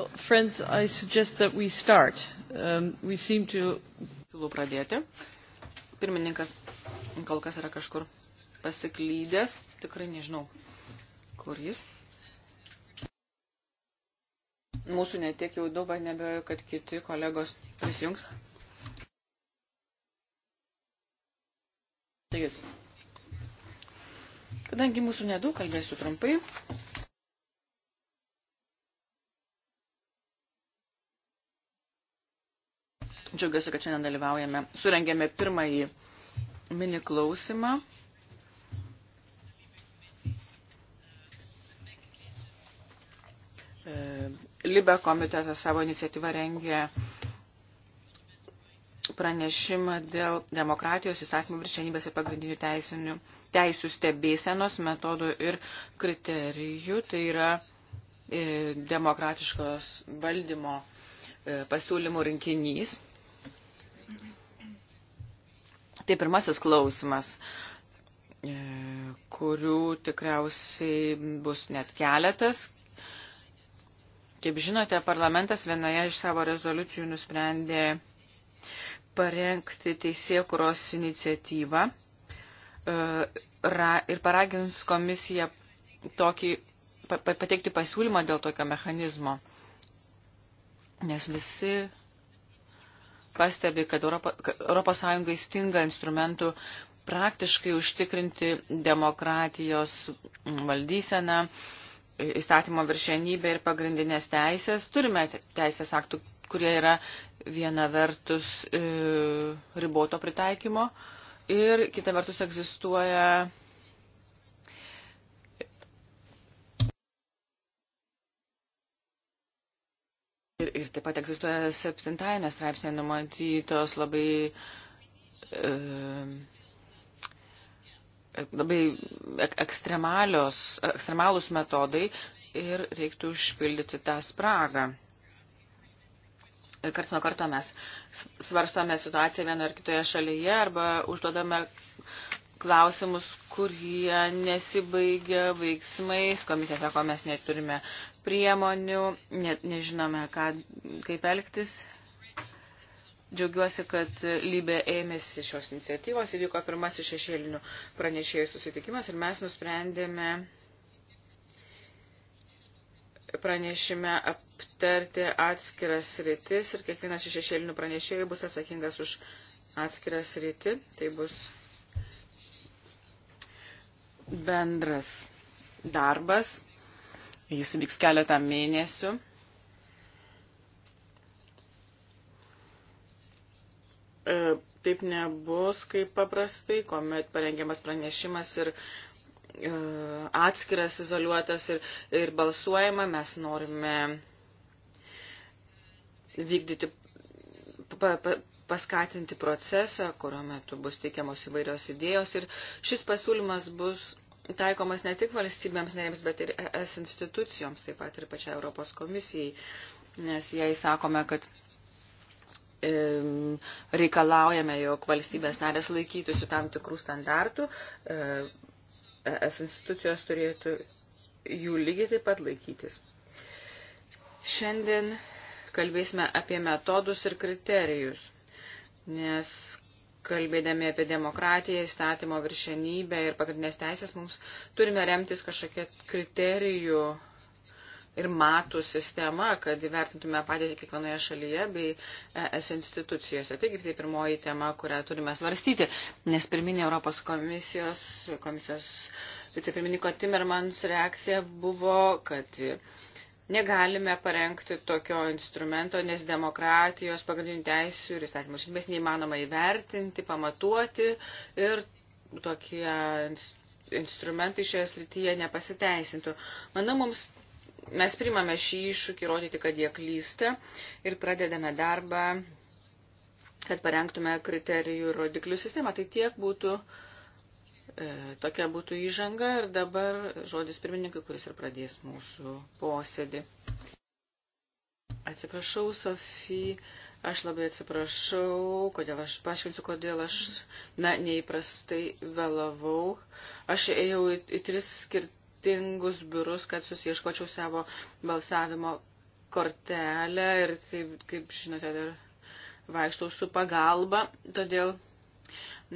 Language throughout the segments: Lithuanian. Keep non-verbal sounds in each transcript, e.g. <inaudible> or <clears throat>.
Well, friends, I suggest that we start. Um, we seem to... Siūlau pradėti. Pirmininkas kol kas yra kažkur pasiklydęs. Tikrai nežinau, kur jis. Mūsų netiek jau daug, nebejoju, kad kiti kolegos prisijungs. Taigi, kadangi mūsų nedaug, kalbėsiu trumpai. Džiaugiuosi, kad šiandien dalyvaujame. Surengėme pirmąjį mini klausimą. E, Libe komitetas savo iniciatyvą rengė pranešimą dėl demokratijos įstatymų viršenybės ir pagrindinių teisinių, teisų stebėsenos metodų ir kriterijų. Tai yra e, demokratiškos valdymo e, pasiūlymų rinkinys. Tai pirmasis klausimas, e, kurių tikriausiai bus net keletas. Kaip žinote, parlamentas vienoje iš savo rezoliucijų nusprendė parengti teisėkuros iniciatyvą e, ir paragins komisiją tokį, pateikti pasiūlymą dėl tokio mechanizmo. Nes visi pastebi, kad Europos Sąjungai stinga instrumentų praktiškai užtikrinti demokratijos valdyseną, įstatymo viršenybę ir pagrindinės teisės. Turime teisės aktų, kurie yra viena vertus e, riboto pritaikymo ir kita vertus egzistuoja Jis taip pat egzistuoja septintajame straipsnėje numatytos labai, e, labai ekstremalūs metodai ir reiktų užpildyti tą spragą. Ir karts nuo karto mes svarstome situaciją vienoje ar kitoje šalyje arba užduodame klausimus, kurie nesibaigia veiksmais. Komisija sako, mes neturime priemonių, ne, nežinome, ką, kaip elgtis. Džiaugiuosi, kad Lybė ėmėsi šios iniciatyvos, įvyko pirmasis šešėlinių pranešėjų susitikimas ir mes nusprendėme pranešime aptarti atskiras rytis ir kiekvienas iš šešėlinių pranešėjų bus atsakingas už atskiras rytį. Tai bus bendras darbas. Jis vyks keletą mėnesių. E, taip nebus kaip paprastai, kuomet parengiamas pranešimas ir e, atskiras, izoliuotas ir, ir balsuojama. Mes norime vykdyti paskatinti procesą, kurio metu bus teikiamos įvairios idėjos ir šis pasiūlymas bus taikomas ne tik valstybėms narėms, bet ir ES institucijoms, taip pat ir pačiai Europos komisijai, nes jai sakome, kad reikalaujame, jog valstybės narės laikytųsi tam tikrų standartų, ES e institucijos turėtų jų lygiai taip pat laikytis. Šiandien kalbėsime apie metodus ir kriterijus nes kalbėdami apie demokratiją, įstatymo viršenybę ir pagrindinės teisės, mums turime remtis kažkokie kriterijų ir matų sistema, kad įvertintume padėtį kiekvienoje šalyje bei ES institucijose. Taigi tai pirmoji tema, kurią turime svarstyti, nes pirminė Europos komisijos, komisijos vicepirmininko Timmermans reakcija buvo, kad Negalime parengti tokio instrumento, nes demokratijos pagrindinių teisų ir įstatymų šimtmės neįmanoma įvertinti, pamatuoti ir tokie instrumentai šioje srityje nepasiteisintų. Manau, mums mes primame šį iššūkį rodyti, kad jie klysta ir pradedame darbą, kad parengtume kriterijų ir rodiklių sistemą. Tai tiek būtų uh, E, tokia būtų įžanga ir dabar žodis pirmininkui, kuris ir pradės mūsų posėdį. Atsiprašau, Sofija, aš labai atsiprašau, kodėl aš paaiškinsiu, kodėl aš, na, neįprastai vėlavau. Aš ėjau į, į tris skirtingus biurus, kad susieškočiau savo balsavimo kortelę ir, taip, kaip žinote, dar vaikštau su pagalba, todėl,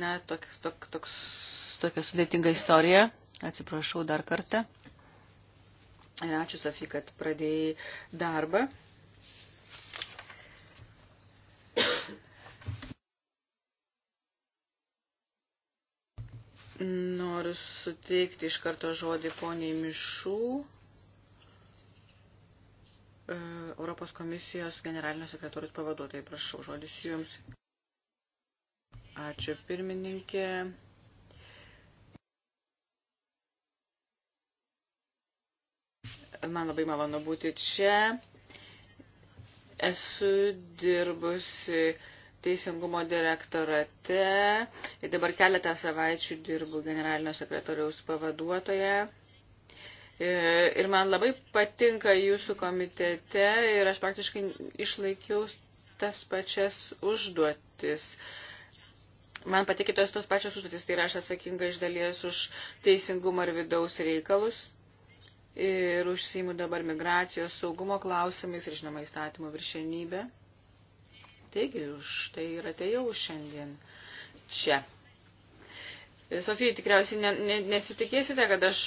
na, toks, toks, toks su tokia sudėtinga istorija. Atsiprašau dar kartą. Ir ačiū, Sofija, kad pradėjai darbą. Noriu suteikti iš karto žodį poniai Mišų, e, Europos komisijos generalinio sekretorius pavaduotojai. Prašau, žodis jums. Ačiū pirmininkė. Man labai malonu būti čia. Esu dirbusi Teisingumo direktorate ir dabar keletą savaičių dirbu generalinio sekretoriaus pavaduotoje. E, ir man labai patinka jūsų komitete ir aš praktiškai išlaikiau tas pačias užduotis. Man patikėtos tos pačios užduotis, tai yra aš atsakinga iš dalies už teisingumą ir vidaus reikalus, ir užsiimu dabar migracijos saugumo klausimais ir, žinoma, įstatymų viršenybė. Taigi, už tai ir atėjau šiandien čia. Sofija, tikriausiai ne, ne, nesitikėsite, kad aš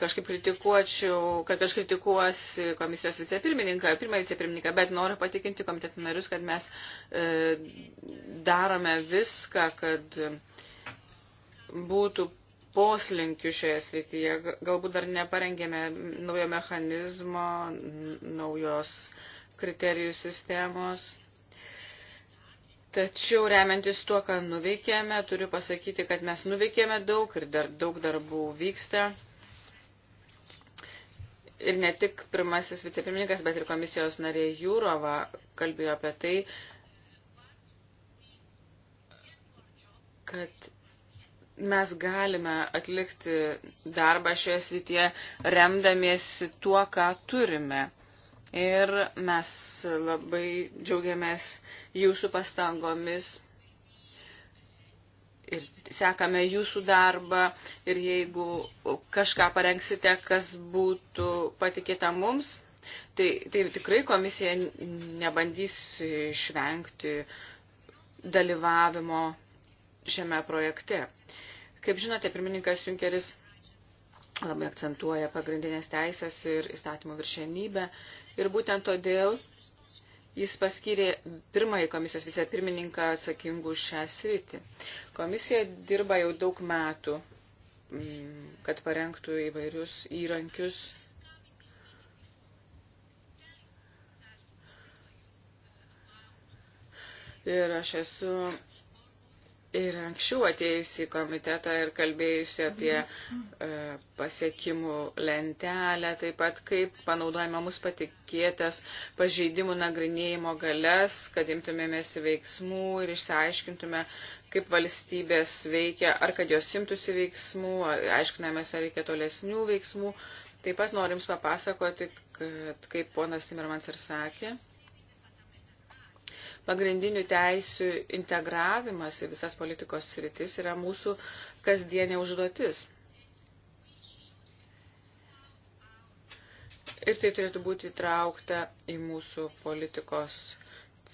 kažkaip kritikuočiau, kad aš kritikuosi komisijos vicepirmininką, pirmą vicepirmininką, bet noriu patikinti komitetų narius, kad mes e, darome viską, kad būtų poslinkių šioje srityje. Galbūt dar neparengėme naujo mechanizmo, naujos kriterijų sistemos. Tačiau remiantis tuo, ką nuveikėme, turiu pasakyti, kad mes nuveikėme daug ir dar daug darbų vyksta. Ir ne tik pirmasis vicepirmininkas, bet ir komisijos narė Jūrova kalbėjo apie tai, kad mes galime atlikti darbą šioje srityje remdamiesi tuo, ką turime. Ir mes labai džiaugiamės jūsų pastangomis ir sekame jūsų darbą ir jeigu kažką parengsite, kas būtų patikėta mums, tai, tai tikrai komisija nebandys išvengti dalyvavimo šiame projekte. Uh, Kaip žinote, pirmininkas Junkeris labai akcentuoja pagrindinės teisės ir įstatymo viršenybę. Ir būtent todėl jis paskyrė pirmąjį komisijos vicepirmininką atsakingų šią sritį. Komisija dirba jau daug metų, mm, kad parengtų įvairius įrankius. Ir aš esu ir anksčiau atėjusi į komitetą ir kalbėjusi apie e, pasiekimų lentelę, taip pat kaip panaudojame mus patikėtas pažeidimų nagrinėjimo galės, kad imtumėmės veiksmų ir išsiaiškintume, kaip valstybės veikia, ar kad jos imtųsi veiksmų, aiškinamės, ar reikia tolesnių veiksmų. Taip pat norim papasakoti, kad, kaip ponas Timermans ir sakė, pagrindinių teisių integravimas į visas politikos sritis yra mūsų kasdienė užduotis. Ir tai turėtų būti įtraukta į mūsų politikos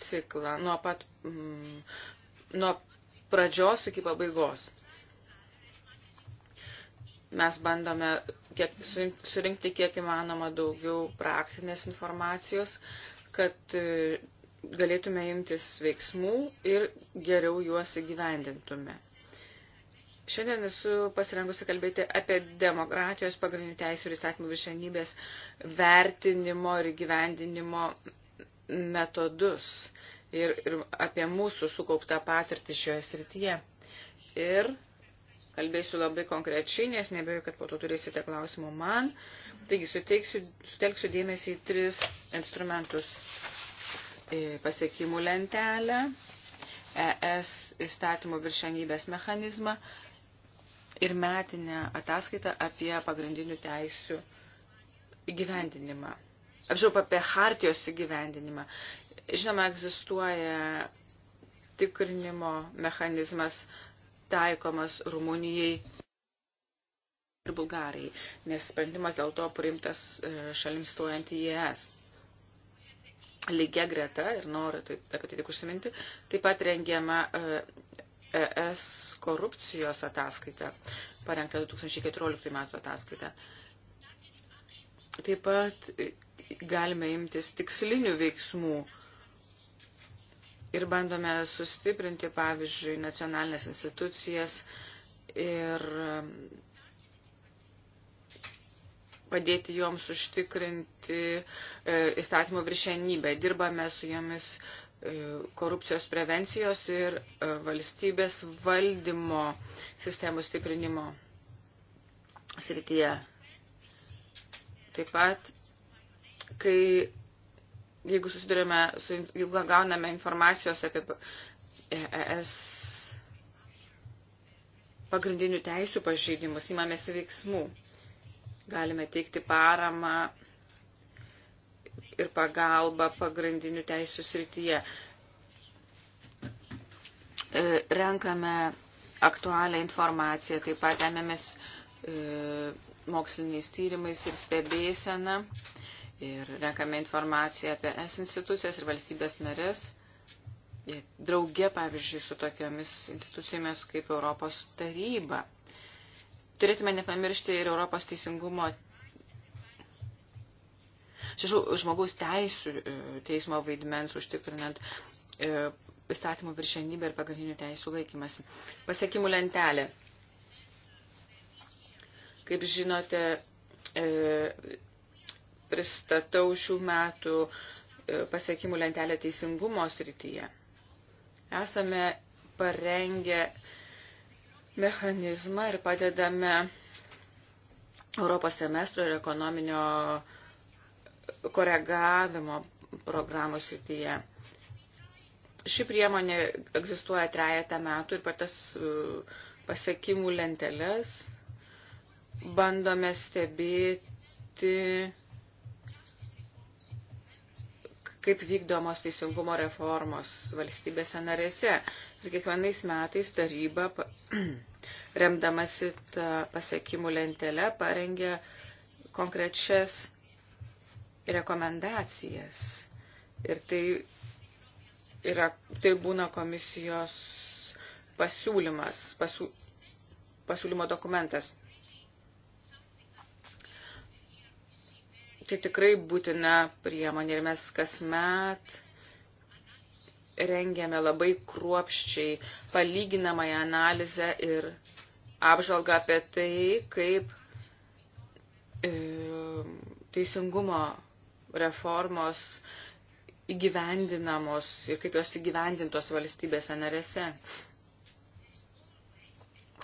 ciklą nuo pat mm, nuo pradžios iki pabaigos. Mes bandome kiek, surinkti kiek įmanoma daugiau praktinės informacijos, kad e, galėtume imtis veiksmų ir geriau juos įgyvendintume. Šiandien esu pasirengusi kalbėti apie demokratijos pagrindinių teisų ir įstatymų viršenybės vertinimo ir gyvendinimo metodus ir, ir apie mūsų sukauptą patirtį šioje srityje. Ir kalbėsiu labai konkrečiai, nes nebejoju, kad po to turėsite klausimų man. Taigi suteiksiu, sutelksiu dėmesį į tris instrumentus pasiekimų lentelę, ES įstatymų viršenybės mechanizmą ir metinę ataskaitą apie pagrindinių teisių įgyvendinimą. Apžiūrėjau apie hartijos įgyvendinimą. Žinoma, egzistuoja tikrinimo mechanizmas taikomas Rumunijai ir Bulgarijai, nes sprendimas dėl to priimtas e, šalims stojant į ES lygia greta, ir noriu taip, apie tai tik užsiminti, taip pat rengiama ES e korupcijos ataskaita, parengta 2014 metų ataskaita. Taip pat e, galime imtis tikslinių veiksmų ir bandome sustiprinti, pavyzdžiui, nacionalinės institucijas ir padėti joms užtikrinti e, įstatymo viršenybę. Dirbame su jomis e, korupcijos prevencijos ir e, valstybės valdymo sistemų stiprinimo srityje. Taip pat, kai jeigu susidurime, su, jeigu gauname informacijos apie ES pagrindinių teisų pažeidimus, įmamės veiksmų. Galime teikti paramą ir pagalbą pagrindinių teisų srityje. E, renkame aktualią informaciją, taip pat ėmėmės e, moksliniais tyrimais ir stebėsena ir renkame informaciją apie es institucijas ir valstybės narės. Drauge, pavyzdžiui, su tokiomis institucijomis kaip Europos taryba turėtume nepamiršti ir Europos teisingumo šešių žmogaus teisų e, teismo vaidmens užtikrinant e, įstatymų viršenybę ir pagrindinių teisų laikymasi. Pasiekimų lentelė. Kaip žinote, e, pristatau šių metų pasiekimų lentelę teisingumo srityje. Esame parengę mechanizmą ir padedame Europos semestro ir ekonominio koregavimo programų srityje. Ši priemonė egzistuoja trejata metų ir per tas uh, pasiekimų lenteles bandome stebėti kaip vykdomos teisingumo reformos valstybėse narėse. Ir kiekvienais metais taryba, <clears throat> remdamasi pasiekimų lentelę, parengė konkrečias rekomendacijas. Ir tai, yra, tai būna komisijos pasiūlymas, pasiū, pasiūlymo dokumentas. tai tikrai būtina priemonė ir mes kasmet rengėme labai kruopščiai palyginamąją analizę ir apžvalgą apie tai, kaip e, teisingumo reformos įgyvendinamos ir kaip jos įgyvendintos valstybėse narėse.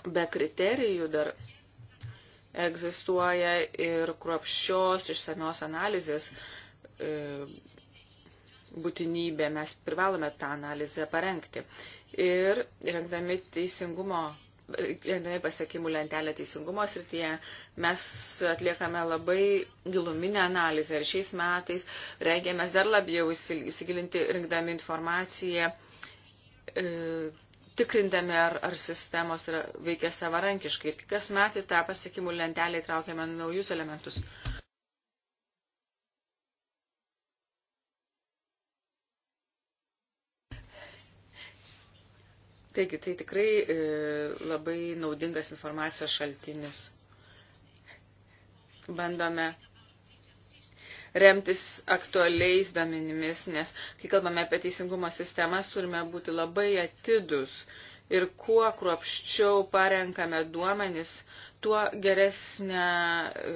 Be kriterijų dar egzistuoja ir kruopščios išsamios analizės e, būtinybė. Mes privalome tą analizę parengti. Ir rengdami teisingumo, rengdami pasiekimų lentelę teisingumo srityje, mes atliekame labai giluminę analizę. Ir šiais metais rengėmės dar labiau įsigilinti, rengdami informaciją e, tikrindami, ar, ar sistemos yra, veikia savarankiškai. Ir kas metai tą pasiekimų lentelę įtraukiame naujus elementus. Taigi, tai tikrai e, labai naudingas informacijos šaltinis. Bandome remtis aktualiais duomenimis, nes kai kalbame apie teisingumo sistemas, turime būti labai atidus ir kuo kruopščiau parenkame duomenis, tuo geresnę e,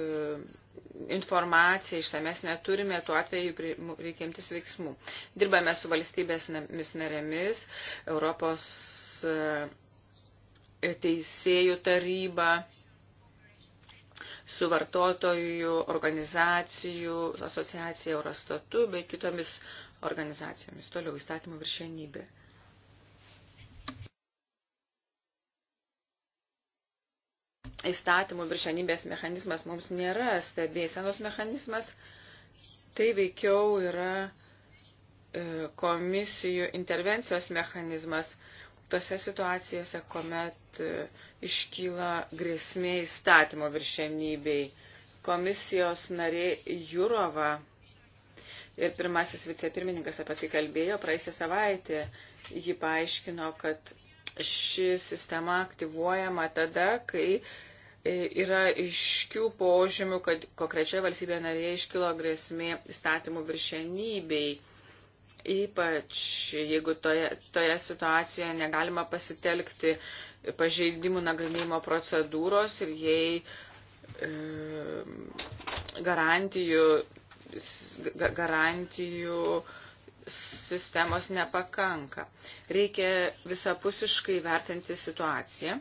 informaciją išsamesnę turime, tuo atveju reikėmtis veiksmų. Dirbame su valstybėmis narėmis, Europos e, teisėjų taryba su vartotojų organizacijų, asociacija Eurostatu bei kitomis organizacijomis. Toliau įstatymų viršenybė. Įstatymų viršenybės mechanizmas mums nėra stebėsenos mechanizmas, tai veikiau yra e, komisijų intervencijos mechanizmas, tose situacijose, kuomet e, iškyla grėsmė įstatymo viršenybei. Komisijos narė Jurova ir pirmasis vicepirmininkas apie tai kalbėjo praeisę savaitę. Ji paaiškino, kad ši sistema aktyvuojama tada, kai e, yra iškių požymių, kad konkrečia valstybė narėje iškilo grėsmė įstatymų viršenybei Ypač jeigu toje, toje situacijoje negalima pasitelkti pažeidimų nagrinėjimo procedūros ir jei e, garantijų, garantijų sistemos nepakanka. Reikia visapusiškai vertinti situaciją,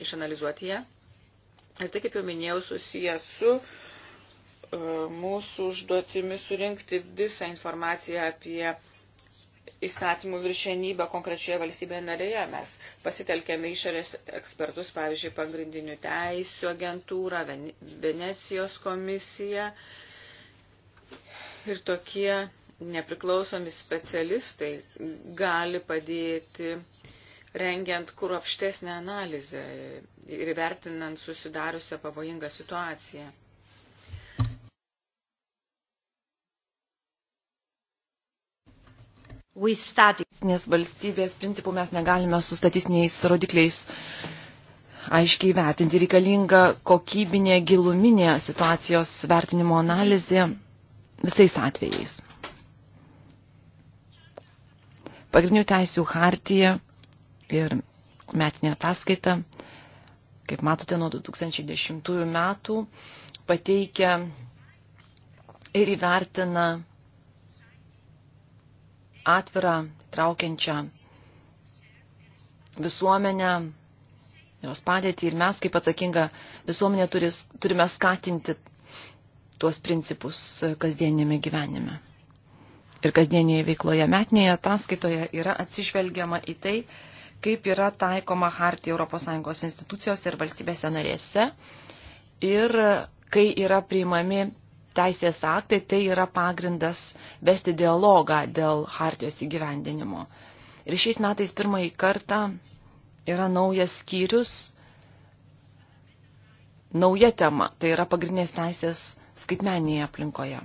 išanalizuoti ją. Ir tai, kaip jau minėjau, susijęs su E, mūsų užduotimi surinkti visą informaciją apie įstatymų viršenybę konkrečioje valstybėje narėje. Mes pasitelkėme išorės ekspertus, pavyzdžiui, pagrindinių teisų agentūrą, Venecijos komisiją ir tokie nepriklausomi specialistai gali padėti rengiant kur apštesnę analizę ir vertinant susidariusią pavojingą situaciją. Nes valstybės principų mes negalime su statistiniais rodikliais aiškiai vertinti. Reikalinga kokybinė, giluminė situacijos vertinimo analizė visais atvejais. Pagrindinių teisių hartija ir metinė ataskaita, kaip matote, nuo 2010 metų pateikia ir įvertina atvirą, traukiančią visuomenę, jos padėtį ir mes kaip atsakinga visuomenė turis, turime skatinti tuos principus kasdienėme gyvenime. Ir kasdienėje veikloje metinėje ataskaitoje yra atsižvelgiama į tai, kaip yra taikoma hartija ES institucijose ir valstybėse narėse ir kai yra priimami teisės aktai tai yra pagrindas vesti dialogą dėl hartijos įgyvendinimo. Ir šiais metais pirmąjį kartą yra naujas skyrius, nauja tema, tai yra pagrindinės teisės skaitmeninėje aplinkoje.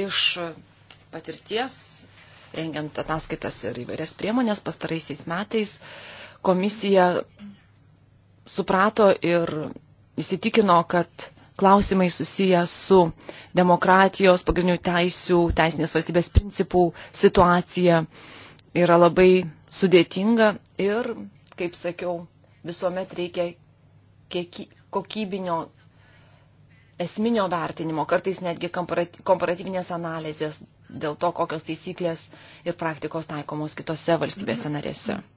Iš patirties, rengiant ataskaitas ir įvairias priemonės pastaraisiais metais, komisija suprato ir įsitikino, kad klausimai susiję su demokratijos, pagrindinių teisių, teisinės valstybės principų situacija yra labai sudėtinga ir, kaip sakiau, visuomet reikia kokybinio esminio vertinimo, kartais netgi komparatyvinės analizės dėl to, kokios taisyklės ir praktikos taikomos kitose valstybėse mhm. narėse. Mhm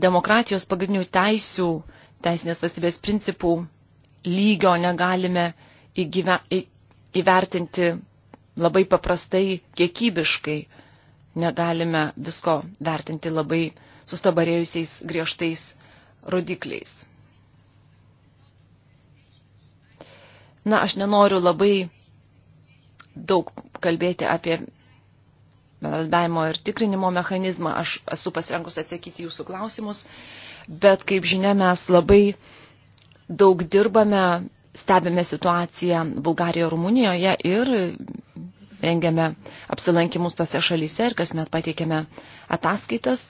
demokratijos pagrindinių teisių, teisinės valstybės principų lygio negalime įgyve, į, įvertinti labai paprastai, kiekybiškai. Negalime visko vertinti labai sustabarėjusiais griežtais rodikliais. Na, aš nenoriu labai daug kalbėti apie bendradarbiavimo ir tikrinimo mechanizmą. Aš esu pasirengus atsakyti jūsų klausimus, bet kaip žinia, mes labai daug dirbame, stebime situaciją Bulgarijoje, Rumunijoje ir rengiame apsilankimus tose šalyse ir kasmet pateikiame ataskaitas.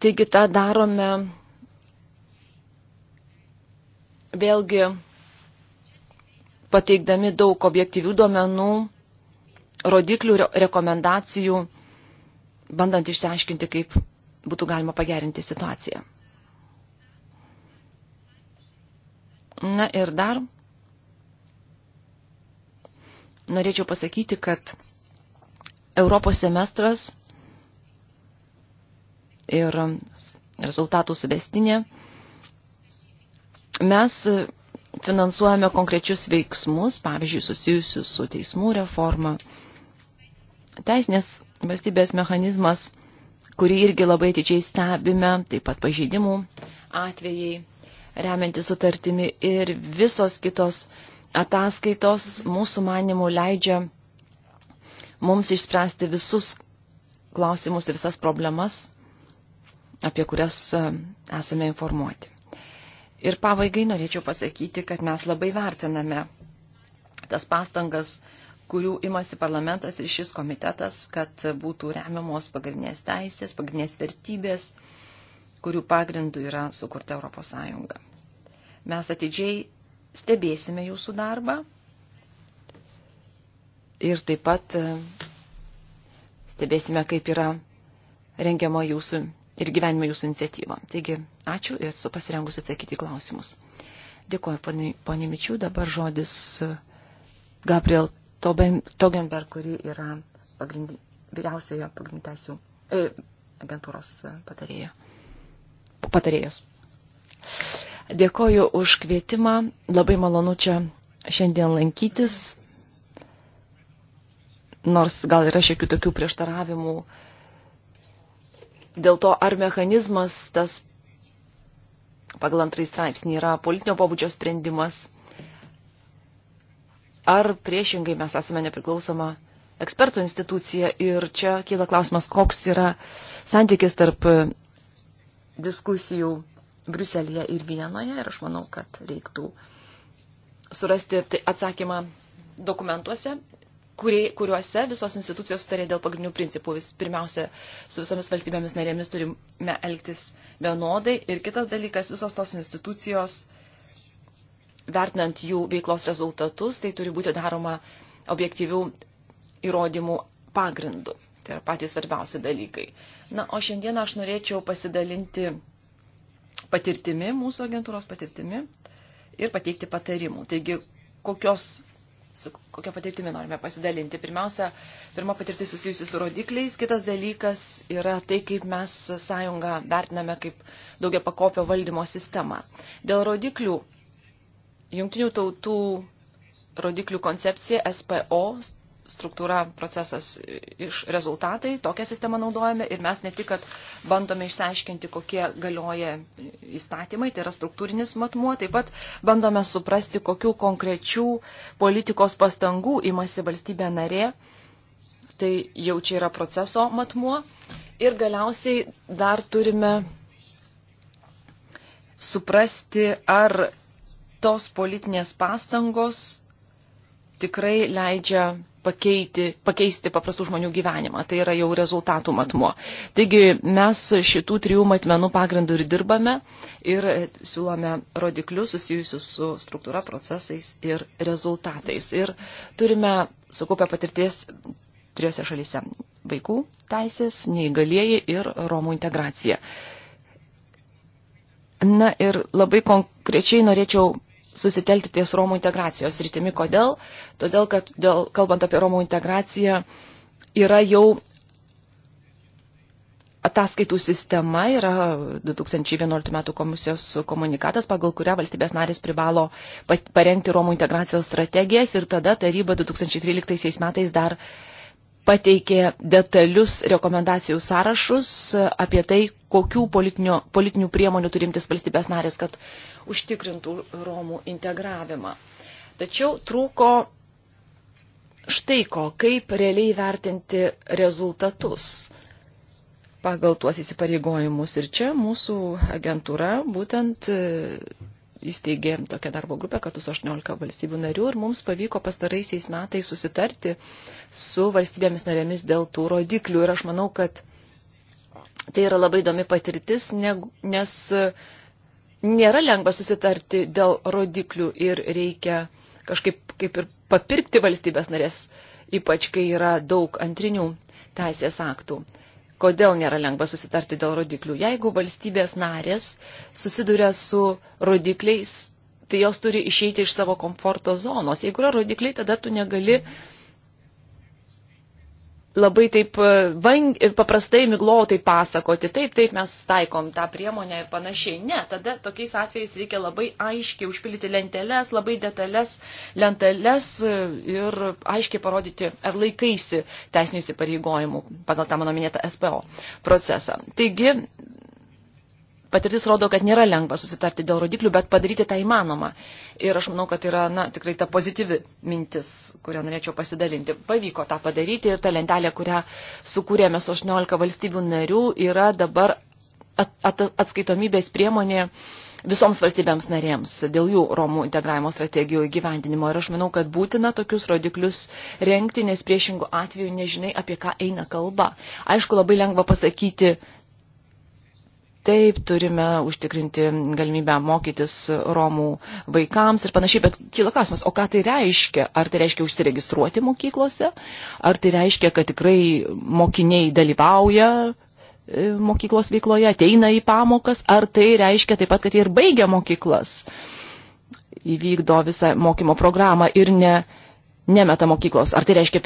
Taigi tą darome vėlgi pateikdami daug objektyvių duomenų rodiklių, rekomendacijų, bandant išsiaiškinti, kaip būtų galima pagerinti situaciją. Na ir dar norėčiau pasakyti, kad Europos semestras ir rezultatų suvestinė mes finansuojame konkrečius veiksmus, pavyzdžiui, susijusius su teismų reforma, teisinės valstybės mechanizmas, kurį irgi labai atidžiai stebime, taip pat pažeidimų atvejai, remianti sutartimi ir visos kitos ataskaitos mūsų manimų leidžia mums išspręsti visus klausimus ir visas problemas, apie kurias e, esame informuoti. Ir pabaigai norėčiau pasakyti, kad mes labai vertiname tas pastangas, kurių imasi parlamentas ir šis komitetas, kad būtų remiamos pagrindinės teisės, pagrindinės vertybės, kurių pagrindų yra sukurta Europos Sąjunga. Mes atidžiai stebėsime jūsų darbą ir taip pat e, stebėsime, kaip yra rengiama jūsų ir gyvenimo jūsų iniciatyva. Taigi, ačiū ir esu pasirengusi atsakyti klausimus. Dėkuoju, ponė Mičių, dabar žodis e, Gabriel Togenberg, kuri yra pagrindi, vyriausiojo pagrindinėsių e, agentūros patarėja. patarėjas. Dėkoju už kvietimą. Labai malonu čia šiandien lankytis. Nors gal yra šiokių tokių prieštaravimų dėl to, ar mechanizmas tas pagal antrąjį straipsnį yra politinio pobūdžio sprendimas ar priešingai mes esame nepriklausoma ekspertų institucija ir čia kyla klausimas, koks yra santykis tarp e, diskusijų Briuselėje ir Vienoje ir aš manau, kad reiktų surasti tai atsakymą dokumentuose, kurie, kuriuose visos institucijos sutarė dėl pagrindinių principų. Vis, pirmiausia, su visomis valstybėmis narėmis turime elgtis vienodai ir kitas dalykas, visos tos institucijos uh, vertinant jų veiklos rezultatus, tai turi būti daroma objektyvių įrodymų pagrindu. Tai yra patys svarbiausi dalykai. Na, o šiandieną aš norėčiau pasidalinti patirtimi, mūsų agentūros patirtimi ir pateikti patarimų. Taigi, kokios, su kokia patirtimi norime pasidalinti. Pirmiausia, pirma patirtis susijusi su rodikliais, kitas dalykas yra tai, kaip mes sąjungą vertiname kaip daugia pakopio valdymo sistemą. Dėl rodiklių Jungtinių tautų rodiklių koncepcija SPO struktūra, procesas, iš rezultatai, tokią sistemą naudojame ir mes ne tik, kad bandome išsiaiškinti, kokie galioja įstatymai, tai yra struktūrinis matmuo, taip pat bandome suprasti, kokių konkrečių politikos pastangų imasi valstybė narė, tai jau čia yra proceso matmuo ir galiausiai dar turime suprasti, ar tos politinės pastangos tikrai leidžia pakeiti, pakeisti paprastų žmonių gyvenimą. Tai yra jau rezultatų matmuo. Taigi mes šitų trijų matmenų pagrindų ir dirbame ir siūlome rodiklius susijusius su struktūra, procesais ir rezultatais. Ir turime sukaupę patirties trijose šalyse - vaikų teisės, neįgalieji ir Romų integracija. Na ir labai konkrečiai norėčiau susitelti ties Romų integracijos rytimi. Kodėl? Todėl, kad dėl, kalbant apie Romų integraciją, yra jau ataskaitų sistema, yra 2011 metų komisijos komunikatas, pagal kurią valstybės narės privalo parengti Romų integracijos strategijas ir tada taryba 2013 metais dar pateikė detalius rekomendacijų sąrašus apie tai, kokių politinių priemonių turimtis valstybės narės, kad užtikrintų Romų integravimą. Tačiau trūko štai ko, kaip realiai vertinti rezultatus pagal tuos įsipareigojimus. Ir čia mūsų agentūra būtent įsteigė tokią darbo grupę kartu su 18 valstybių narių ir mums pavyko pastaraisiais metais susitarti su valstybėmis narėmis dėl tų rodiklių. Ir aš manau, kad tai yra labai įdomi patirtis, nes nėra lengva susitarti dėl rodiklių ir reikia kažkaip kaip ir papirkti valstybės narės, ypač kai yra daug antrinių teisės aktų kodėl nėra lengva susitarti dėl rodiklių. Jeigu valstybės narės susiduria su rodikliais, tai jos turi išeiti iš savo komforto zonos. Jeigu yra rodikliai, tada tu negali. Mm labai taip e, vang, paprastai miglotai pasakoti, taip, taip, mes taikom tą priemonę ir panašiai. Ne, tada tokiais atvejais reikia labai aiškiai užpildyti lenteles, labai detalės lenteles e, ir aiškiai parodyti, ar laikaisi teisinių įsipareigojimų pagal tą mano minėtą SPO procesą. Taigi, patirtis rodo, kad nėra lengva susitarti dėl rodiklių, bet padaryti tą įmanoma. Ir aš manau, kad tai yra na, tikrai ta pozityvi mintis, kurią norėčiau pasidalinti. Pavyko tą padaryti ir ta lentelė, kurią sukūrėme su 18 valstybių narių, yra dabar at, at, atskaitomybės priemonė visoms valstybėms narėms dėl jų Romų integravimo strategijų įgyvendinimo. Ir aš manau, kad būtina tokius rodiklius renkti, nes priešingų atveju nežinai, apie ką eina kalba. Aišku, labai lengva pasakyti Taip, turime užtikrinti galimybę mokytis Romų vaikams ir panašiai, bet kyla klausimas, o ką tai reiškia? Ar tai reiškia užsiregistruoti mokyklose? Ar tai reiškia, kad tikrai mokiniai dalyvauja e, mokyklos veikloje, ateina į pamokas? Ar tai reiškia taip pat, kad jie ir baigia mokyklas? Įvykdo visą mokymo programą ir ne nemeta mokyklos. Ar tai reiškia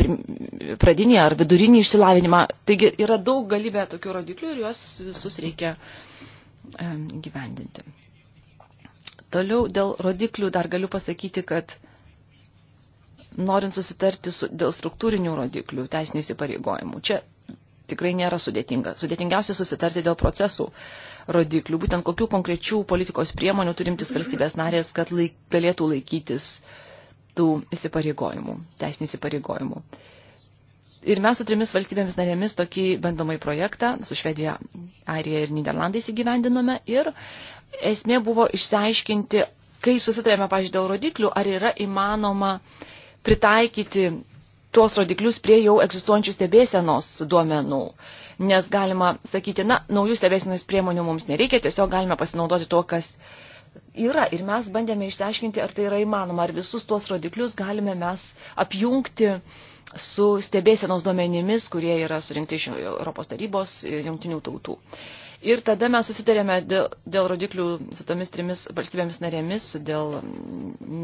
pradinį ar vidurinį išsilavinimą. Taigi yra daug galybė tokių rodiklių ir juos visus reikia gyvendinti. Toliau dėl rodiklių dar galiu pasakyti, kad norint susitarti su, dėl struktūrinių rodiklių teisinių įsipareigojimų, čia tikrai nėra sudėtinga. Sudėtingiausia susitarti dėl procesų rodiklių, būtent kokių konkrečių politikos priemonių turimtis valstybės narės, kad laik, galėtų laikytis tų įsipareigojimų, teisinių įsipareigojimų. Uh, Ir mes su trimis valstybėmis narėmis tokį bandomai projektą su Švedija, Airija ir Niderlandais įgyvendinome ir esmė buvo išsiaiškinti, kai susitarėme, pažiūrėjau, dėl rodiklių, ar yra įmanoma pritaikyti tuos rodiklius prie jau egzistuojančių stebėsenos duomenų. Nes galima sakyti, na, naujų stebėsenos priemonių mums nereikia, tiesiog galime pasinaudoti tuo, kas yra. Ir mes bandėme išsiaiškinti, ar tai yra įmanoma, ar visus tuos rodiklius galime mes apjungti uh, su stebėsenos duomenimis, kurie yra surinkti iš Europos tarybos ir e, jungtinių tautų. Ir tada mes susitarėme dėl, dėl rodiklių su tomis trimis valstybėmis narėmis, dėl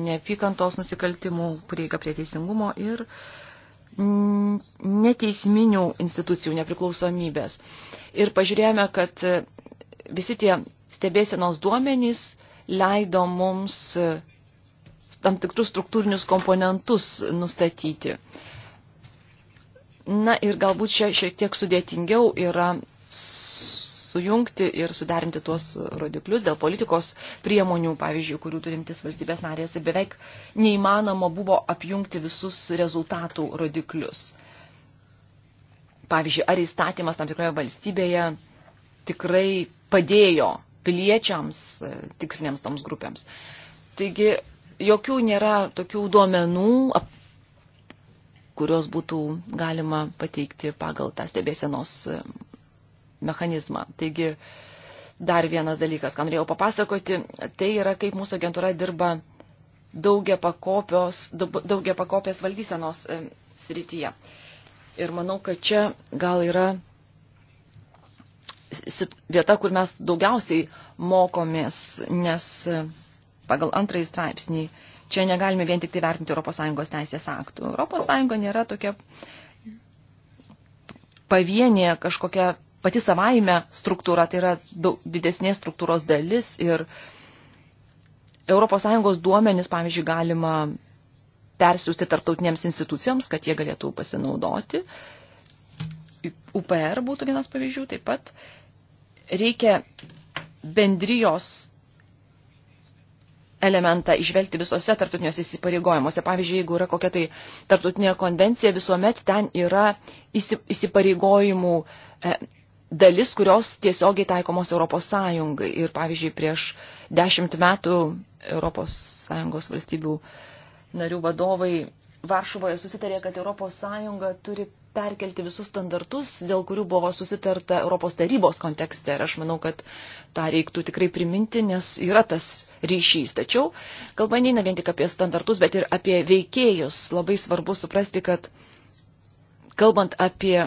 neapykantos nusikaltimų, prieiga prie teisingumo ir neteisminių institucijų nepriklausomybės. Ir pažiūrėjome, kad e, visi tie stebėsenos duomenys leido mums e, tam tikrus struktūrinius komponentus nustatyti. Na ir galbūt čia šiek tiek sudėtingiau yra sujungti ir suderinti tuos rodiklius dėl politikos priemonių, pavyzdžiui, kurių turimtis valstybės narės ir beveik neįmanoma buvo apjungti visus rezultatų rodiklius. Pavyzdžiui, ar įstatymas tam tikroje valstybėje tikrai padėjo piliečiams, tikslinėms toms grupėms. Taigi, jokių nėra tokių duomenų, ap, kuriuos būtų galima pateikti pagal tą stebėsenos e, mechanizmą. Taigi, dar vienas dalykas, ką norėjau papasakoti, tai yra, kaip mūsų agentūra dirba daugia, pakopios, daugia pakopės valdysenos e, srityje. Ir manau, kad čia gal yra vieta, kur mes daugiausiai mokomės, nes e, pagal antrąjį straipsnį Čia negalime vien tik tai vertinti ES teisės aktų. ES nėra tokia pavienė kažkokia pati savaime struktūra, tai yra daug, didesnės struktūros dalis ir ES duomenis, pavyzdžiui, galima persiųsti tarptautinėms institucijoms, kad jie galėtų pasinaudoti. UPR būtų vienas pavyzdžių, taip pat reikia bendrijos elementą išvelgti visose tartutiniuose įsipareigojimuose. Pavyzdžiui, jeigu yra kokia tai tartutinė konvencija, visuomet ten yra įsipareigojimų e, dalis, kurios tiesiogiai taikomos Europos Sąjungai. Ir pavyzdžiui, prieš dešimt metų Europos Sąjungos valstybių narių vadovai Varšuvoje susitarė, kad ES turi perkelti visus standartus, dėl kurių buvo susitarta Europos tarybos kontekste. Ir aš manau, kad tą reiktų tikrai priminti, nes yra tas ryšys. Tačiau kalba neina vien tik apie standartus, bet ir apie veikėjus. Labai svarbu suprasti, kad kalbant apie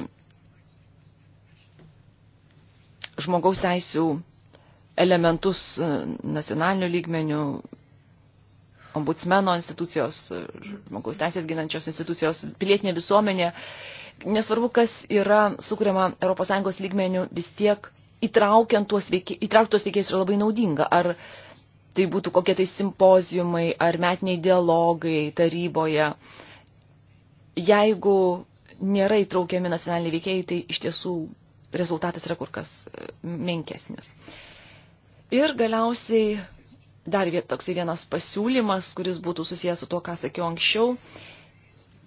žmogaus teisų elementus nacionalinių lygmenių, ombudsmeno institucijos, žmogaus teisės ginančios institucijos, pilietinė visuomenė. Nesvarbu, kas yra sukūriama ES lygmenių, vis tiek įtraukiant tuos veikė, įtraukt tuos veikėjus yra labai naudinga. Ar tai būtų kokie tai simpozijumai, ar metiniai dialogai taryboje. Jeigu nėra įtraukiami nacionaliniai veikėjai, tai iš tiesų rezultatas yra kur kas menkesnis. Ir galiausiai dar toksai vienas pasiūlymas, kuris būtų susijęs su to, ką sakiau anksčiau,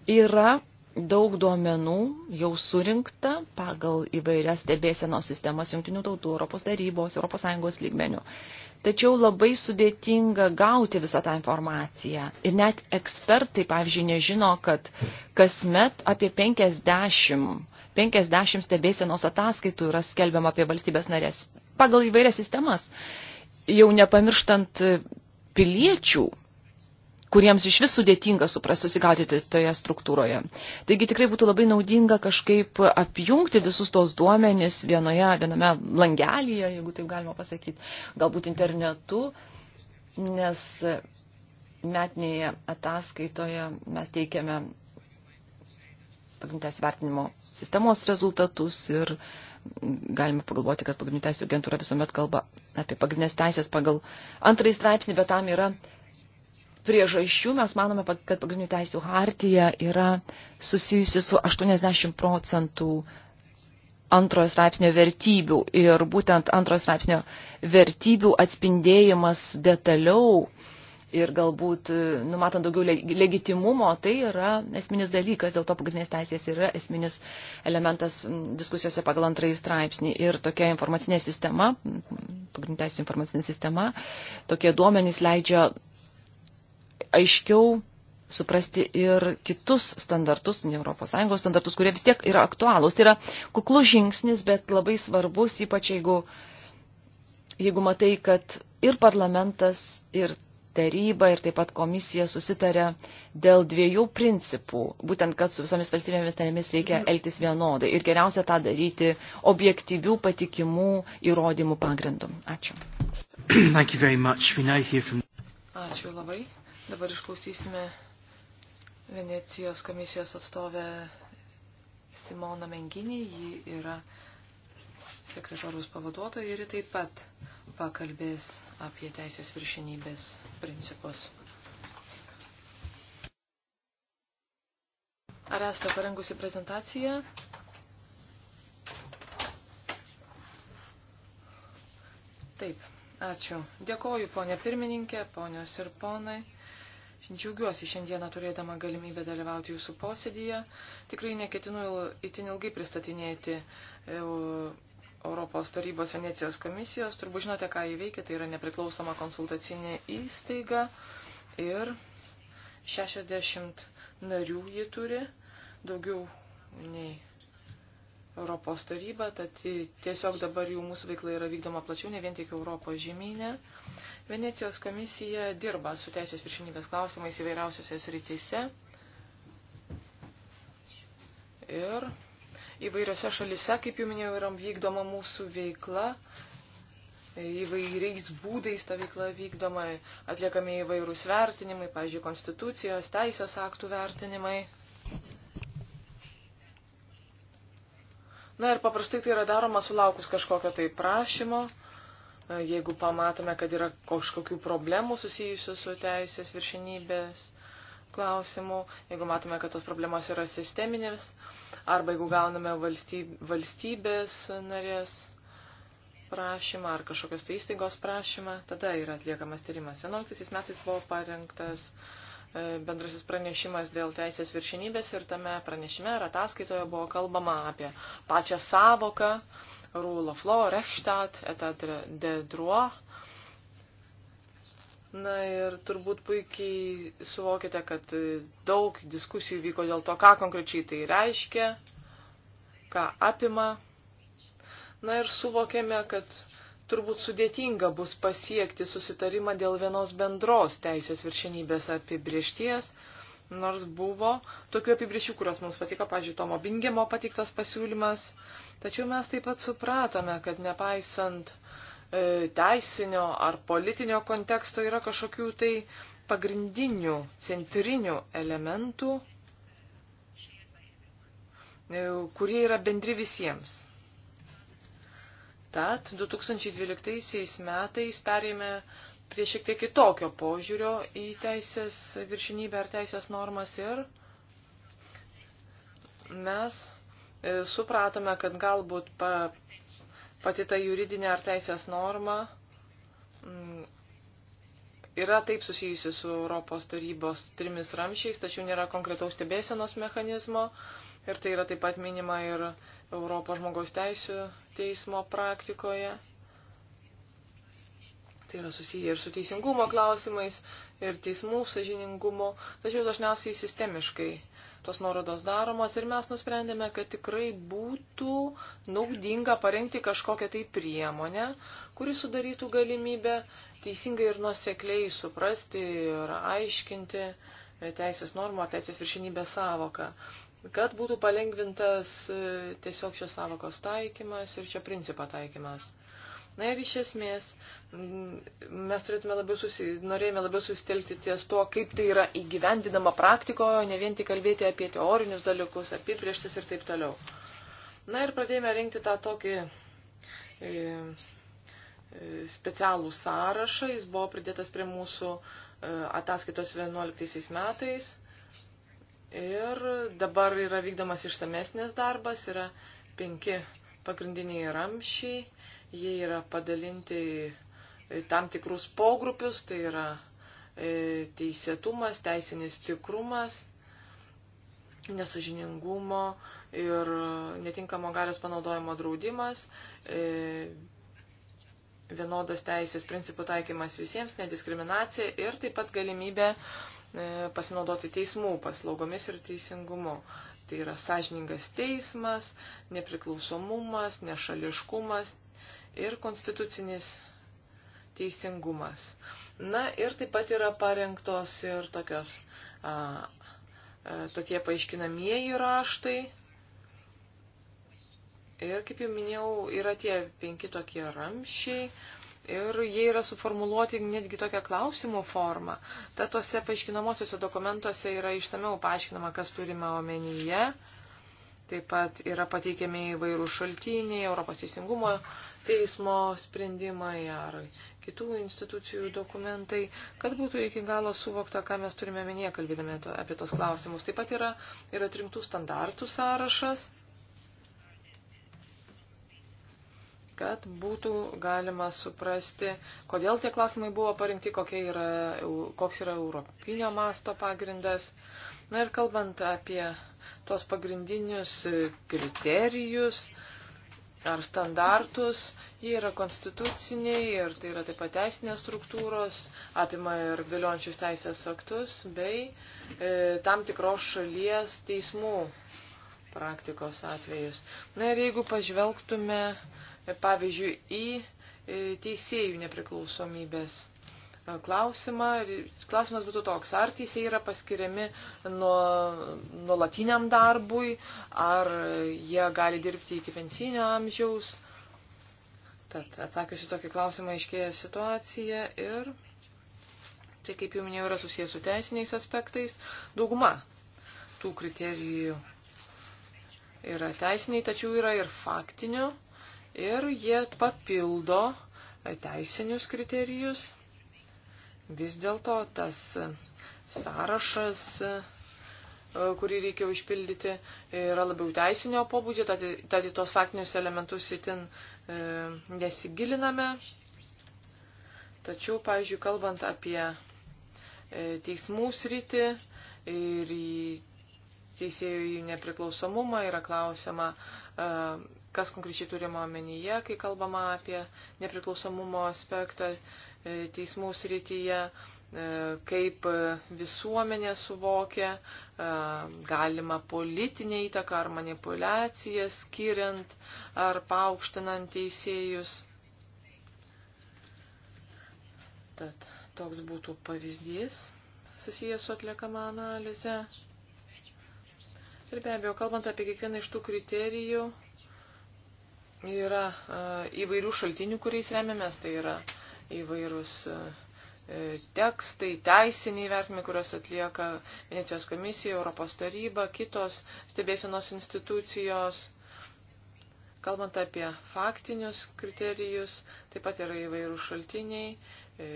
yra daug duomenų jau surinkta pagal įvairias stebėsenos sistemas Junktinių tautų, Europos tarybos, ES lygmenių. Tačiau labai sudėtinga gauti visą tą informaciją. Ir net ekspertai, pavyzdžiui, nežino, kad kasmet apie 50, 50 stebėsenos ataskaitų yra skelbiama apie valstybės narės pagal įvairias sistemas jau nepamirštant piliečių, kuriems iš vis sudėtinga suprasti susigaudyti toje struktūroje. Taigi tikrai būtų labai naudinga kažkaip apjungti visus tos duomenis vienoje, viename langelyje, jeigu taip galima pasakyti, galbūt internetu, nes metinėje ataskaitoje mes teikiame pagrindinės vertinimo sistemos rezultatus ir uh, galime pagalvoti, kad pagrindinė teisė agentūra visuomet kalba apie pagrindinės teisės pagal antrąjį straipsnį, bet tam yra priežasčių. Mes manome, kad pagrindinių teisų hartija yra susijusi su 80 procentų antrojo straipsnio vertybių ir būtent antrojo straipsnio vertybių atspindėjimas detaliau uh, ir galbūt e, numatant daugiau legitimumo, tai yra esminis dalykas, dėl to pagrindinės teisės yra esminis elementas diskusijose pagal antrąjį straipsnį. Ir tokia informacinė sistema, pagrindinės teisės informacinė sistema, tokie duomenys leidžia aiškiau suprasti ir kitus standartus, ne ES standartus, kurie vis tiek yra aktualūs. Tai yra kuklus žingsnis, bet labai svarbus, ypač jeigu, jeigu matai, kad ir parlamentas, ir taryba ir taip pat komisija susitarė dėl dviejų principų, būtent kad su visomis valstybėmis narėmis reikia elgtis vienodai ir geriausia tą daryti objektyvių patikimų įrodymų pagrindų. Ačiū. From... Ačiū labai. Dabar išklausysime Venecijos komisijos atstovę Simona Menginį. Ji yra sekretoriaus pavaduotoja ir taip pat pakalbės apie teisės viršinybės principus. Ar esate parengusi prezentaciją? Taip, ačiū. Dėkoju, ponė pirmininkė, ponios ir ponai. Džiaugiuosi šiandieną turėdama galimybę dalyvauti jūsų posėdyje. Tikrai neketinu itin ilgai pristatinėti e, Europos tarybos Venecijos komisijos. Turbūt žinote, ką įveikia, tai yra nepriklausoma konsultacinė įstaiga ir 60 narių ji turi, daugiau nei Europos taryba, tad tiesiog dabar jau mūsų veikla yra vykdoma plačiau, ne vien tik Europos žemynė. Venecijos komisija dirba su teisės viršinybės klausimais įvairiausiose srityse. Ir įvairiose šalise, kaip jau minėjau, yra vykdoma mūsų veikla. Įvairiais būdais ta veikla vykdoma, atliekami įvairūs vertinimai, pavyzdžiui, konstitucijos, teisės aktų vertinimai. Na ir paprastai tai yra daroma sulaukus kažkokio tai prašymo, jeigu pamatome, kad yra kažkokių problemų susijusių su teisės viršenybės klausimu, jeigu matome, kad tos problemos yra sisteminės, arba jeigu gauname valstybės narės prašymą ar kažkokios tai įstaigos prašymą, tada yra atliekamas tyrimas. 11 metais buvo parengtas e, bendrasis pranešimas dėl teisės viršinybės ir tame pranešime ir ataskaitoje buvo kalbama apie pačią savoką, rule of law, rechtstat, etat de droit, Na ir turbūt puikiai suvokite, kad daug diskusijų vyko dėl to, ką konkrečiai tai reiškia, ką apima. Na ir suvokėme, kad turbūt sudėtinga bus pasiekti susitarimą dėl vienos bendros teisės viršenybės apibriešties, nors buvo tokių apibriešių, kurios mums patiko, pažiūrėjau, Tomo Bingemo patiktas pasiūlymas. Tačiau mes taip pat supratome, kad nepaisant uh, E, teisinio ar politinio konteksto yra kažkokių tai pagrindinių, centrinių elementų, e, kurie yra bendri visiems. Tad 2012 metais perėmė prie šiek tiek kitokio požiūrio į teisės viršinybę ar teisės normas ir mes e, supratome, kad galbūt pa, pati ta juridinė ar teisės norma mm, yra taip susijusi su Europos tarybos trimis ramšiais, tačiau nėra konkretaus stebėsenos mechanizmo ir tai yra taip pat minima ir Europos žmogaus teisų teismo praktikoje. Tai yra susiję ir su teisingumo klausimais, ir teismų sažiningumu, tačiau dažniausiai sistemiškai tos nuorodos daromos ir mes nusprendėme, kad tikrai būtų naudinga parengti kažkokią tai priemonę, kuri sudarytų galimybę teisingai ir nusekliai suprasti ir aiškinti teisės normų ar teisės viršinybės savoką kad būtų palengvintas tiesiog šios savokos taikymas ir čia principo taikymas. Na ir iš esmės mes turėtume labiau susi, norėjome labiau susitelkti ties to, kaip tai yra įgyvendinama praktikoje, ne vien tik kalbėti apie teorinius dalykus, apibrieštis ir taip toliau. Na ir pradėjome rinkti tą tokį e, e specialų sąrašą, jis buvo pridėtas prie mūsų e, ataskaitos 11 metais. Ir dabar yra vykdomas išsamesnis darbas, yra penki pagrindiniai ramšiai Jie yra padalinti į tam tikrus pogrupius, tai yra e, teisėtumas, teisinis tikrumas, nesažiningumo ir netinkamo galios panaudojimo draudimas, e, vienodas teisės principų taikymas visiems, nediskriminacija ir taip pat galimybė e, pasinaudoti teismų paslaugomis ir teisingumu. Tai yra sąžiningas teismas, nepriklausomumas, nešališkumas, ir konstitucinis teisingumas. Na ir taip pat yra parengtos ir tokios, a, a, tokie paaiškinamieji raštai. Ir kaip jau minėjau, yra tie penki tokie ramšiai. Ir jie yra suformuluoti netgi tokią klausimų formą. Ta tose paaiškinamosiose dokumentuose yra išsameu paaiškinama, kas turime omenyje. Taip pat yra pateikiami įvairių šaltiniai, Europos teisingumo teismo sprendimai ar kitų institucijų dokumentai, kad būtų iki galo suvokta, ką mes turime minėję, kalbėdami apie tos klausimus. Taip pat yra ir atrinktų standartų sąrašas, kad būtų galima suprasti, kodėl tie klausimai buvo parinkti, yra, koks yra europinio masto pagrindas. Na ir kalbant apie tuos pagrindinius kriterijus, ar standartus. Jie yra konstituciniai ir tai yra taip pat teisinės struktūros, apima ir galiojančius teisės aktus bei e, tam tikros šalies teismų praktikos atvejus. Na ir jeigu pažvelgtume, e, pavyzdžiui, į e, teisėjų nepriklausomybės klausimą. Klausimas būtų toks, ar teisėjai yra paskiriami nuolatiniam nuo darbui, ar jie gali dirbti iki pensinio amžiaus. Tad atsakiusi tokį klausimą iškėja situacija ir tai, kaip jau minėjau, yra susijęs su teisiniais aspektais. Dauguma tų kriterijų yra teisiniai, tačiau yra ir faktinių ir jie papildo teisinius kriterijus. Vis dėlto tas sąrašas, e, kurį reikėjo išpildyti, yra labiau teisinio pobūdžio, tad į tuos faktinius elementus įtin e, nesigiliname. Tačiau, pavyzdžiui, kalbant apie e, teismų sritį ir į teisėjų nepriklausomumą yra klausima, kas konkrečiai turima omenyje, kai kalbama apie nepriklausomumo aspektą e, teismų srityje, e, kaip visuomenė suvokia e, galima politinę įtaką ar manipulaciją skiriant ar paaukštinant teisėjus. Tad toks būtų pavyzdys susijęs su atliekama analize. Ir be abejo, kalbant apie kiekvieną iš tų kriterijų, yra e, įvairių šaltinių, kuriais remiamės, tai yra įvairūs e, tekstai, teisiniai vertimai, kurios atlieka Venecijos komisija, Europos taryba, kitos stebėsenos institucijos. Kalbant apie faktinius kriterijus, taip pat yra įvairių šaltiniai, e,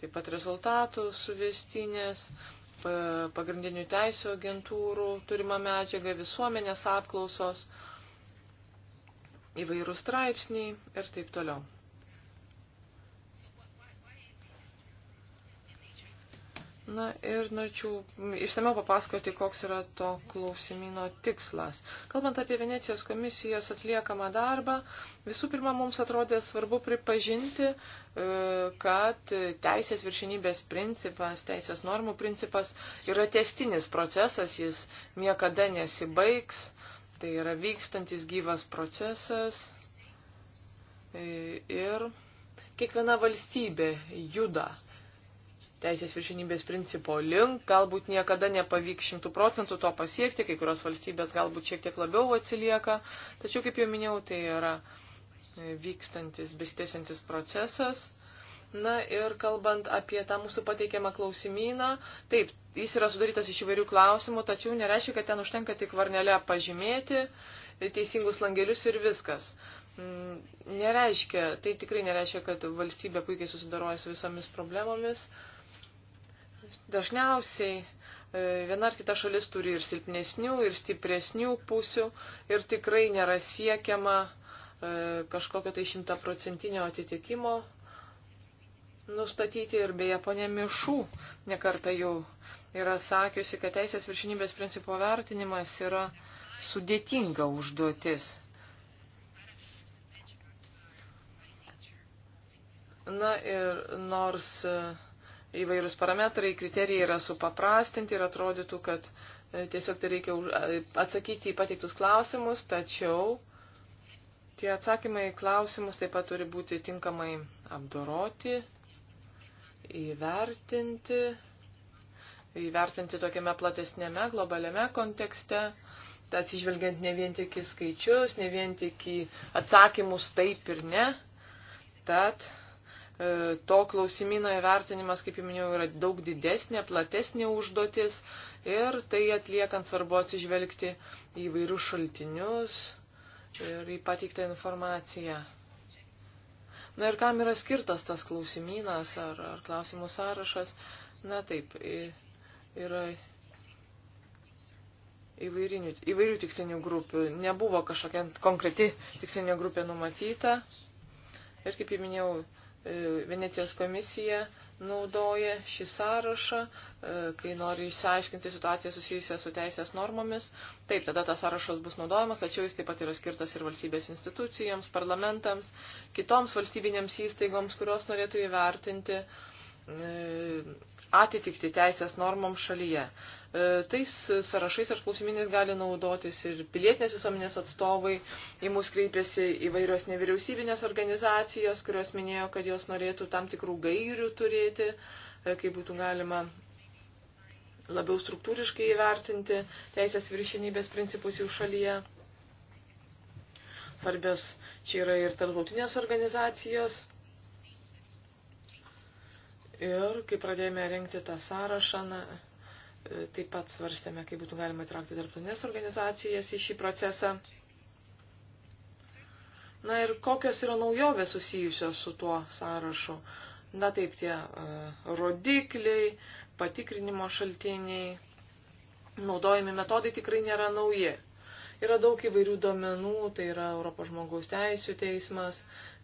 taip pat rezultatų suvestinės, pagrindinių teisų agentūrų turima medžiaga, visuomenės apklausos įvairūs straipsniai ir taip toliau. Na ir norėčiau išsameu papasakoti, koks yra to klausimino tikslas. Kalbant apie Venecijos komisijos atliekamą darbą, visų pirma, mums atrodė svarbu pripažinti, e, kad teisės viršinybės principas, teisės normų principas yra testinis procesas, jis niekada nesibaigs. Tai yra vykstantis gyvas procesas e, ir kiekviena valstybė juda teisės viršinybės principo link, galbūt niekada nepavyks šimtų procentų to pasiekti, kai kurios valstybės galbūt šiek tiek labiau atsilieka, tačiau, kaip jau minėjau, tai yra e, vykstantis, bestėsiantis procesas. Na ir kalbant apie tą mūsų pateikiamą klausimyną, taip, jis yra sudarytas iš įvairių klausimų, tačiau nereiškia, kad ten užtenka tik varnelę pažymėti, teisingus langelius ir viskas. Mm, nereiškia, tai tikrai nereiškia, kad valstybė puikiai susidaroja su visomis problemomis. Dažniausiai e, viena ar kita šalis turi ir silpnesnių, ir stipresnių pusių, ir tikrai nėra siekiama e, kažkokio tai šimtaprocentinio atitikimo nustatyti ir beje ponė Mišų nekarta jau yra sakiusi, kad teisės viršinybės principo vertinimas yra sudėtinga užduotis. Na ir nors įvairūs parametrai, kriterijai yra supaprastinti ir atrodytų, kad e, tiesiog tai reikia e, atsakyti į pateiktus klausimus, tačiau tie atsakymai į klausimus taip pat turi būti tinkamai apdoroti, įvertinti įvertinti tokiame platesnėme, globaliame kontekste, atsižvelgiant ne vien tik į skaičius, ne vien tik į atsakymus taip ir ne. Tad e, to klausimino įvertinimas, kaip jau minėjau, yra daug didesnė, platesnė užduotis ir tai atliekant svarbu atsižvelgti į vairius šaltinius ir į pateiktą informaciją. Na ir kam yra skirtas tas klausimynas ar, ar klausimų sąrašas? Na taip, yra įvairinių, įvairių tikslinių grupių. Nebuvo kažkokia konkreti tikslinė grupė numatyta. Ir kaip jau minėjau, e, Venecijos komisija naudoja šį sąrašą, e, kai nori išsiaiškinti situaciją susijusią su teisės normomis. Taip, tada tas sąrašas bus naudojamas, tačiau jis taip pat yra skirtas ir valstybės institucijoms, parlamentams, kitoms valstybinėms įstaigoms, kurios norėtų įvertinti uh, E, atitikti teisės normom šalyje. E, tais sąrašais ar klausimynės gali naudotis ir pilietinės visuomenės atstovai, į mus kreipėsi įvairios nevyriausybinės organizacijos, kurios minėjo, kad jos norėtų tam tikrų gairių turėti, e, kaip būtų galima labiau struktūriškai įvertinti teisės viršinybės principus jų šalyje. Svarbios čia yra ir tarptautinės organizacijos Ir kai pradėjome renkti tą sąrašą, na, e, taip pat svarstėme, kaip būtų galima įtraukti tarptautinės organizacijas į šį procesą. Na ir kokios yra naujovės susijusios su tuo sąrašu? Na taip, tie uh, rodikliai, patikrinimo šaltiniai, naudojami metodai tikrai nėra nauji. Yra daug įvairių domenų, tai yra Europos žmogaus teisų teismas,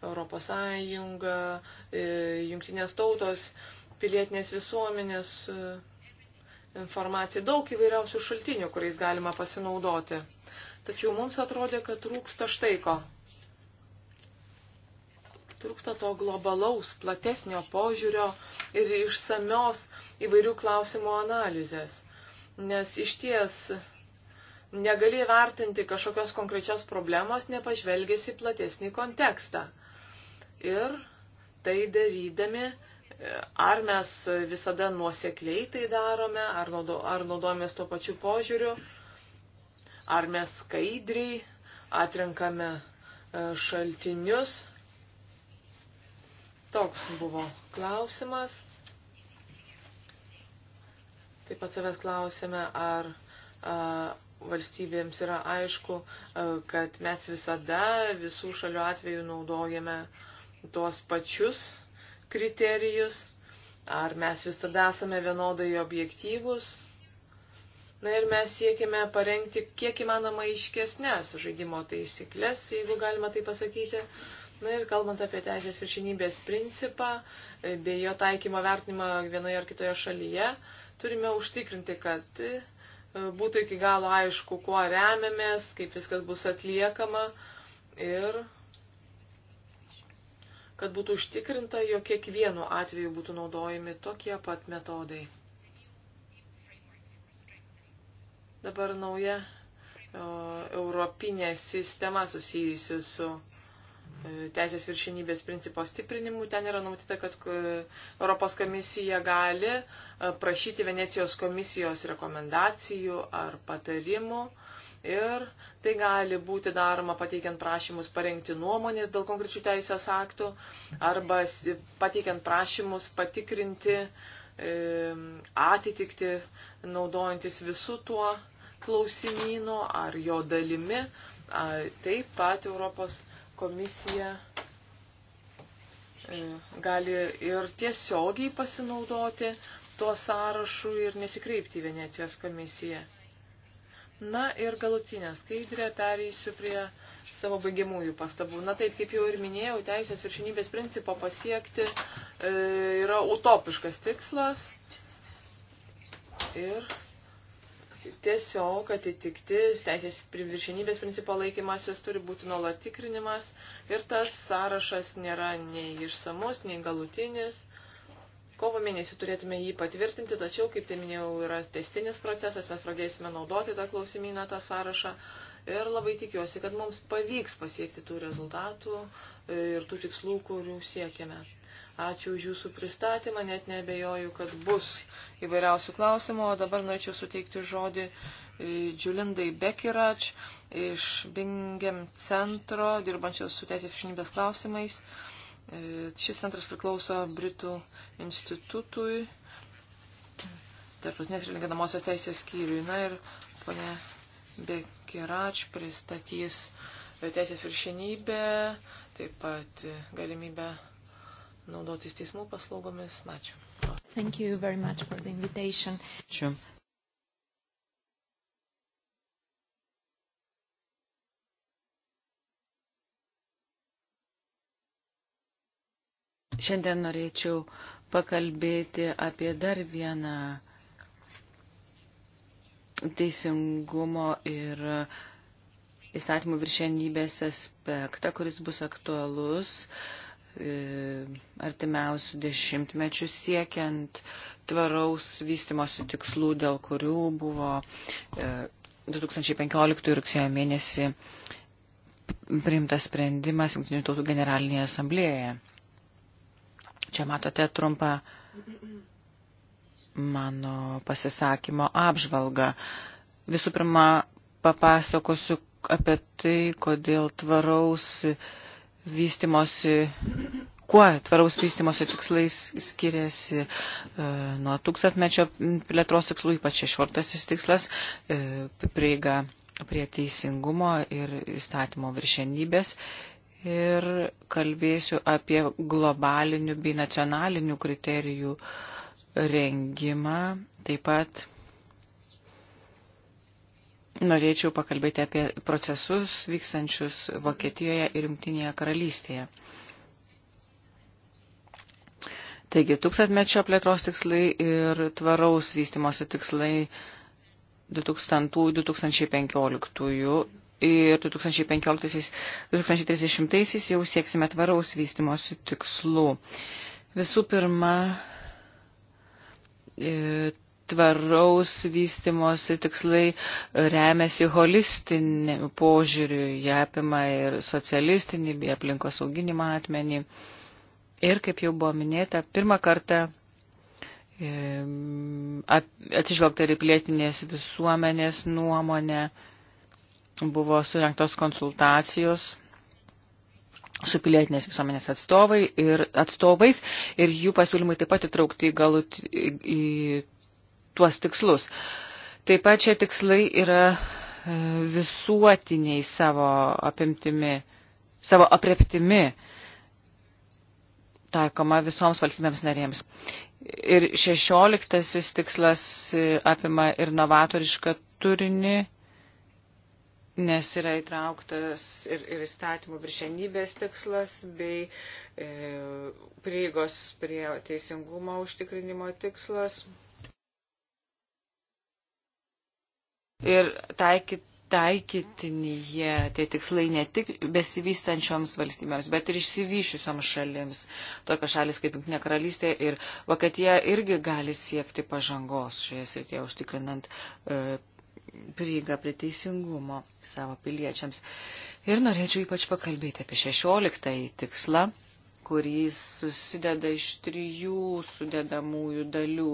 Europos sąjunga, e, jungtinės tautos, pilietinės visuomenės e, informacija, daug įvairiausių šaltinių, kuriais galima pasinaudoti. Tačiau mums atrodė, kad trūksta štai ko. Trūksta to globalaus, platesnio požiūrio ir išsamios įvairių klausimų analizės. Nes iš ties negali vertinti kažkokios konkrečios problemos, nepažvelgęs į platesnį kontekstą. Ir tai darydami, ar mes visada nuosekliai tai darome, ar, naudo, ar naudojamės tuo pačiu požiūriu, ar mes skaidriai atrenkame e, šaltinius. Toks buvo klausimas. Taip pat savęs klausėme, ar valstybėms yra aišku, e, kad mes visada visų šalių atveju naudojame tuos pačius kriterijus, ar mes visada esame vienodai objektyvus. Na ir mes siekime parengti kiek įmanoma aiškesnės žaidimo taisyklės, jeigu galima tai pasakyti. Na ir kalbant apie teisės viršinybės principą e, bei jo taikymo vertinimą vienoje ar kitoje šalyje, turime užtikrinti, kad E, būtų iki galo aišku, kuo remiamės, kaip viskas bus atliekama ir kad būtų užtikrinta, jog kiekvienu atveju būtų naudojami tokie pat metodai. Dabar nauja o, e, europinė sistema susijusi su E, teisės viršinybės principo stiprinimu. Ten yra numatyta, kad e, Europos komisija gali e, prašyti Venecijos komisijos rekomendacijų ar patarimų. Ir tai gali būti daroma pateikiant prašymus parengti nuomonės dėl konkrečių teisės aktų arba pateikiant prašymus patikrinti atitikti naudojantis visų tuo klausimynu ar jo dalimi. Taip pat Europos komisija e, gali ir tiesiogiai pasinaudoti tuo sąrašu ir nesikreipti į Venecijos komisiją. Na ir galutinę skaidrę pereisiu prie savo baigiamųjų pastabų. Na taip, kaip jau ir minėjau, teisės viršinybės principo pasiekti e, yra utopiškas tikslas. Ir tiesiog atitiktis, teisės viršenybės principo laikymasis turi būti nuolat tikrinimas ir tas sąrašas nėra nei išsamus, nei galutinis. Kovo mėnesį turėtume jį patvirtinti, tačiau, kaip tai minėjau, yra testinis procesas, mes pradėsime naudoti tą klausimyną, tą sąrašą ir labai tikiuosi, kad mums pavyks pasiekti tų rezultatų ir tų tikslų, kurių siekiame. Ačiū už Jūsų pristatymą, net nebejoju, kad bus įvairiausių klausimų, o dabar norėčiau suteikti žodį e, Džiulindai Bekirač iš Bingem centro, dirbančios su teisės viršinybės klausimais. E, šis centras priklauso Britų institutui, tarptautinės religinamosios teisės skyriui. Na ir ponė Bekirač pristatys teisės viršinybę, taip pat galimybę naudotis teismų paslaugomis. Ačiū. Thank you very much for the invitation. Ačiū. Šiandien norėčiau pakalbėti apie dar vieną teisingumo ir įstatymų viršienybės aspektą, kuris bus aktualus uh, E, artimiausių dešimtmečių siekiant tvaraus vystimosi tikslų, dėl kurių buvo 2015 e, rugsėjo mėnesį priimtas sprendimas Junktinių tautų generalinėje asamblėje. Čia matote trumpą mano pasisakymo apžvalgą. Visų pirma, papasakosiu apie tai, kodėl tvaraus vystimosi, kuo tvaraus vystimosi tikslais skiriasi e, nuo tūkstantmečio plėtros tikslų, ypač šešvartasis tikslas, e, prieiga prie teisingumo ir įstatymo viršenybės. Ir kalbėsiu apie globalinių bei nacionalinių kriterijų rengimą, taip pat norėčiau pakalbėti apie procesus vykstančius Vokietijoje ir Jungtinėje karalystėje. Taigi, tūkstantmečio plėtros tikslai ir tvaraus vystimosi tikslai 2000-2015 ir 2015-2030 jau sieksime tvaraus vystimosi tikslų. Visų pirma, e, tvaraus vystimosi tikslai remiasi holistinį požiūrį, jie apima ir socialistinį, bei aplinkos auginimą atmenį. Ir, kaip jau buvo minėta, pirmą kartą atsižvelgta ir plėtinės visuomenės nuomonė, buvo surinktos konsultacijos su pilietinės visuomenės atstovai ir atstovais ir jų pasiūlymai taip pat įtraukti galut į tuos tikslus. Taip pat šie tikslai yra e, visuotiniai savo apimtimi, savo apreptimi taikoma visoms valstybėms narėms. Ir šešioliktasis tikslas e, apima ir novatorišką turinį, nes yra įtrauktas ir, ir įstatymų viršenybės tikslas bei e, prieigos prie teisingumo užtikrinimo tikslas. ir taikyti taikytini jie tie tikslai ne tik besivystančioms valstybėms, bet ir išsivyšiusioms šalims. Tokios šalis kaip Junktinė karalystė ir Vokietija irgi gali siekti pažangos šioje srityje, užtikrinant e, prieigą prie teisingumo savo piliečiams. Ir norėčiau ypač pakalbėti apie 16 tikslą kurį susideda iš trijų sudedamųjų dalių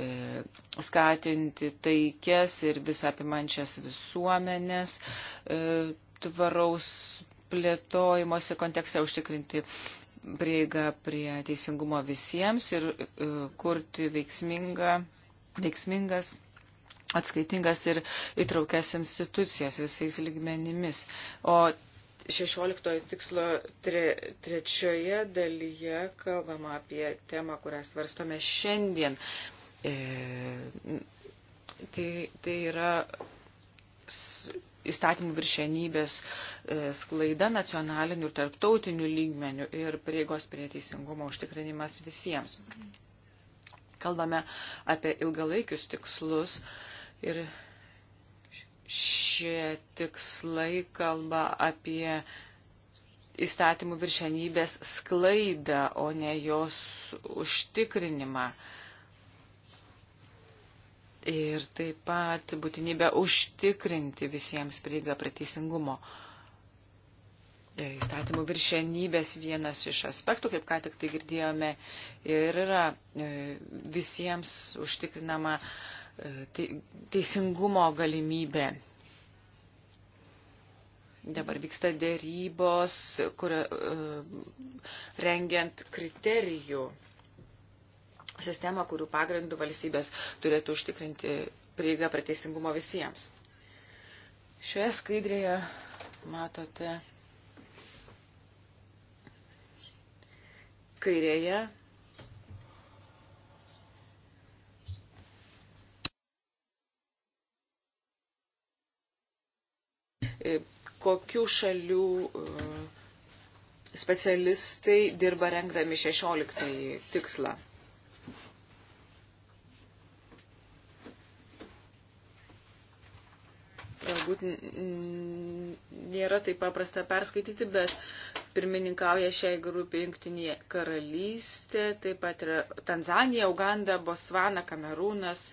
E, skatinti taikės ir visapimančias visuomenės e, tvaraus plėtojimuose kontekste užtikrinti prieigą prie teisingumo visiems ir e, kurti veiksmingą, veiksmingas atskaitingas ir įtraukęs institucijas visais lygmenimis. O 16 tikslo tre, trečioje dalyje kalbama apie temą, kurią svarstome šiandien. E, tai, tai yra įstatymų viršenybės e, sklaida nacionaliniu ir tarptautiniu lygmeniu ir prieigos prie teisingumo užtikrinimas visiems. Kalbame apie ilgalaikius tikslus ir šie tikslai kalba apie įstatymų viršenybės sklaidą, o ne jos užtikrinimą. E, ir taip pat būtinybę užtikrinti visiems prieigą prie teisingumo. E, įstatymų viršenybės vienas iš aspektų, kaip ką tik tai girdėjome, ir yra e, visiems užtikrinama e, teisingumo galimybė. Dabar vyksta dėrybos, kurio, rengiant kriterijų sistemą, kurių pagrindų valstybės turėtų užtikrinti prieigą prie teisingumo visiems. Šioje skaidrėje matote kairėje kokių šalių e, specialistai dirba rengdami 16 tikslą. galbūt nėra taip paprasta perskaityti, bet pirmininkauja šiai grupė Junktinė karalystė, taip pat yra Tanzanija, Uganda, Bosvana, Kamerūnas.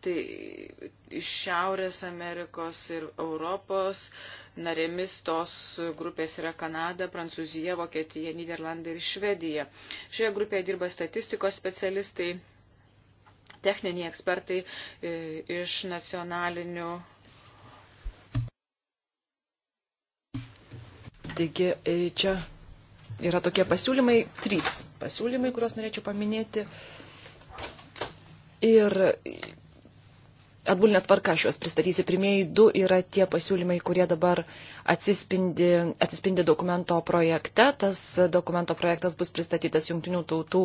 Tai iš Šiaurės Amerikos ir Europos narėmis tos grupės yra Kanada, Prancūzija, Vokietija, Niderlandai ir Švedija. Šioje grupėje dirba statistikos specialistai, techniniai ekspertai e, iš nacionalinių. Taigi e, čia yra tokie pasiūlymai, trys pasiūlymai, kuriuos norėčiau paminėti. Ir atbulinę tvarką aš juos pristatysiu. Pirmieji du yra tie pasiūlymai, kurie dabar atsispindi, atsispindi dokumento projekte. Tas dokumento projektas bus pristatytas Junktinių tautų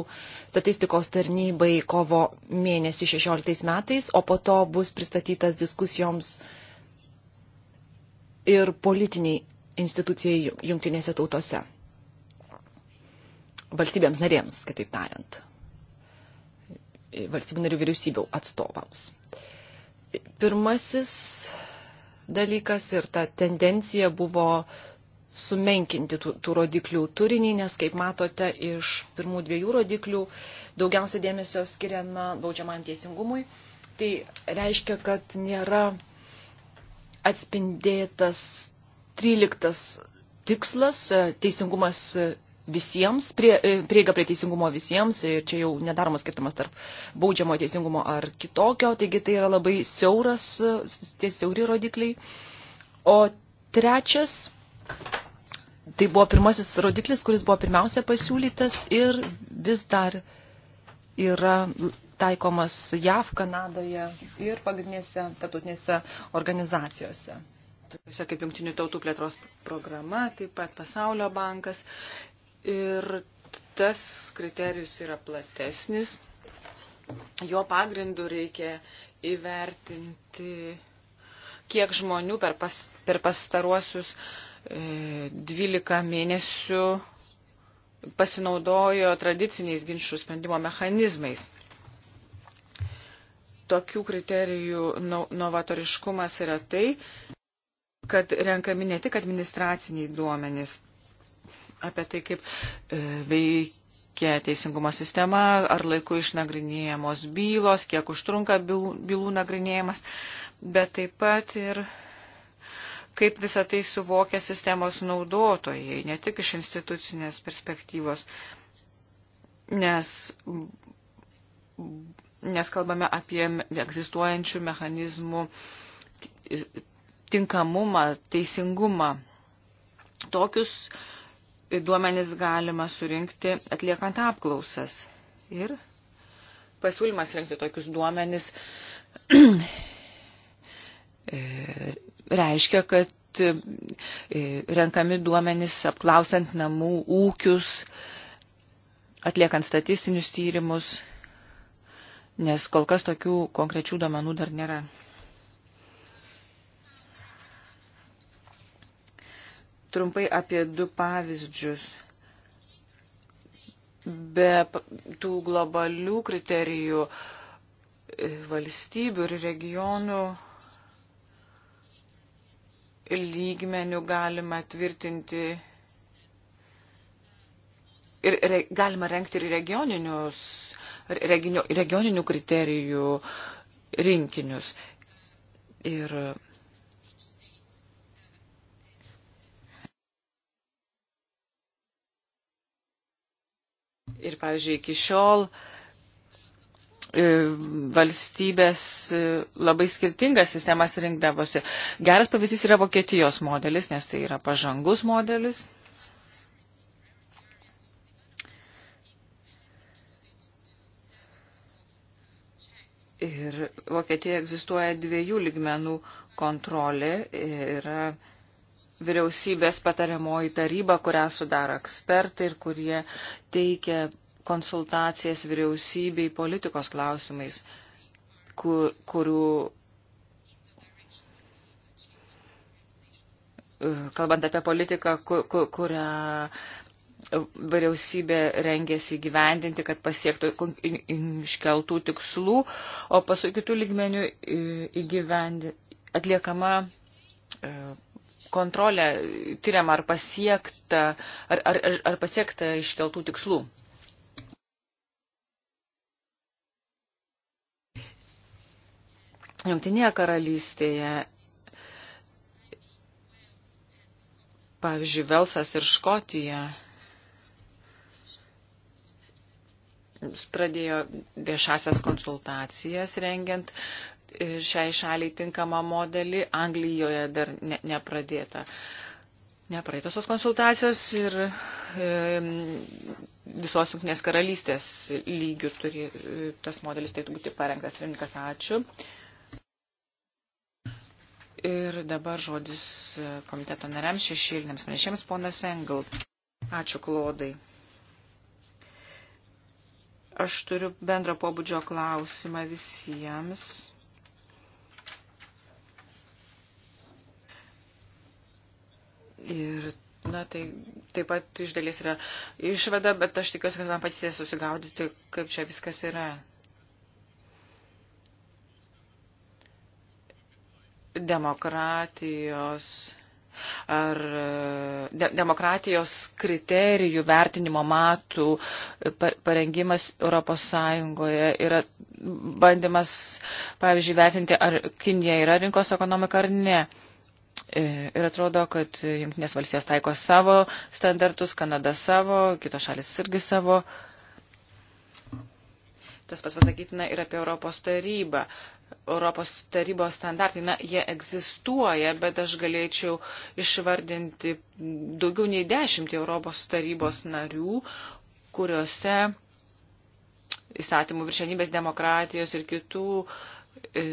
statistikos tarnybai kovo mėnesį 16 metais, o po to bus pristatytas diskusijoms ir politiniai institucijai Junktinėse tautose. Valstybėms narėms, kitaip tariant, valstybių narių vyriausybių atstovams. Pirmasis dalykas ir ta tendencija buvo sumenkinti tų, tų rodiklių turinį, nes, kaip matote, iš pirmų dviejų rodiklių daugiausia dėmesio skiriama baudžiamam teisingumui. Tai reiškia, kad nėra atspindėtas 13 tikslas - teisingumas visiems, prie, e, prieiga prie teisingumo visiems ir čia jau nedaromas skirtumas tarp baudžiamo teisingumo ar kitokio, taigi tai yra labai siauras, tie siauri rodikliai. O trečias, tai buvo pirmasis rodiklis, kuris buvo pirmiausia pasiūlytas ir vis dar yra taikomas JAV, Kanadoje ir pagrindinėse tarptautinėse organizacijose tokiuose kaip Junktinių tautų plėtros programa, taip pat Pasaulio bankas Ir tas kriterijus yra platesnis. Jo pagrindu reikia įvertinti, kiek žmonių per, pas, per pastaruosius e, 12 mėnesių pasinaudojo tradiciniais ginčių sprendimo mechanizmais. Tokių kriterijų novatoriškumas yra tai, kad renkami ne tik administraciniai duomenys, apie tai, kaip e, veikia teisingumo sistema, ar laiku išnagrinėjamos bylos, kiek užtrunka bylų, bylų nagrinėjimas, bet taip pat ir kaip visą tai suvokia sistemos naudotojai, ne tik iš institucinės perspektyvos, nes, nes kalbame apie egzistuojančių mechanizmų tinkamumą, teisingumą. Tokius duomenis galima surinkti atliekant apklausas. Ir pasiūlymas rinkti tokius duomenis <clears throat> e, reiškia, kad e, e, renkami duomenys apklausant namų ūkius, atliekant statistinius tyrimus, nes kol kas tokių konkrečių duomenų dar nėra. trumpai apie du pavyzdžius. Be tų globalių kriterijų e, valstybių ir regionų lygmenių galima tvirtinti ir re, galima renkti ir regioninius, reginio, regioninių kriterijų rinkinius. Ir Ir, pavyzdžiui, iki šiol e, valstybės e, labai skirtingas sistemas rinkdavosi. Geras pavyzdys yra Vokietijos modelis, nes tai yra pažangus modelis. Ir Vokietijoje egzistuoja dviejų ligmenų kontrolė. Yra vyriausybės patariamoji taryba, kurią sudaro ekspertai ir kurie teikia konsultacijas vyriausybei politikos klausimais, kur, kurių, kalbant apie politiką, kur, kur, kurią vyriausybė rengėsi gyvendinti, kad pasiektų iškeltų tikslų, o paskui kitų lygmenių įgyvendi, atliekama e, kontrolę tyriam, ar pasiekta, ar, ar, ar pasiekta iškeltų tikslų. Jungtinėje karalystėje, pavyzdžiui, Velsas ir Škotija pradėjo viešasias konsultacijas rengiant šiai šaliai tinkamą modelį. Anglijoje dar ne, nepradėta. Nepraeitos tos konsultacijos ir e, visos jungtinės karalystės lygių turi, tas modelis turėtų būti parengtas. Rimkas, ačiū. Ir dabar žodis komiteto nariams šešėliniams pranešėms ponas Engel. Ačiū, Klodai. Aš turiu bendro pobūdžio klausimą visiems. Ir, na, tai taip pat iš dalies yra išvada, bet aš tikiuosi, kad man patys susigaudyti, kaip čia viskas yra. Demokratijos ar de demokratijos kriterijų vertinimo matų parengimas ES yra bandymas, pavyzdžiui, vertinti, ar Kinija yra rinkos ekonomika ar ne. E, ir atrodo, kad Junktinės valstijos taiko savo standartus, Kanada savo, kitos šalis irgi savo. Tas pas pasakytina ir apie Europos tarybą. Europos tarybos standartai, na, jie egzistuoja, bet aš galėčiau išvardinti daugiau nei dešimtį Europos tarybos narių, kuriuose įstatymų viršenybės demokratijos ir kitų e,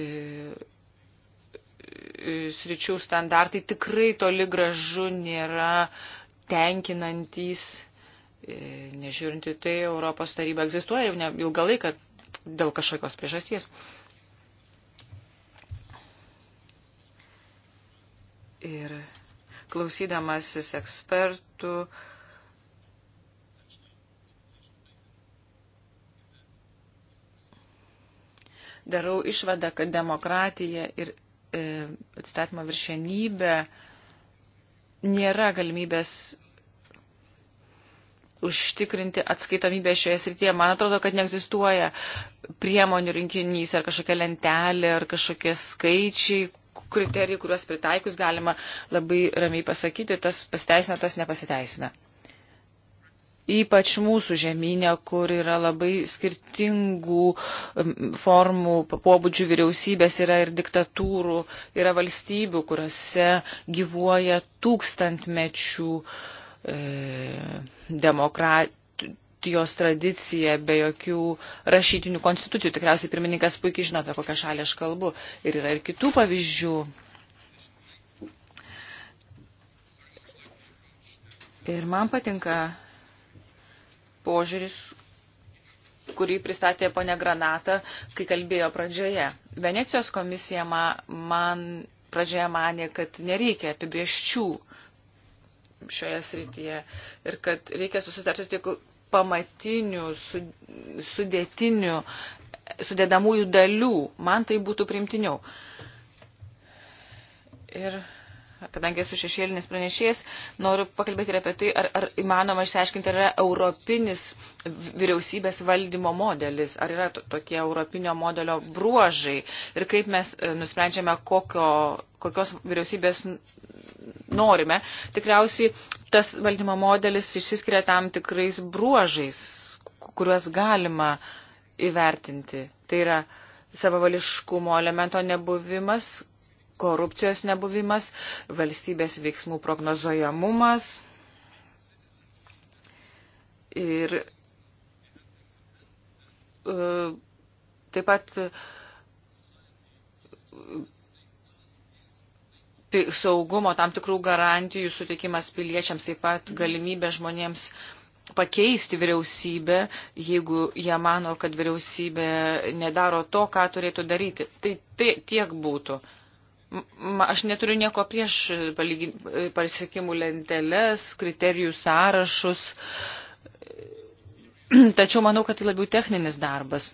E, sričių standartai tikrai toli gražu nėra tenkinantys, e, nežiūrint į tai, Europos taryba egzistuoja jau ne ilgą laiką dėl kažkokios priežasties. Ir klausydamasis ekspertų, darau išvadą, kad demokratija ir E, atstatymo viršenybę nėra galimybės užtikrinti atskaitomybę šioje srityje. Man atrodo, kad neegzistuoja priemonių rinkinys ar kažkokia lentelė ar kažkokie skaičiai, kriterijai, kuriuos pritaikius galima labai ramiai pasakyti, tas pasiteisina, tas nepasiteisina ypač mūsų žemynė, kur yra labai skirtingų formų, pobūdžių vyriausybės, yra ir diktatūrų, yra valstybių, kuriuose gyvuoja tūkstantmečių e, demokratijų jos tradicija be jokių rašytinių konstitucijų. Tikriausiai pirmininkas puikiai žino, apie kokią šalį aš kalbu. Ir yra ir kitų pavyzdžių. Ir man patinka požiūris, kurį pristatė ponė Granata, kai kalbėjo pradžioje. Venecijos komisija ma, man pradžioje manė, kad nereikia apibrieščių šioje srityje ir kad reikia susitarti tik pamatinių, sudėtinių, sudėdamųjų dalių. Man tai būtų primtiniau. Ir kadangi esu šešėlinis pranešėjas, noriu pakalbėti ir apie tai, ar, ar įmanoma išsiaiškinti, ar yra europinis vyriausybės valdymo modelis, ar yra tokie europinio modelio bruožai ir kaip mes e, nusprendžiame, kokio, kokios vyriausybės norime. Tikriausiai tas valdymo modelis išsiskiria tam tikrais bruožais, kuriuos galima įvertinti. Tai yra savavališkumo elemento nebuvimas, korupcijos nebuvimas, valstybės veiksmų prognozojamumas ir e, taip pat tai saugumo tam tikrų garantijų sutikimas piliečiams, taip pat galimybė žmonėms pakeisti vyriausybę, jeigu jie mano, kad vyriausybė nedaro to, ką turėtų daryti. Tai, tai tiek būtų. Aš neturiu nieko prieš pasiekimų lenteles, kriterijų sąrašus, tačiau manau, kad tai labiau techninis darbas.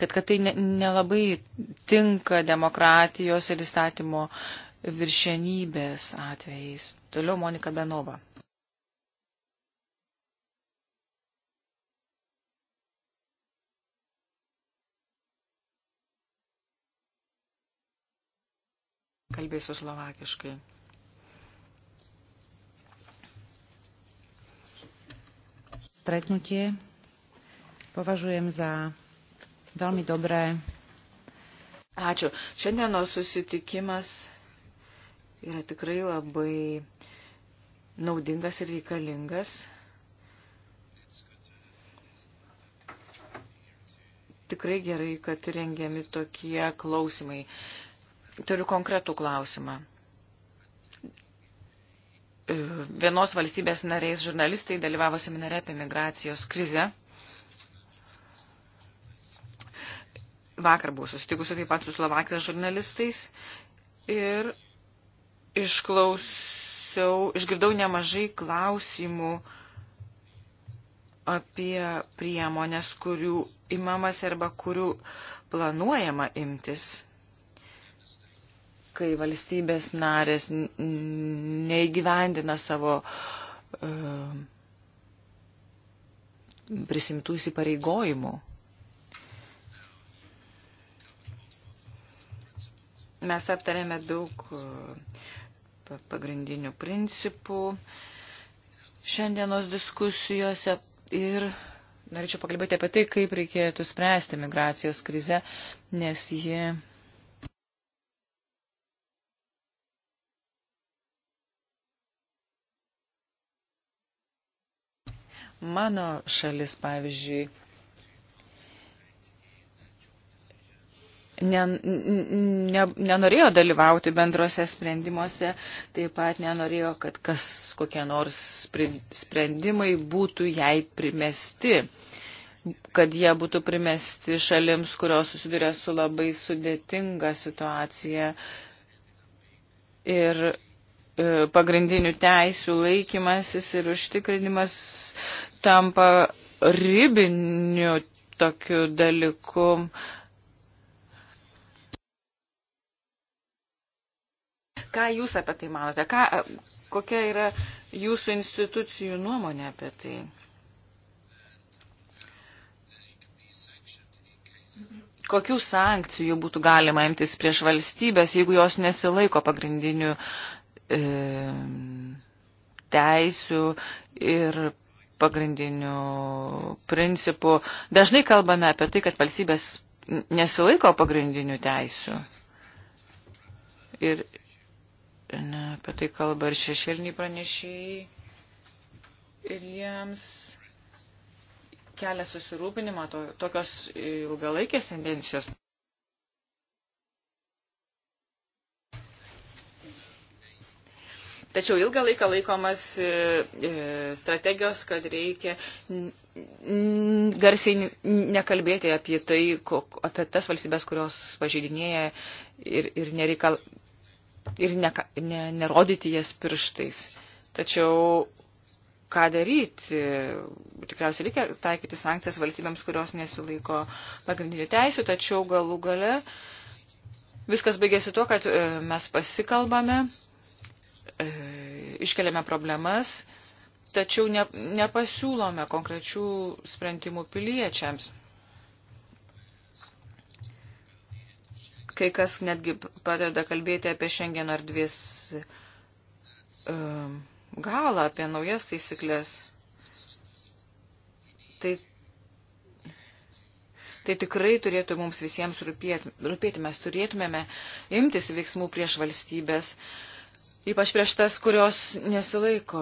Kad, kad tai nelabai ne tinka demokratijos ir įstatymo viršenybės atvejais. Toliau Monika Benova. Kalbėsiu slovakiškai. Stretnutie považujem za veľmi dobré. Ačiū. Šiandieno susitikimas yra tikrai labai naudingas ir reikalingas. Tikrai gerai, kad rengiami tokie klausimai. Turiu konkretų klausimą. E, vienos valstybės nariais žurnalistai dalyvavo seminare apie migracijos krizę. Vakar buvau susitikusi taip pat su Slovakijos žurnalistais ir išklausiau, išgirdau nemažai klausimų apie priemonės, kurių imamas arba kurių planuojama imtis kai valstybės narės neįgyvendina savo uh, prisimtų įsipareigojimų. Mes aptarėme daug e, pagrindinių principų šiandienos diskusijose ir norėčiau pakalbėti apie tai, kaip reikėtų spręsti migracijos krizę, nes ji Mano šalis, pavyzdžiui, ne, ne, nenorėjo dalyvauti bendrose sprendimuose, taip pat nenorėjo, kad kas kokie nors sprendimai būtų jai primesti, kad jie būtų primesti šalims, kurios susiduria su labai sudėtinga situacija. Ir E, pagrindinių teisių laikymasis ir užtikrinimas tampa ribiniu tokiu dalyku. Ką jūs apie tai manote? Ką, kokia yra jūsų institucijų nuomonė apie tai? Kokių sankcijų būtų galima imtis prieš valstybės, jeigu jos nesilaiko pagrindinių uh, e, teisių ir pagrindinių principų. Dažnai kalbame apie tai, kad valstybės nesilaiko pagrindinių teisių. Ir ne, apie tai kalba ir šešėliniai pranešėjai. Ir jiems kelia susirūpinimą to, tokios ilgalaikės tendencijos. Tačiau ilgą laiką laikomas e, e, strategijos, kad reikia garsiai nekalbėti apie tai, apie tas valstybės, kurios pažeidinėja ir, ir, nereikal, ir ne, ne, nerodyti jas pirštais. Tačiau ką daryti. Tikriausiai reikia taikyti sankcijas valstybėms, kurios nesilaiko pagrindinių teisų, tačiau galų gale viskas baigėsi tuo, kad e, mes pasikalbame e, iškeliame problemas, tačiau ne, nepasiūlome konkrečių sprendimų piliečiams. Kai kas netgi padeda kalbėti apie šiandien ar dvies e, galą, apie naujas taisyklės. Tai tai tikrai turėtų mums visiems rūpėti. rūpėti. Mes turėtumėme imtis veiksmų prieš valstybės, Ypač prieš tas, kurios nesilaiko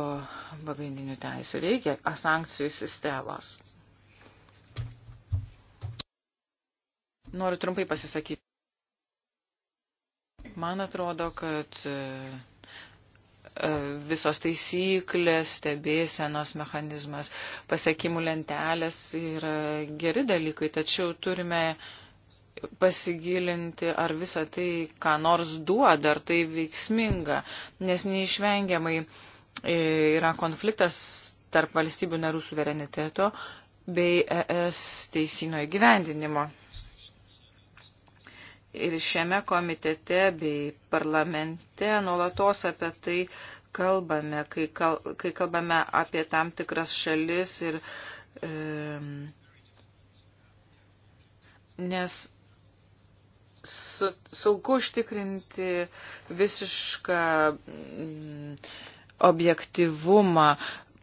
pagrindinių teisų. Reikia sankcijų sistemos. Noriu trumpai pasisakyti. Man atrodo, kad e, e, visos taisyklės, stebėsenos mechanizmas, pasiekimų lentelės yra geri dalykai, tačiau turime pasigilinti, ar visa tai, ką nors duoda, ar tai veiksminga, nes neišvengiamai e, yra konfliktas tarp valstybių narų suvereniteto bei ES teisino įgyvendinimo. Ir šiame komitete bei parlamente nuolatos apie tai kalbame, kai, kal, kai kalbame apie tam tikras šalis ir. E, nes su, sunku užtikrinti visišką m, mm, objektivumą,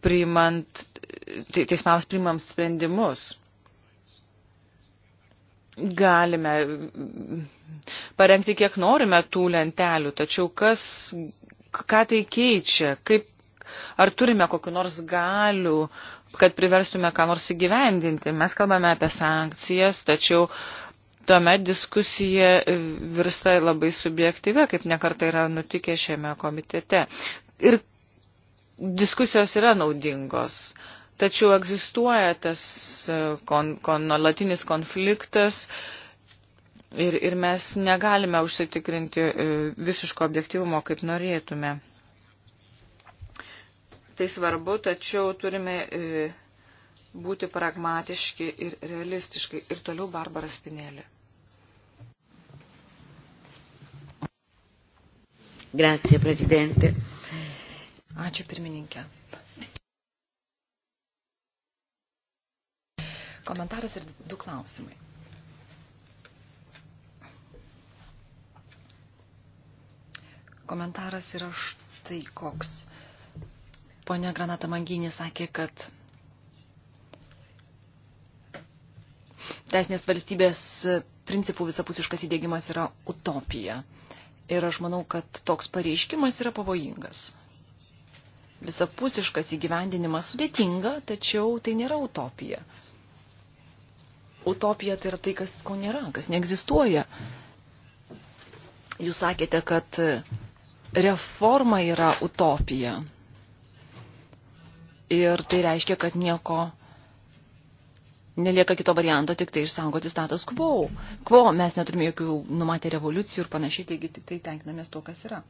priimant, te, teismams priimant sprendimus. Galime mm, parengti kiek norime tų lentelių, tačiau kas, ką tai keičia, kaip, ar turime kokiu nors galių, kad priverstume ką nors įgyvendinti. Mes kalbame apie sankcijas, tačiau uh, tuomet diskusija e, virsta labai subjektyvė, kaip nekartai yra nutikę šiame komitete. Ir diskusijos yra naudingos. Tačiau egzistuoja tas e, kon, kon, latinis konfliktas ir, ir mes negalime užsitikrinti e, visiško objektivumo, kaip norėtume. Tai svarbu, tačiau turime būti pragmatiški ir realistiškai. Ir toliau Barbara Spinelė. Grazie, prezidente. Ačiū pirmininkė. Komentaras ir du klausimai. Komentaras yra štai koks. Pone Granata Manginė sakė, kad teisinės valstybės principų visapusiškas įdėgymas yra utopija. Ir aš manau, kad toks pareiškimas yra pavojingas. Visapusiškas įgyvendinimas sudėtinga, tačiau tai nėra utopija. Utopija tai yra tai, kas ko nėra, kas neegzistuoja. Jūs sakėte, kad reforma yra utopija. Ir tai reiškia, kad nieko nelieka kito varianto tik tai išsaugoti status quo. Quo mes neturime jokių numatę revoliucijų ir panašiai, taigi tik tai tenkinamės tuo, kas yra.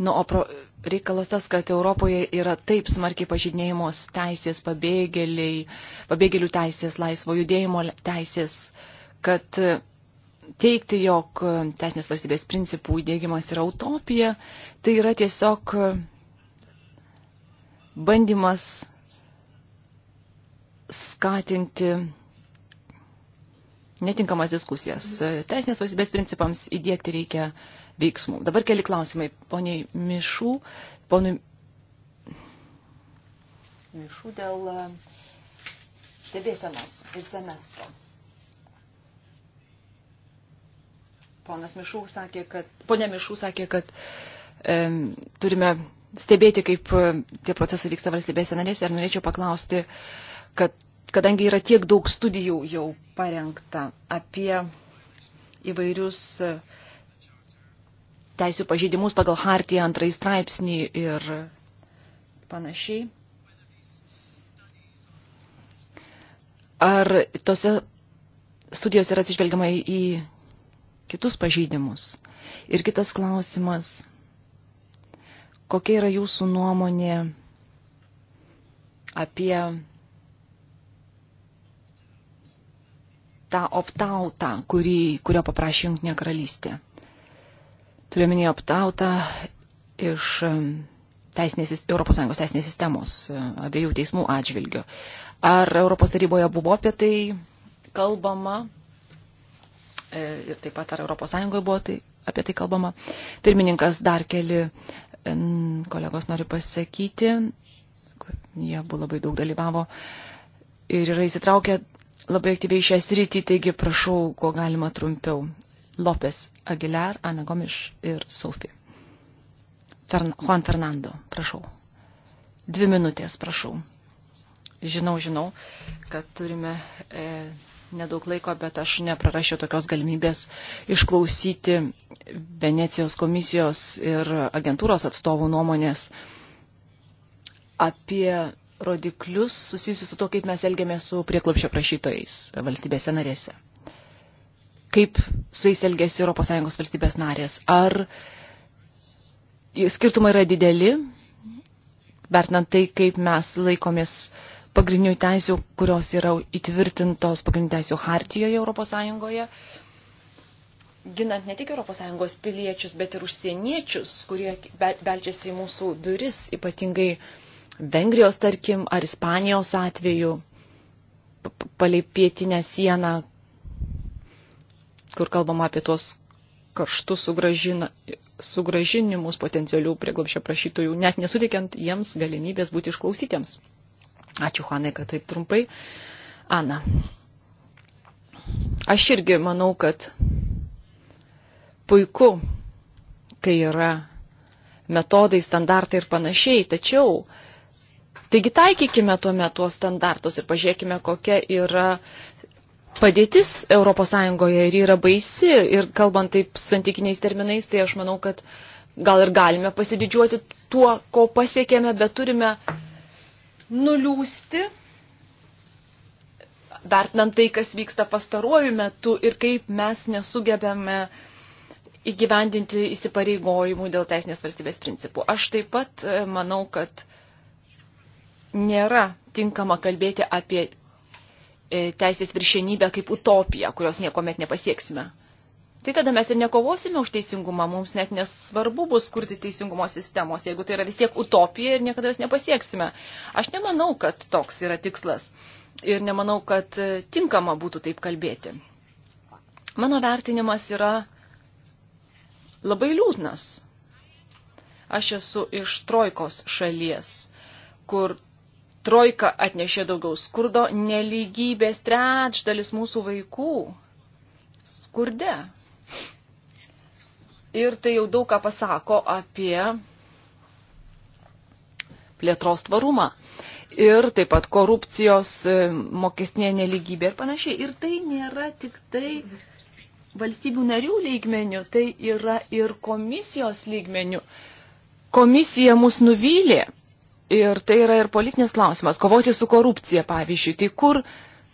Nu, o pro, reikalas tas, kad Europoje yra taip smarkiai pažydinėjimos teisės pabėgėliai, pabėgėlių teisės, laisvo judėjimo teisės, kad e, teikti, jog e, teisinės valstybės principų įdėgymas yra utopija, tai yra tiesiog e, bandymas skatinti netinkamas diskusijas. Teisinės valstybės principams įdėkti reikia veiksmų. Dabar keli klausimai. Poniai Mišų, ponui Mišų dėl e, stebėsenos ir semestro. Ponas Mišų sakė, kad, ponė Mišų sakė, kad e, turime stebėti, kaip e, tie procesai vyksta valstybėse narėse. Ir norėčiau paklausti, e, kad kadangi yra tiek daug studijų jau parengta apie įvairius e, teisų pažeidimus pagal Hartiją antrąjį straipsnį ir panašiai. Ar tose studijos yra atsižvelgiama į kitus pažeidimus? Ir kitas klausimas, kokia yra jūsų nuomonė apie tą optautą, kurio paprašė Junktinė karalystė. Turiuomenį optautą iš um, teisinės, Europos Sąjungos teisinės sistemos uh, abiejų teismų atžvilgių. Ar Europos taryboje buvo apie tai kalbama uh, ir taip pat ar Europos Sąjungoje buvo tai, apie tai kalbama. Pirmininkas dar keli kolegos nori pasakyti, jie buvo labai daug dalyvavo ir yra įsitraukę labai aktyviai šią sritį, taigi prašau, kuo galima trumpiau. Lopes Aguilar, Ana Gomiš ir Sofi. Fern Juan Fernando, prašau. Dvi minutės, prašau. Žinau, žinau, kad turime e, nedaug laiko, bet aš neprarašiau tokios galimybės išklausyti Venecijos komisijos ir agentūros atstovų nuomonės apie rodiklius susijusius su to, kaip mes elgiamės su prieklopšio prašytojais valstybėse narėse. Kaip su jais elgėsi ES valstybės narės. Ar skirtumai yra dideli, vertinant tai, kaip mes laikomės pagrindinių teisių, kurios yra įtvirtintos pagrindinių teisių hartijoje ES, ginant ne tik ES piliečius, bet ir užsieniečius, kurie belčiasi į mūsų duris, ypatingai uh, Vengrijos, tarkim, ar Ispanijos atveju, palei pietinę sieną, kur kalbama apie tuos karštus sugražina, sugražinimus potencialių prieglobšio prašytojų, net nesuteikiant jiems galimybės būti išklausytiems. Ačiū, Hanai, kad taip trumpai. Ana, aš irgi manau, kad puiku, kai yra metodai, standartai ir panašiai, tačiau uh, Taigi taikykime tuome tuos standartus ir pažiūrėkime, kokia yra padėtis ES ir yra baisi. Ir kalbant taip santykiniais terminais, tai aš manau, kad gal ir galime pasididžiuoti tuo, ko pasiekėme, bet turime nuliūsti, vertinant tai, kas vyksta pastaruoju metu ir kaip mes nesugebėme įgyvendinti įsipareigojimų dėl teisinės valstybės principų. Aš taip pat e, manau, kad nėra tinkama kalbėti apie e, teisės viršienybę kaip utopiją, kurios niekuomet nepasieksime. Tai tada mes ir nekovosime už teisingumą, mums net nesvarbu bus kurti teisingumo sistemos, jeigu tai yra vis tiek utopija ir niekada jos nepasieksime. Aš nemanau, kad toks yra tikslas ir nemanau, kad e, tinkama būtų taip kalbėti. Mano vertinimas yra labai liūdnas. Aš esu iš Trojkos šalies, kur trojka atnešė daugiau skurdo, nelygybės trečdalis mūsų vaikų skurde. Ir tai jau daug ką pasako apie plėtros tvarumą. Ir taip pat korupcijos, e, mokestinė neligybė ir panašiai. Ir tai nėra tik tai valstybių narių lygmenių, tai yra ir komisijos lygmenių. Komisija mus nuvylė Ir tai yra ir politinis klausimas. Kovoti su korupcija, pavyzdžiui. Tai kur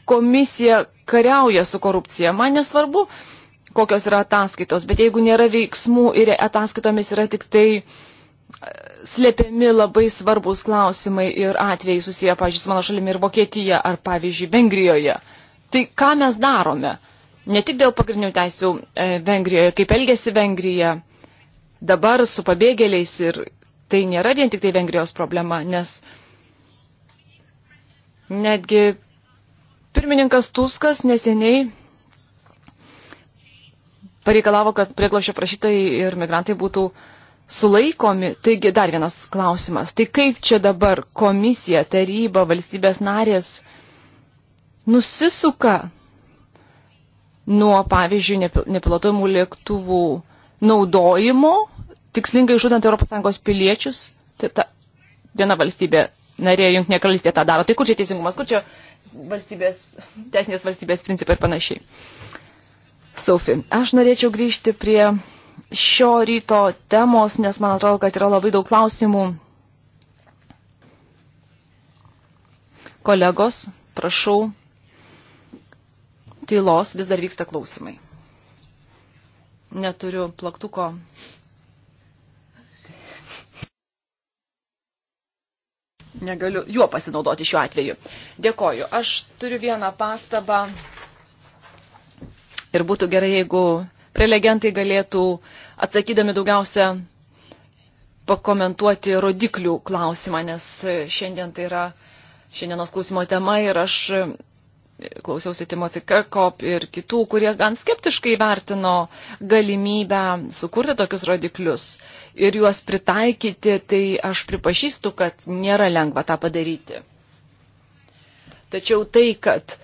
komisija kariauja su korupcija? Man nesvarbu, kokios yra ataskaitos, bet jeigu nėra veiksmų ir ataskaitomis yra tik tai e, slėpiami labai svarbus klausimai ir atvejai susiję, pavyzdžiui, su mano šalimi ir Vokietija ar, pavyzdžiui, Vengrijoje. Tai ką mes darome? Ne tik dėl pagrindinių teisių e, Vengrijoje, kaip elgesi Vengrija dabar su pabėgėliais ir tai nėra vien tik tai Vengrijos problema, nes netgi pirmininkas Tuskas neseniai pareikalavo, kad prieglošio prašytojai ir migrantai būtų sulaikomi. Taigi dar vienas klausimas. Tai kaip čia dabar komisija, taryba, valstybės narės nusisuka nuo, pavyzdžiui, nepilotojimų lėktuvų naudojimo tikslingai žudant ES piliečius, tai ta viena valstybė narė Junktinė karalystė tą daro. Tai kur čia teisingumas, kur čia valstybės, teisinės valstybės principai ir panašiai. Sofi, aš norėčiau grįžti prie šio ryto temos, nes man atrodo, kad yra labai daug klausimų. Kolegos, prašau, tylos vis dar vyksta klausimai. Neturiu plaktuko negaliu juo pasinaudoti šiuo atveju. Dėkoju. Aš turiu vieną pastabą ir būtų gerai, jeigu prelegentai galėtų, atsakydami daugiausia, pakomentuoti rodiklių klausimą, nes šiandien tai yra šiandienos klausimo tema ir aš klausiausi Timothy Kirkop ir kitų, kurie gan skeptiškai vertino galimybę sukurti tokius rodiklius ir juos pritaikyti, tai aš pripažįstu, kad nėra lengva tą padaryti. Tačiau tai, kad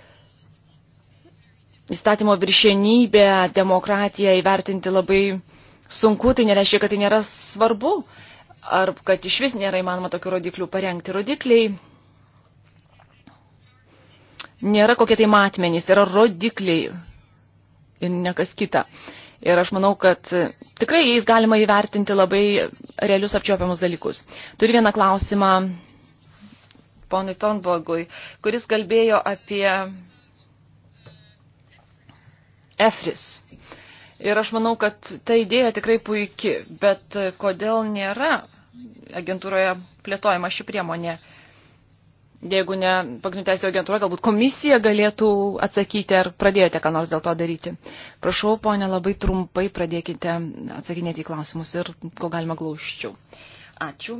įstatymo viršienybė, demokratiją įvertinti labai sunku, tai nereiškia, kad tai nėra svarbu ar kad iš vis nėra įmanoma tokių rodiklių parengti. Rodikliai nėra kokie tai matmenys, tai yra rodikliai ir nekas kita. Ir aš manau, kad tikrai jais galima įvertinti labai realius apčiopiamus dalykus. Turiu vieną klausimą ponui Tonbogui, kuris kalbėjo apie EFRIS. Ir aš manau, kad ta idėja tikrai puiki, bet kodėl nėra agentūroje plėtojama ši priemonė? Jeigu ne pagrindinė teisė agentūra, galbūt komisija galėtų atsakyti, ar pradėjote ką nors dėl to daryti. Prašau, ponė, labai trumpai pradėkite atsakinėti į klausimus ir ko galima glauščiau. Ačiū.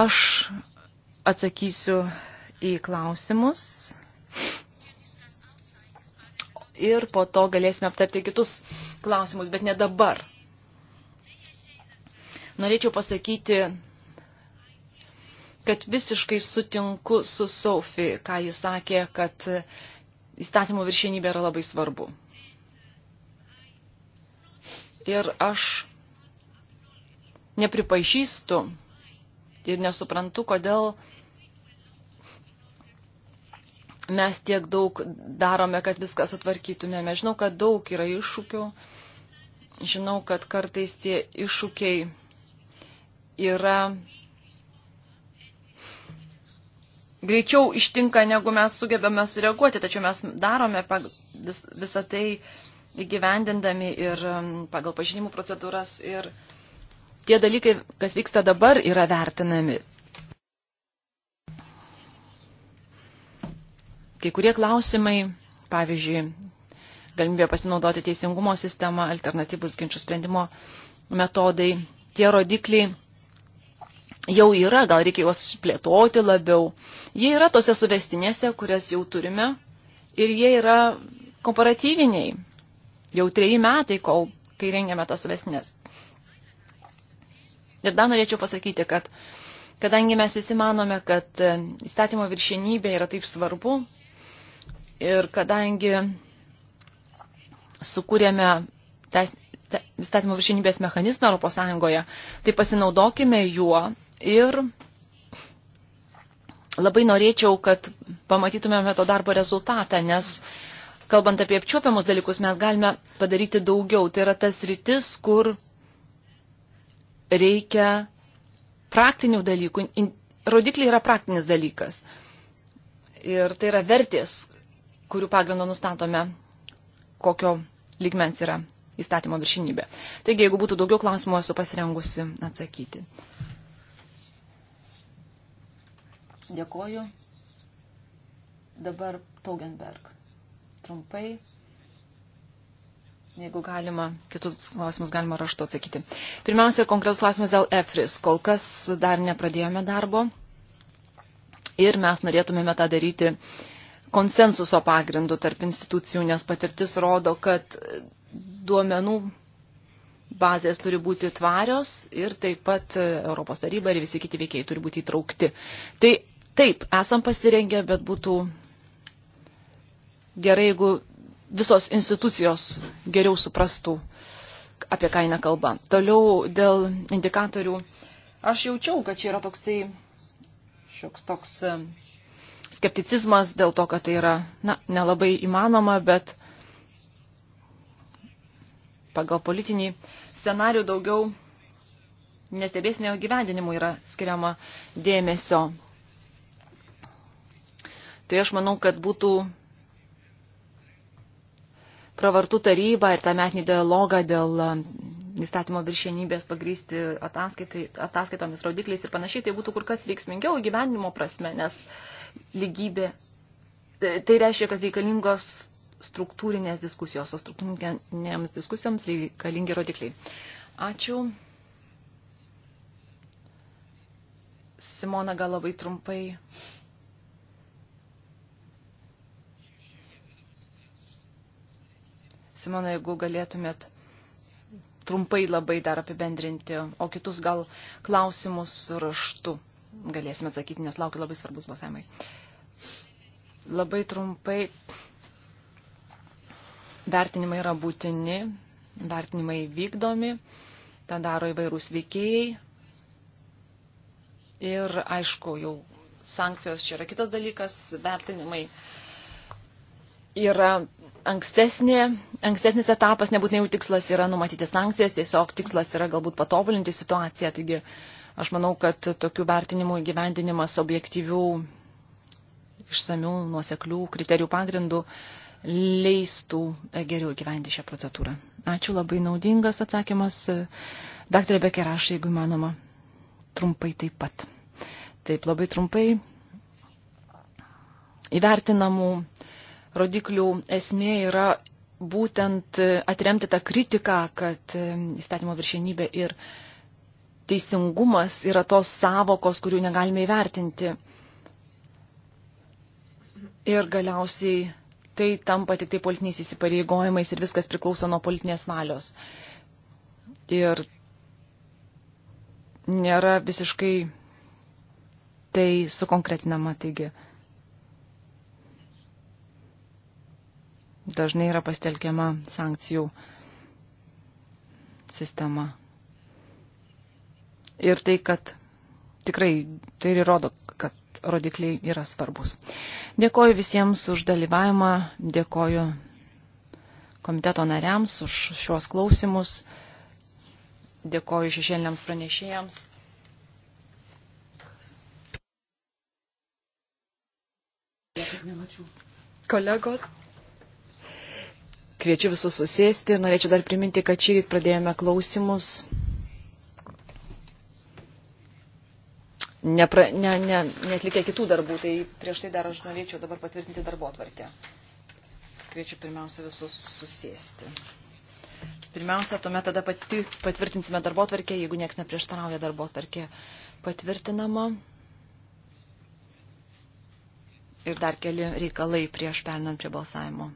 Aš atsakysiu į klausimus ir po to galėsime aptarti kitus klausimus, bet ne dabar. Norėčiau pasakyti kad visiškai sutinku su Sofi, ką jis sakė, kad įstatymo viršienybė yra labai svarbu. Ir aš nepripažįstu ir nesuprantu, kodėl mes tiek daug darome, kad viską sutvarkytumėme. Žinau, kad daug yra iššūkių. Žinau, kad kartais tie iššūkiai yra greičiau ištinka, negu mes sugebame sureaguoti, tačiau mes darome vis, visą tai įgyvendindami ir um, pagal pažinimų procedūras ir tie dalykai, kas vyksta dabar, yra vertinami. Kai kurie klausimai, pavyzdžiui, galimybė pasinaudoti teisingumo sistemą, alternatyvus ginčių sprendimo metodai, tie rodikliai jau yra, gal reikia juos plėtoti labiau. Jie yra tose suvestinėse, kurias jau turime ir jie yra komparatyviniai. Jau treji metai, kol, kai rengiame tas suvestinės. Ir dar norėčiau pasakyti, kad kadangi mes visi manome, kad e, įstatymo viršienybė yra taip svarbu ir kadangi sukūrėme įstatymo viršinybės mechanizmą Europos Sąjungoje, tai pasinaudokime juo ir labai norėčiau, kad pamatytumėme to darbo rezultatą, nes kalbant apie apčiuopiamus dalykus, mes galime padaryti daugiau. Tai yra tas rytis, kur reikia praktinių dalykų. Rodikliai yra praktinis dalykas. Ir tai yra vertės, kurių pagrindo nustatome, kokio lygmens yra įstatymo viršinybė. Taigi, jeigu būtų daugiau klausimų, esu pasirengusi atsakyti. Dėkoju. Dabar Taugenberg. Trumpai. Jeigu galima, kitus klausimus galima raštu atsakyti. Pirmiausia, konkretus klausimas dėl EFRIS. Kol kas dar nepradėjome darbo ir mes norėtumėme tą daryti konsensuso pagrindu tarp institucijų, nes patirtis rodo, kad duomenų bazės turi būti tvarios ir taip pat Europos taryba ir visi kiti veikiai turi būti įtraukti. Tai Taip, esam pasirengę, bet būtų gerai, jeigu visos institucijos geriau suprastų, apie ką eina kalba. Toliau dėl indikatorių. Aš jaučiau, kad čia yra toksai šioks toks e, skepticizmas dėl to, kad tai yra na, nelabai įmanoma, bet pagal politinį scenarių daugiau nestebėsnio gyvendinimų yra skiriama dėmesio. Tai aš manau, kad būtų pravartų tarybą ir tą metinį dialogą dėl um, įstatymo viršienybės pagrysti ataskaitomis rodikliais ir panašiai, tai būtų kur kas veiksmingiau gyvenimo prasme, nes lygybė, e, tai reiškia, kad reikalingos struktūrinės diskusijos, o struktūrinėms diskusijoms reikalingi rodikliai. Ačiū. Simona gal labai trumpai Simona, jeigu galėtumėt trumpai labai dar apibendrinti, o kitus gal klausimus raštu galėsime atsakyti, nes laukia labai svarbus balsavimai. Labai trumpai vertinimai yra būtini, vertinimai vykdomi, tą daro įvairūs veikėjai. Ir aišku, jau sankcijos čia yra kitas dalykas, vertinimai uh, yra ankstesnė, ankstesnis etapas, nebūtinai jau tikslas yra numatyti sankcijas, tiesiog tikslas yra galbūt patobulinti situaciją. Taigi aš manau, kad tokių vertinimų įgyvendinimas objektyvių, išsamių, nuoseklių kriterijų pagrindų leistų geriau gyventi šią procedūrą. Ačiū, labai naudingas atsakymas. Daktarė Bekeraš, jeigu manoma, trumpai taip pat. Taip, labai trumpai įvertinamų rodiklių esmė yra būtent e, atremti tą kritiką, kad e, įstatymo viršienybė ir teisingumas yra tos savokos, kurių negalime įvertinti. Ir galiausiai tai tampa tik tai politiniais įsipareigojimais ir viskas priklauso nuo politinės valios. Ir nėra visiškai tai sukonkretinama. Taigi, dažnai yra pastelkiama sankcijų sistema. Ir tai, kad tikrai tai ir rodo, kad rodikliai yra svarbus. Dėkoju visiems už dalyvavimą, dėkoju komiteto nariams už šios klausimus, dėkoju šešėliniams pranešėjams. Kolegos. Kviečiu visus susėsti ir norėčiau dar priminti, kad šį rytą pradėjome klausimus. Nepra, ne, ne, netlikę kitų darbų, tai prieš tai dar aš norėčiau dabar patvirtinti darbo atvarkę. Kviečiu pirmiausia visus susėsti. Pirmiausia, tuomet tada pati patvirtinsime darbo atvarkę, jeigu nieks neprieštarauja darbo atvarkė patvirtinama ir dar keli reikalai prieš pernant prie balsavimo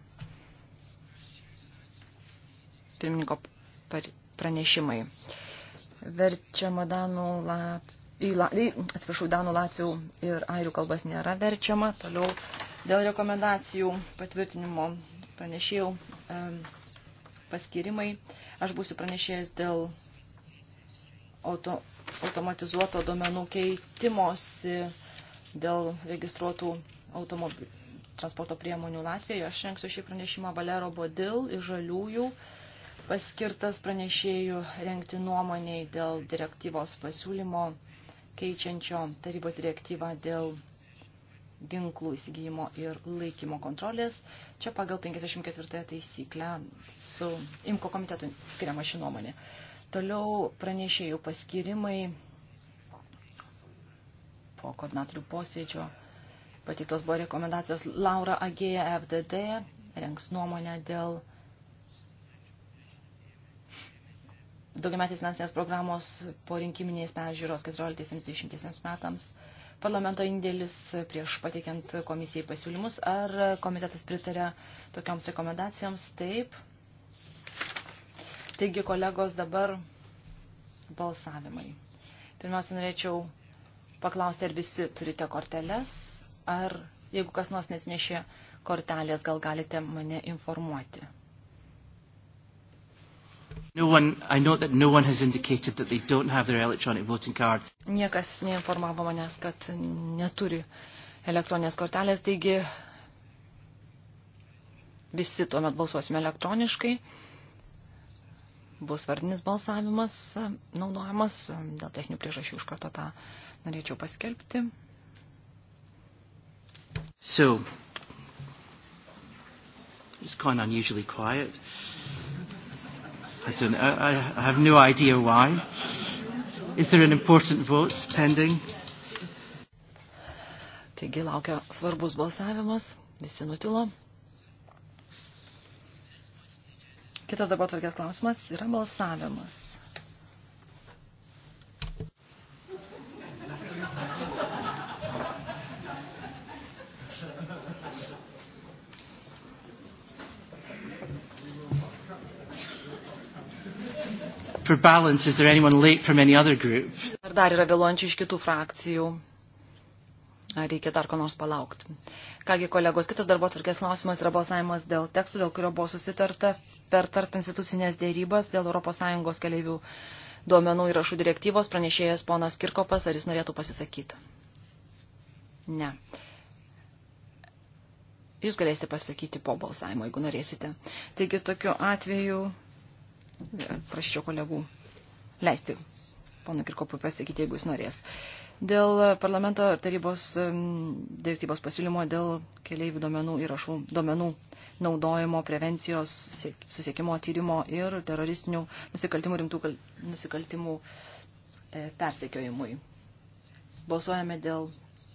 pirmininko pranešimai. Verčiama Danų, Lat... į, La... į, atsiprašau, Danų, Latvių ir Airių kalbas nėra verčiama. Toliau dėl rekomendacijų patvirtinimo pranešėjau e, paskirimai. Aš būsiu pranešėjęs dėl auto, automatizuoto domenų keitimosi dėl registruotų automobilių transporto priemonių Latvijoje. Aš renksiu šį pranešimą Valero Bodil iš Žaliųjų. E, paskirtas pranešėjų renkti nuomoniai dėl direktyvos pasiūlymo keičiančio tarybos direktyvą dėl ginklų įsigijimo ir laikymo kontrolės. Čia pagal 54 taisyklę su IMKO komitetu skiriama ši nuomonė. Toliau pranešėjų paskirimai po koordinatorių posėdžio pateiktos buvo rekomendacijos Laura Agėja FDD rengs nuomonę dėl daugiametės finansinės programos po rinkiminės peržiūros 14-20 metams, parlamento indėlis prieš pateikiant komisijai pasiūlymus, ar komitetas pritarė tokioms rekomendacijoms? Taip. Taigi, kolegos, dabar balsavimai. Pirmiausia, norėčiau paklausti, ar visi turite korteles, ar jeigu kas nors nesinešė kortelės, gal galite mane informuoti. No one, I know that no one has indicated that they don't have their electronic voting card. Niekas neinformavo manęs, kad neturi elektroninės kortelės, taigi visi tuomet balsuosime elektroniškai. Bus vardinis balsavimas naudojamas, dėl techninių priežasčių iš karto tą norėčiau paskelbti. So, it's kind of unusually quiet. Uh, I don't know. I, I have no idea why. Is there an important vote pending? Taigi laukia svarbus balsavimas. Visi nutilo. Kitas darbo tvarkės klausimas yra balsavimas. for balance, is there anyone late from any other group? Ar dar yra vėluojančių iš kitų frakcijų? Ar reikia dar ko nors palaukti? Kągi, kolegos, kitas darbo tvarkės klausimas yra balsavimas dėl tekstų, dėl kurio buvo susitarta per tarp institucinės dėrybas dėl ES keliaivių duomenų įrašų direktyvos pranešėjas ponas Kirkopas, ar jis norėtų pasisakyti? Ne. Jūs galėsite pasakyti po balsavimo, jeigu norėsite. Taigi tokiu atveju Prašyčiau kolegų leisti pono Kirkopui pasakyti, jeigu jis norės. Dėl parlamento ir tarybos direktybos pasiūlymo dėl keliaivių duomenų įrašų duomenų naudojimo, prevencijos, susiekimo tyrimo ir teroristinių nusikaltimų rimtų kal... nusikaltimų e, persekiojimui. Balsuojame dėl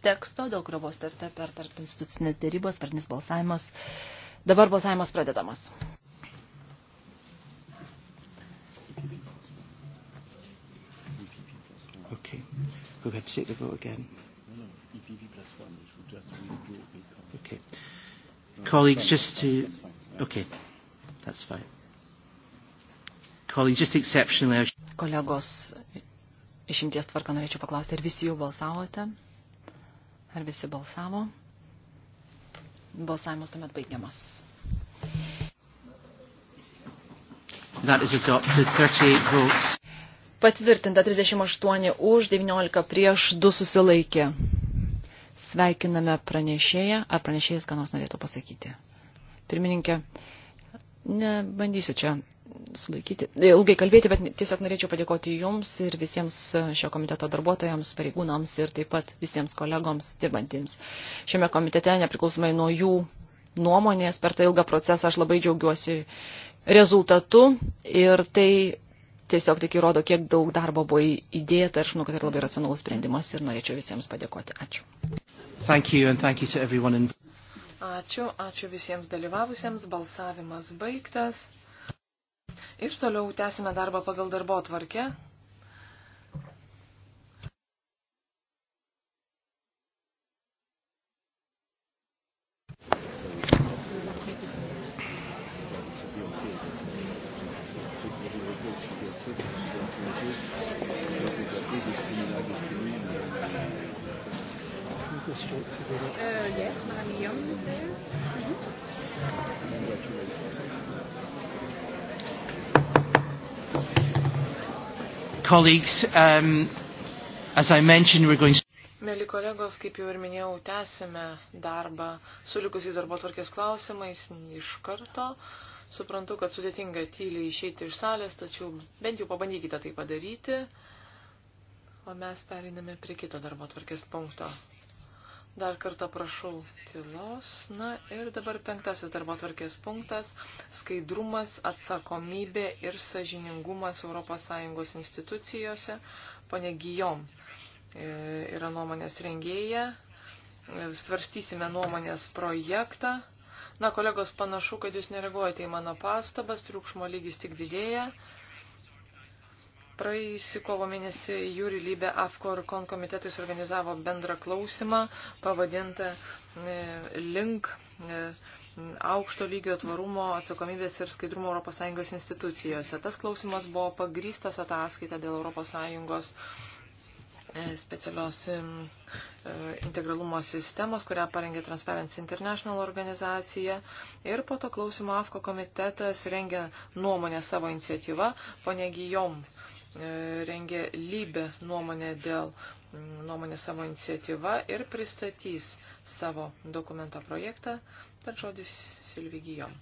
teksto, dėl kurio buvo starta per tarp institucinės dėrybos, partinis balsavimas. Dabar balsavimas pradedamas. we had to take the vote again? No, no, EPP plus one. You should just withdraw the Okay. No, Colleagues, just to... That's fine. Okay, that's fine. Colleagues, just exceptionally... Kolegos, išimties tvarką norėčiau paklausti, ar visi jau balsavote? Ar visi balsavo? Balsavimas tuomet baigiamas. That is adopted 38 votes. Patvirtinta 38 už, 19 prieš, 2 susilaikė. Sveikiname pranešėją. Ar pranešėjas ką nors norėtų pasakyti? Pirmininkė, nebandysiu čia sulaikyti, ilgai kalbėti, bet tiesiog norėčiau padėkoti jums ir visiems šio komiteto darbuotojams, pareigūnams ir taip pat visiems kolegoms dirbantiems. Šiame komitete, nepriklausomai nuo jų nuomonės, per tą ilgą procesą aš labai džiaugiuosi rezultatu ir tai tiesiog tik įrodo, kiek daug darbo buvo įdėta ir aš manau, kad tai labai racionalus sprendimas ir norėčiau visiems padėkoti. Ačiū. Thank you thank you in... Ačiū, ačiū visiems dalyvavusiems, balsavimas baigtas. Ir toliau tęsime darbą pagal darbo tvarkę. colleagues, um, as I mentioned, we're going to... Mėly kolegos, kaip jau ir minėjau, tęsime darbą su likusiais darbo tvarkės klausimais iš karto. Suprantu, kad sudėtinga tyliai išeiti iš salės, tačiau bent jau pabandykite tai padaryti. O mes periname prie kito darbo tvarkės punkto. Dar kartą prašau tylos. Na ir dabar penktasis darbo tvarkės punktas - skaidrumas, atsakomybė ir sažiningumas ES institucijose. Pane Gijom e, yra nuomonės rengėja. E, svarstysime nuomonės projektą. Na, kolegos, panašu, kad jūs nereaguojate į mano pastabas, triukšmo lygis tik didėja. Praėjusį kovo mėnesį Jūri Lybė AFKOR KON komitetai suorganizavo bendrą klausimą pavadintą e, link e, aukšto lygio tvarumo, atsakomybės ir skaidrumo ES institucijose. Tas klausimas buvo pagrystas ataskaita dėl ES e, specialios integralumo sistemos, kurią parengė Transparency International organizacija. Ir po to klausimo AFKO komitetas rengia nuomonę savo iniciatyvą. Pone Gijom E, rengė lybę nuomonę dėl nuomonę savo iniciatyvą ir pristatys savo dokumento projektą. Tad žodis Silvigijom.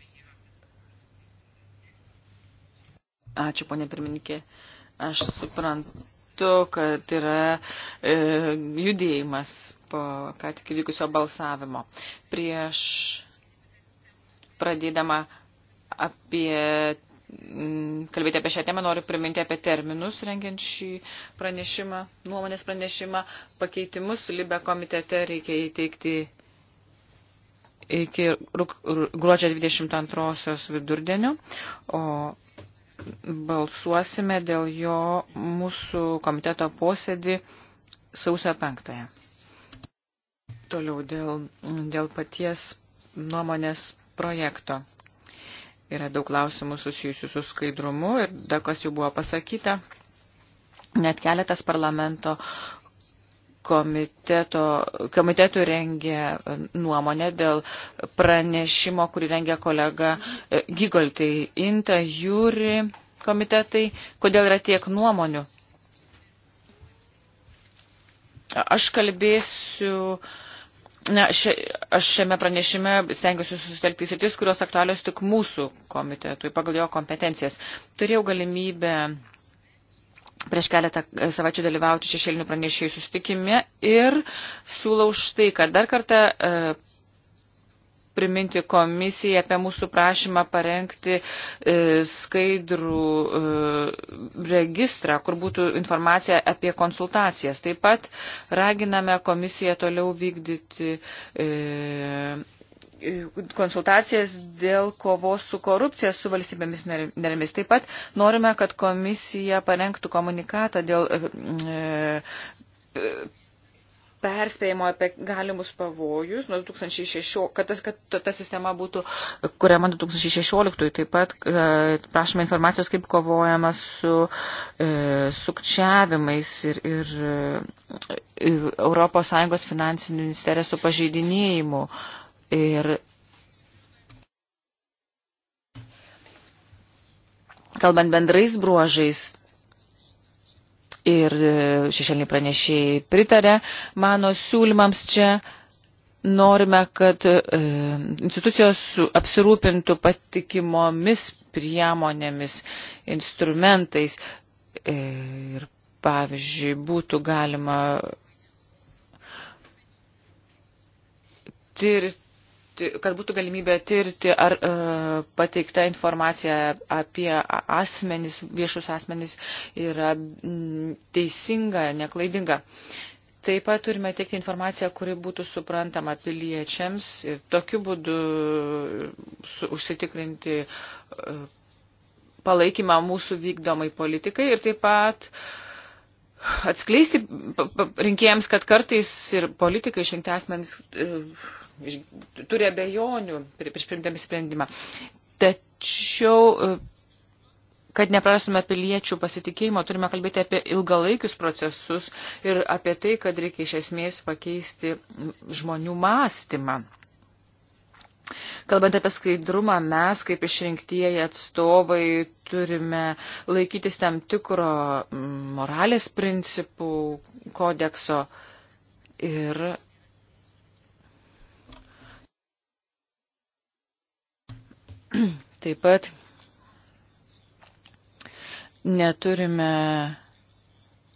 Ačiū, ponė pirmininkė. Aš suprantu, kad yra e, judėjimas po ką tik vykusio balsavimo. Prieš pradėdama apie Mm, kalbėti apie šią temą, noriu priminti apie terminus rengiant šį pranešimą, nuomonės pranešimą, pakeitimus Libe komitete reikia įteikti iki gruodžio 22 vidurdienio, o balsuosime dėl jo mūsų komiteto posėdį sausio 5. Toliau dėl, dėl paties nuomonės projekto. Yra daug klausimų susijusių su skaidrumu ir da, kas jau buvo pasakyta. Net keletas parlamento komiteto, komitetų rengė e, nuomonę dėl pranešimo, kurį rengė kolega e, Gigoltai Inta Jūri komitetai. Kodėl yra tiek nuomonių? Aš kalbėsiu uh, Na, šia, aš šiame pranešime stengiuosi susitelkti sritis, kurios aktualios tik mūsų komitetui pagal jo kompetencijas. Turėjau galimybę prieš keletą savaičių dalyvauti šešėlinių pranešėjų sustikime ir siūlau štai, kad dar kartą e, priminti komisiją apie mūsų prašymą parengti e, skaidrų e, registrą, kur būtų informacija apie konsultacijas. Taip pat raginame komisiją toliau vykdyti e, konsultacijas dėl kovos su korupcija su valstybėmis narėmis. Taip pat norime, kad komisija parengtų komunikatą dėl perspėjimo apie galimus pavojus, nuo 2016, kad, tas, kad ta sistema būtų kuriama 2016, taip pat prašome informacijos, kaip kovojama su e, sukčiavimais ir, ir, ir e, ES finansinių interesų pažeidinėjimu. Ir kalbant bendrais bruožais, ir e, šešėliniai pranešėjai pritarė mano siūlymams čia. Norime, kad e, institucijos apsirūpintų patikimomis priemonėmis, instrumentais e, ir, pavyzdžiui, būtų galima tirti kad būtų galimybė tirti, ar e, pateikta informacija apie asmenis, viešus asmenis yra teisinga, neklaidinga. Taip pat turime teikti informaciją, kuri būtų suprantama piliečiams ir tokiu būdu e, su, užsitikrinti e, palaikymą mūsų vykdomai politikai ir taip pat atskleisti rinkėjams, kad kartais ir politikai išrinkti asmenys e, turi abejonių prieš primdami sprendimą. Tačiau, e, kad neprarastume piliečių pasitikėjimo, turime kalbėti apie ilgalaikius procesus ir apie tai, kad reikia iš esmės pakeisti žmonių mąstymą. Kalbant apie skaidrumą, mes kaip išrinktieji atstovai turime laikytis tam tikro moralės principų kodekso ir <clears throat> Taip pat neturime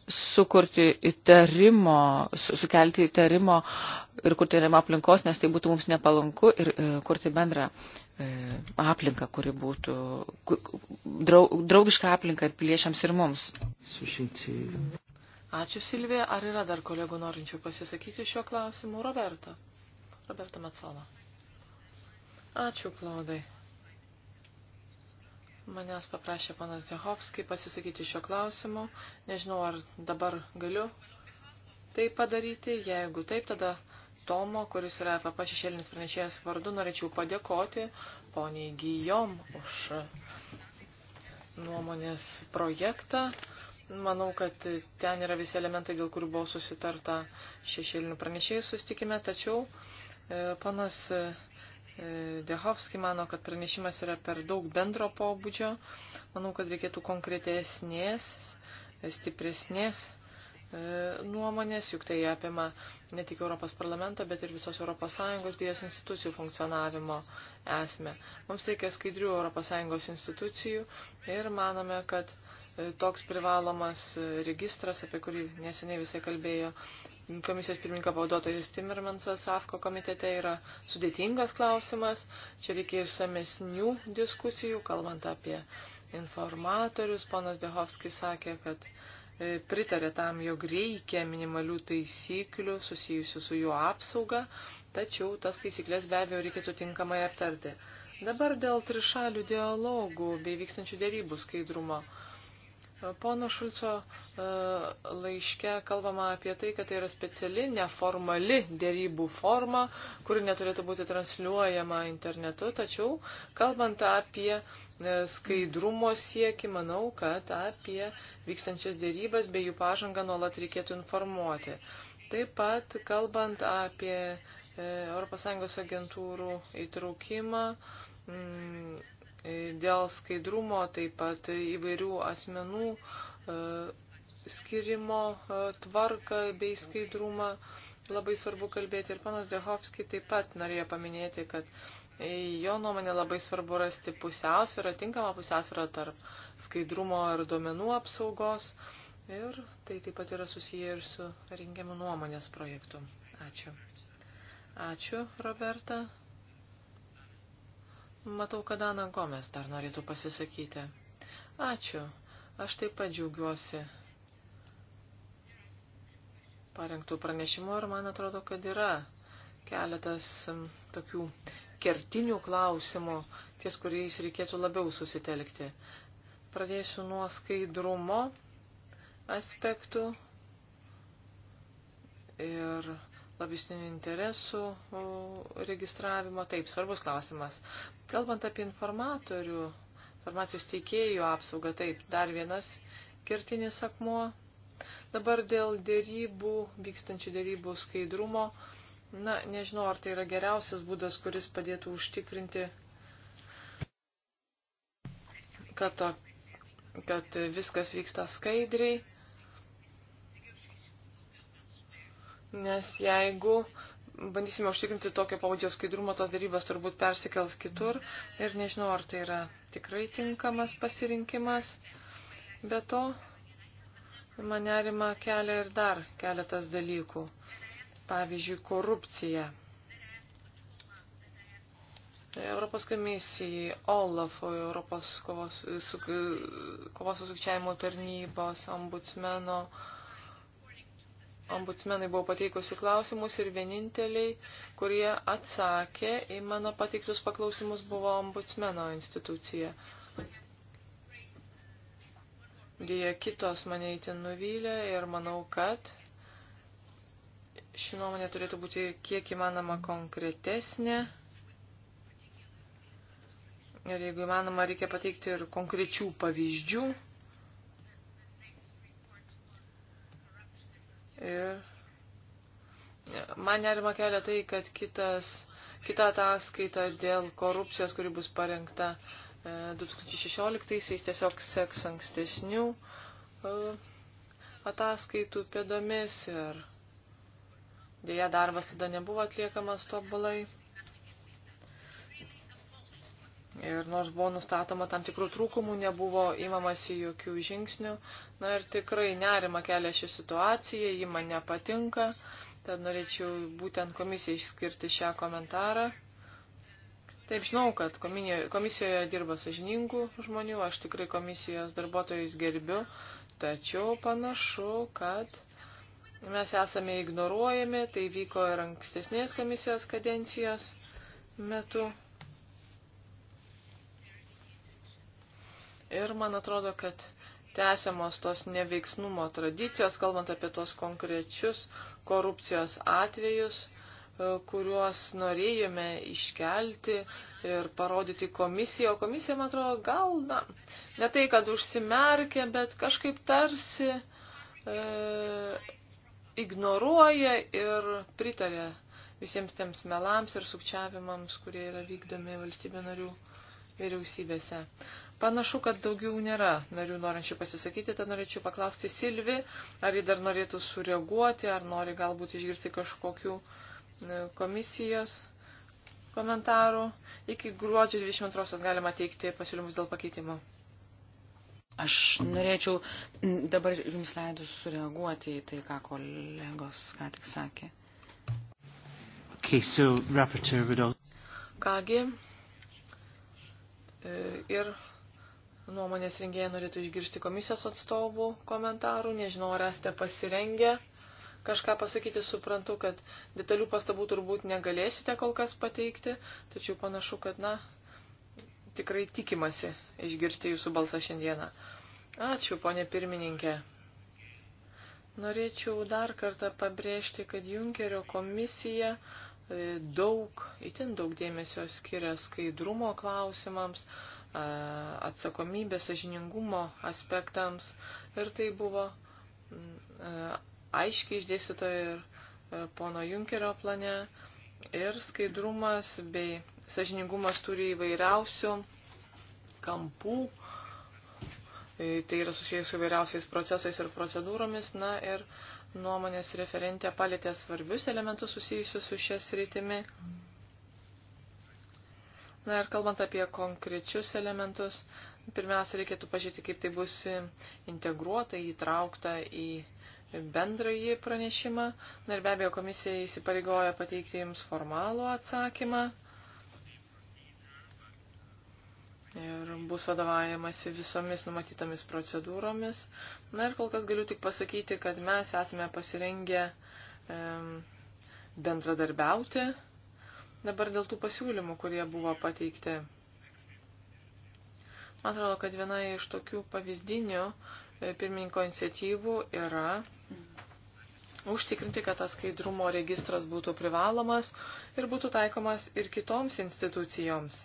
sukurti įtarimo, sukelti įtarimo ir kurti įtarimo aplinkos, nes tai būtų mums nepalanku ir e, kurti bendrą e, aplinką, kuri būtų draug, draugiška aplinka ir piliečiams ir mums. Ačiū Silvija. Ar yra dar kolegų norinčių pasisakyti šiuo klausimu? Roberta. Roberta Metzola. Ačiū, Klaudai. Manęs paprašė panas Zehovskai pasisakyti šio klausimu. Nežinau, ar dabar galiu tai padaryti. Jeigu taip, tada Tomo, kuris yra papa šešėlinis pranešėjas vardu, norėčiau padėkoti poniai Gijom už nuomonės projektą. Manau, kad ten yra visi elementai, dėl kurių buvo susitarta šešėlinių pranešėjų sustikime, tačiau e, panas E, Dehovski mano, kad pranešimas yra per daug bendro pobūdžio. Manau, kad reikėtų konkretesnės, stipresnės e, nuomonės, juk tai apima ne tik Europos parlamento, bet ir visos ES bei jos institucijų funkcionavimo esmę. Mums reikia skaidrių ES institucijų ir manome, kad e, toks privalomas registras, apie kurį neseniai visai kalbėjo komisijos pirmininko pavaduotojas Timmermansas AFKO komitete yra sudėtingas klausimas. Čia reikia išsamesnių diskusijų, kalbant apie informatorius. Ponas Dehovskis sakė, kad e, pritarė tam, jog reikia minimalių taisyklių susijusių su jų apsauga, tačiau tas taisyklės be abejo reikėtų tinkamai aptarti. Dabar dėl trišalių dialogų bei vykstančių dėrybų skaidrumo. Pono Šulco e, laiške kalbama apie tai, kad tai yra speciali, neformali dėrybų forma, kuri neturėtų būti transliuojama internetu, tačiau kalbant apie e, skaidrumo sieki, manau, kad apie vykstančias dėrybas bei jų pažangą nuolat reikėtų informuoti. Taip pat kalbant apie ES agentūrų įtraukimą, dėl skaidrumo, taip pat įvairių asmenų e, skirimo e, tvarką bei skaidrumą. Labai svarbu kalbėti ir panas Dehovski taip pat norėjo paminėti, kad e, jo nuomonė labai svarbu rasti pusiausvyrą, tinkamą pusiausvyrą tarp skaidrumo ir duomenų apsaugos. Ir tai taip pat yra susiję ir su rengiamu nuomonės projektu. Ačiū. Ačiū, Roberta. Matau, kad Ana Gomes dar norėtų pasisakyti. Ačiū. Aš taip pat džiaugiuosi parengtų pranešimų ir man atrodo, kad yra keletas tokių kertinių klausimų, ties kuriais reikėtų labiau susitelkti. Pradėsiu nuo skaidrumo aspektų ir lobistinių interesų registravimo. Taip, svarbus klausimas. Kalbant apie informatorių, informacijos teikėjų apsaugą, taip, dar vienas kertinis akmuo. Dabar dėl dėrybų, vykstančių dėrybų skaidrumo, na, nežinau, ar tai yra geriausias būdas, kuris padėtų užtikrinti, kad, to, kad viskas vyksta skaidriai nes jeigu bandysime užtikrinti tokio pavadžio skaidrumą, tos darybas turbūt persikels kitur ir nežinau, ar tai yra tikrai tinkamas pasirinkimas. Be to, man nerima kelia ir dar keletas dalykų. Pavyzdžiui, korupcija. Europos komisijai, Olafui, Europos kovos su, kovos su sukčiavimo tarnybos, ombudsmeno, uh, ombudsmenai buvo pateikusi klausimus ir vieninteliai, kurie atsakė į mano pateiktus paklausimus, buvo ombudsmeno institucija. Dėja, kitos mane įtin nuvylė ir manau, kad ši nuomonė turėtų būti kiek įmanoma konkretesnė. Ir jeigu įmanoma, reikia pateikti ir konkrečių pavyzdžių. Ir man nerima kelia tai, kad kitas, kita ataskaita dėl korupcijos, kuri bus parengta 2016-aisiais, e, tiesiog seks ankstesnių e, ataskaitų pėdomis ir dėja darbas tada nebuvo atliekamas tobulai. Ir nors buvo nustatoma tam tikrų trūkumų, nebuvo įmamasi jokių žingsnių. Na ir tikrai nerima kelia ši situacija, ji man nepatinka. Tad norėčiau būtent komisijai išskirti šią komentarą. Taip žinau, kad komisijoje dirba sažiningų žmonių, aš tikrai komisijos darbuotojus gerbiu, tačiau panašu, kad mes esame ignoruojami, tai vyko ir ankstesnės komisijos kadencijos metu. Ir man atrodo, kad tęsiamos tos neveiksnumo tradicijos, kalbant apie tuos konkrečius korupcijos atvejus, e, kuriuos norėjome iškelti ir parodyti komisiją. O komisija, man atrodo, gal, na, ne tai, kad užsimerkė, bet kažkaip tarsi e, ignoruoja ir pritarė visiems tiems melams ir sukčiavimams, kurie yra vykdomi valstybė narių vyriausybėse. Panašu, kad daugiau nėra narių norinčių pasisakyti, tad norėčiau paklausti Silvi, ar ji dar norėtų sureaguoti, ar nori galbūt išgirsti kažkokių e, komisijos komentarų. Iki gruodžio 22 galima teikti pasiūlymus dėl pakeitimo. Aš norėčiau dabar jums leidus sureaguoti į tai, ką kolegos ką tik sakė. Okay, so, Kągi, e, ir Nuomonės rengėjai norėtų išgirsti komisijos atstovų komentarų, nežinau, ar esate pasirengę kažką pasakyti, suprantu, kad detalių pastabų turbūt negalėsite kol kas pateikti, tačiau panašu, kad, na, tikrai tikimasi išgirsti jūsų balsą šiandieną. Ačiū, ponė pirmininkė. Norėčiau dar kartą pabrėžti, kad Junkerio komisija e, daug, itin daug dėmesio skiria skaidrumo klausimams, atsakomybės, sažiningumo aspektams ir tai buvo aiškiai išdėstyta ir pono Junkerio plane ir skaidrumas bei sažiningumas turi įvairiausių kampų, e, tai yra susijęs su įvairiausiais procesais ir procedūromis, na ir nuomonės referentė palėtė svarbius elementus susijusius su šias rytimi. Mm. Na ir kalbant apie konkrečius elementus, pirmiausia, reikėtų pažiūrėti, kaip tai bus integruota, įtraukta į bendrąjį pranešimą. Na ir be abejo, komisija įsipareigoja pateikti jums formalų atsakymą. Ir bus vadovaujamasi visomis numatytomis procedūromis. Na ir kol kas galiu tik pasakyti, kad mes esame pasirengę um, bendradarbiauti Dabar dėl tų pasiūlymų, kurie buvo pateikti. Man atrodo, kad viena iš tokių pavyzdinių e, pirmininko iniciatyvų yra užtikrinti, kad tas skaidrumo registras būtų privalomas ir būtų taikomas ir kitoms institucijoms.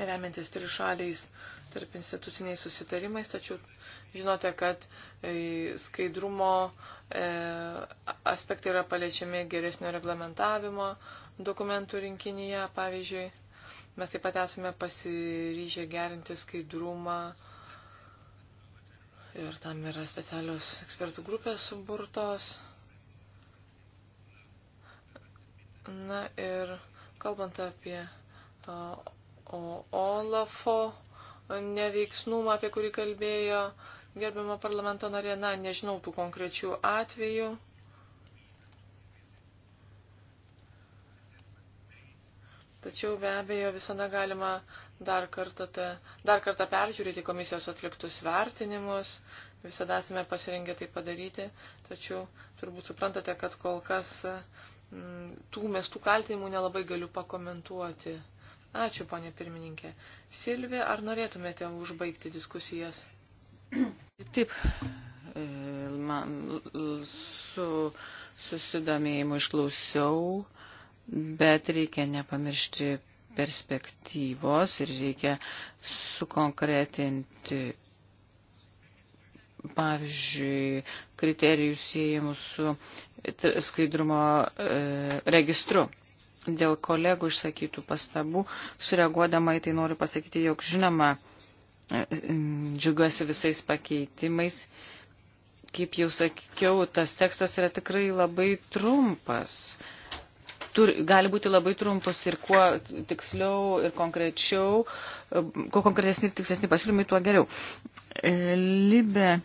Remiantis trišaliais tarp instituciniais susitarimais, tačiau žinote, kad e, skaidrumo e, aspektai yra paliečiami geresnio reglamentavimo dokumentų rinkinyje, pavyzdžiui. Mes taip pat esame pasiryžę gerinti skaidrumą ir tam yra specialios ekspertų grupės suburtos. Na ir kalbant apie o, o, Olafo neveiksnumą, apie kurį kalbėjo gerbiamo parlamento narė, na, nežinau tų konkrečių atvejų. Tačiau be abejo visada galima dar kartą, te, dar kartą peržiūrėti komisijos atliktus vertinimus, visada esame pasirengę tai padaryti, tačiau turbūt suprantate, kad kol kas m, mm, tų mestų kaltinimų nelabai galiu pakomentuoti. Ačiū, ponė pirmininkė. Silvi, ar norėtumėte užbaigti diskusijas? Taip, e, man su susidomėjimu išklausiau, bet reikia nepamiršti perspektyvos ir reikia sukonkretinti, pavyzdžiui, kriterijus siejimus su skaidrumo e, registru dėl kolegų išsakytų pastabų, sureaguodama į tai noriu pasakyti, jog žinoma, e, e, džiugiuosi visais pakeitimais. Kaip jau sakiau, tas tekstas yra tikrai labai trumpas. Tur, gali būti labai trumpus ir kuo tiksliau ir konkrečiau, e, kuo konkretesni ir tikslesni pasiūlymai, tuo geriau. Libe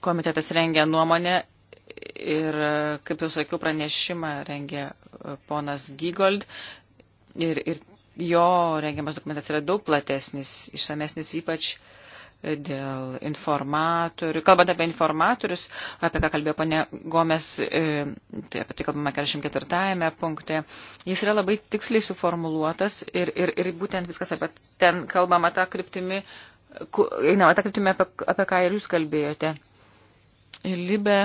komitetas rengia nuomonę Ir, kaip jau sakiau, pranešimą rengė e, ponas Gygold ir, ir jo rengiamas dokumentas yra daug platesnis, išsamesnis ypač e, dėl informatorių. Kalbant apie informatorius, apie ką kalbėjo ponė Gomes, e, tai apie tai kalbama 44 punkte, jis yra labai tiksliai suformuluotas ir, ir, ir būtent viskas apie ten kalbama tą kryptimį, ne, tą kryptimį apie, apie ką ir jūs kalbėjote. Libe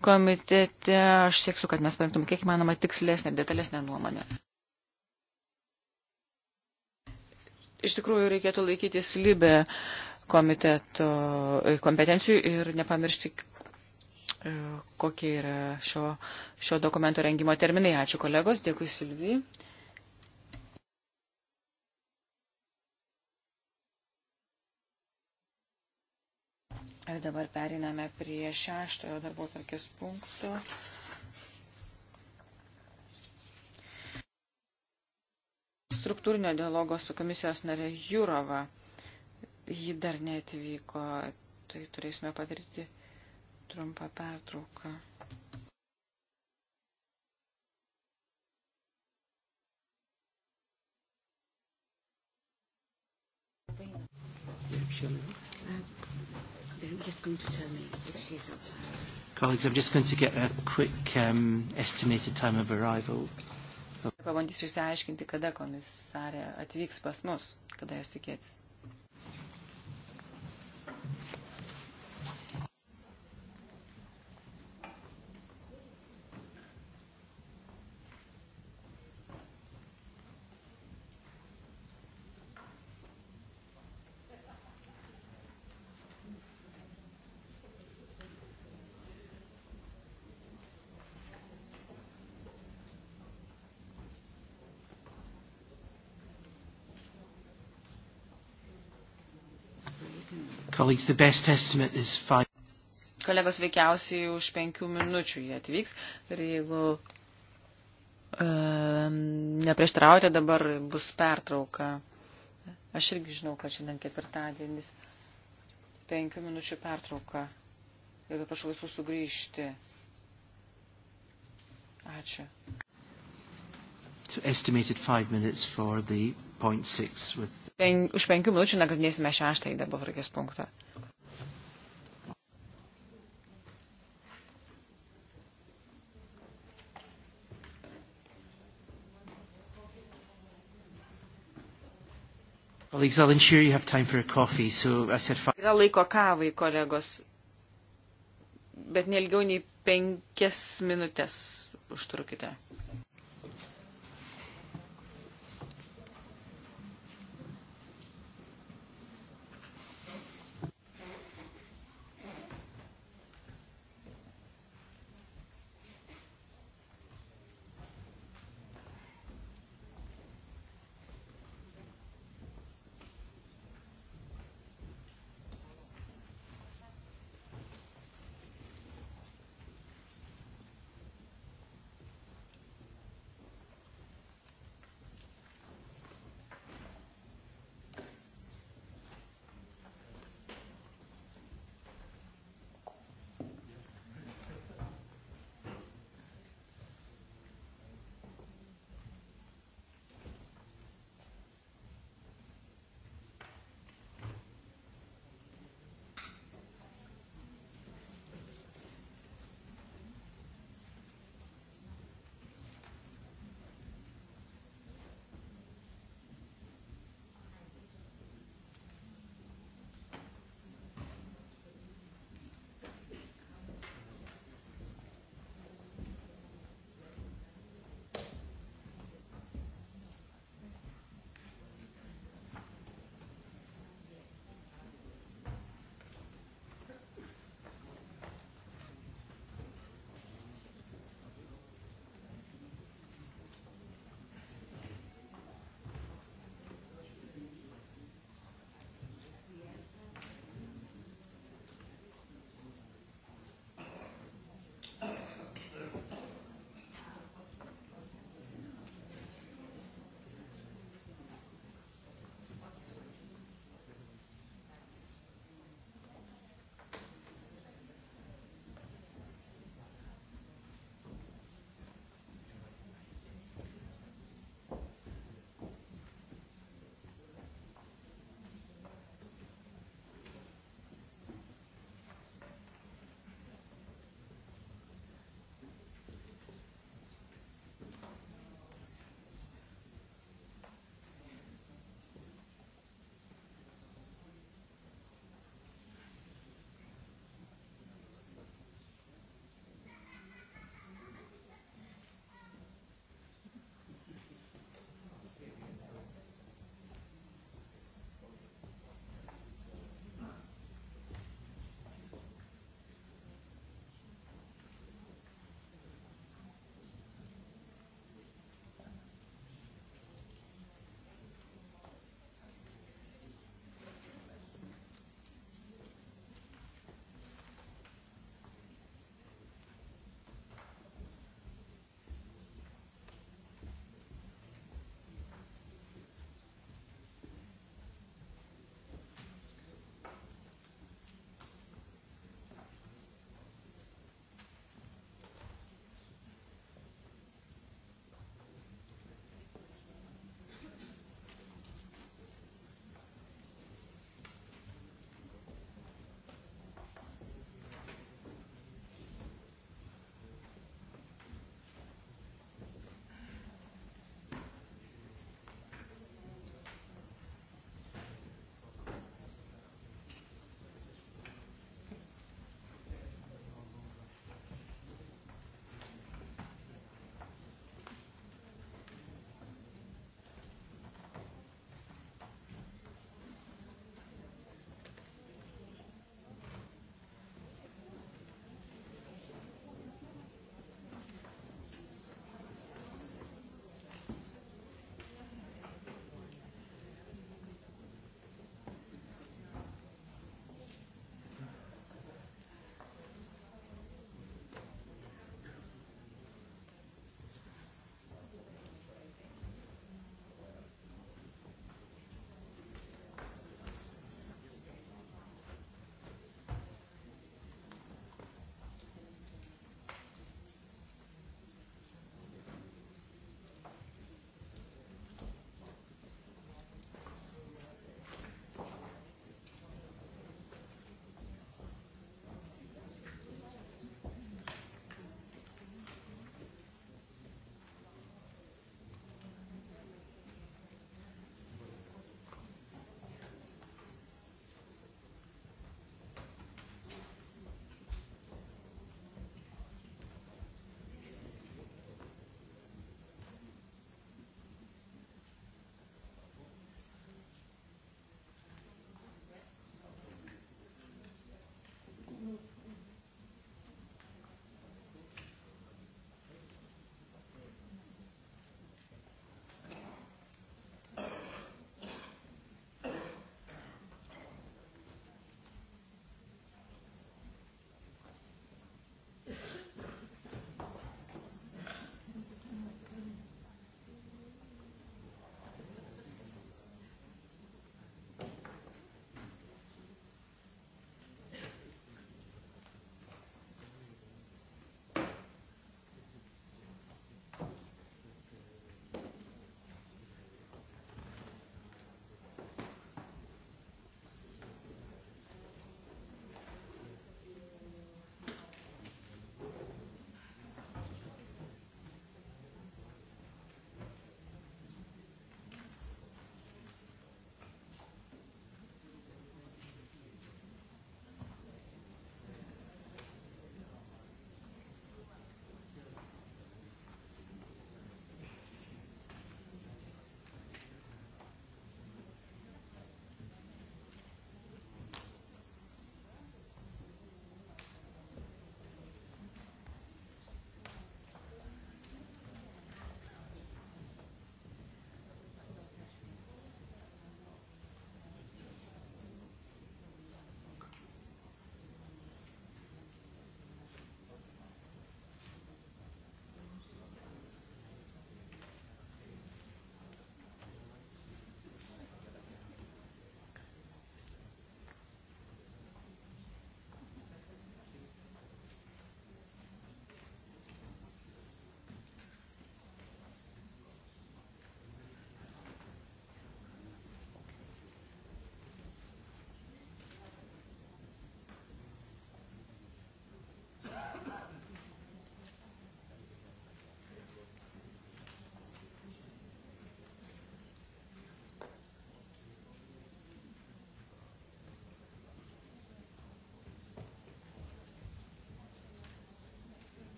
komitete aš sieksiu, kad mes parengtume kiek įmanoma tikslesnę, detalesnę nuomonę. Iš tikrųjų, reikėtų laikytis libę komiteto e, kompetencijų ir nepamiršti, e, kokie yra šio, šio dokumento rengimo terminai. Ačiū kolegos, dėkui Silvijai. Ir dabar periname prie šeštojo darbo tarkės punkto. Struktūrinio dialogo su komisijos narė Jurova. Ji dar neatvyko, tai turėsime padaryti trumpą pertrauką. Thank you. I'm just going to tell me if she's outside. Colleagues, I'm just going to get a quick um, estimated time of arrival. Pabandysiu išsiaiškinti, kada komisarė atvyks pas mus, kada jos tikėtis. Colleagues, the best estimate is five. Kolegos veikiausiai už penkių minučių jie atvyks ir jeigu e, neprieštraujate, dabar bus pertrauka. Aš irgi žinau, kad šiandien ketvirtadienis penkių minučių pertrauka. Ir prašau visų sugrįžti. Ačiū estimated five minutes for the point six with. Pen, už penkių minučių nagrinėsime šeštąjį darbo tvarkės punktą. Colleagues, I'll ensure you have time for a coffee, so I said five. Yra laiko kavai, kolegos, bet nelgiau nei penkias minutės užtrukite.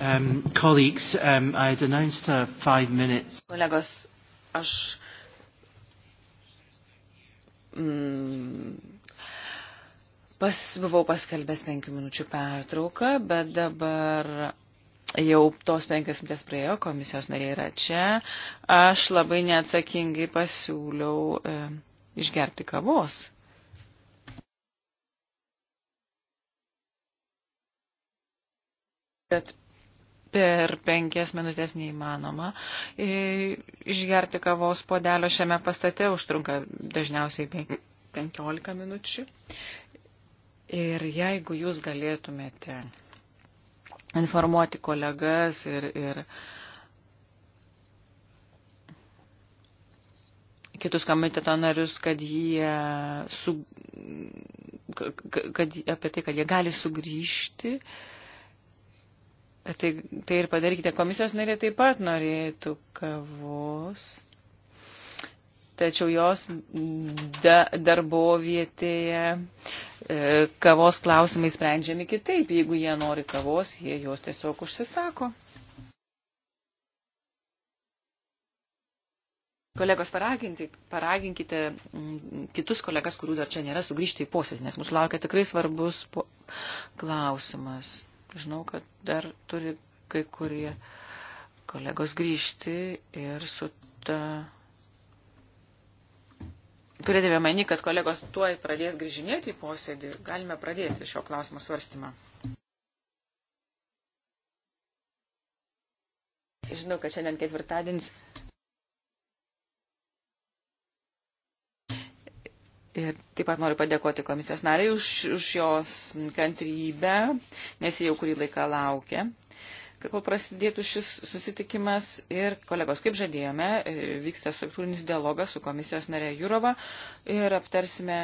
Um, colleagues, um, I had announced uh, five minutes. Kolegos, aš mm, pas, buvau paskelbęs penkių minučių pertrauką, bet dabar jau tos penkias minutės praėjo, komisijos nariai yra čia. Aš labai neatsakingai pasiūliau e, išgerti kavos. Bet per penkias minutės neįmanoma. E, išgerti kavos podelio šiame pastate užtrunka dažniausiai 15 minučių. Ir jeigu jūs galėtumėte informuoti kolegas ir, ir kitus komiteto narius, kad jie su, kad, kad, apie tai, kad jie gali sugrįžti, uh, Tai, tai ir padarykite. Komisijos narė taip pat norėtų kavos, tačiau jos da, darbovietėje e, kavos klausimai sprendžiami kitaip. Jeigu jie nori kavos, jie jos tiesiog užsisako. Kolegos, paraginkite mm, kitus kolegas, kurių dar čia nėra, sugrįžti į posėdį, nes mūsų laukia tikrai svarbus po... klausimas. Žinau, kad dar turi kai kurie kolegos grįžti ir su ta... Turėdėme mani, kad kolegos tuoj pradės grįžinėti į posėdį, galime pradėti šio klausimo svarstymą. Žinau, kad šiandien ketvirtadienis Ir taip pat noriu padėkoti komisijos nariai už, už jos kantrybę, nes jie jau kurį laiką laukia, kol prasidėtų šis susitikimas. Ir kolegos, kaip žadėjome, e, vyksta struktūrinis dialogas su komisijos narė Jurova ir aptarsime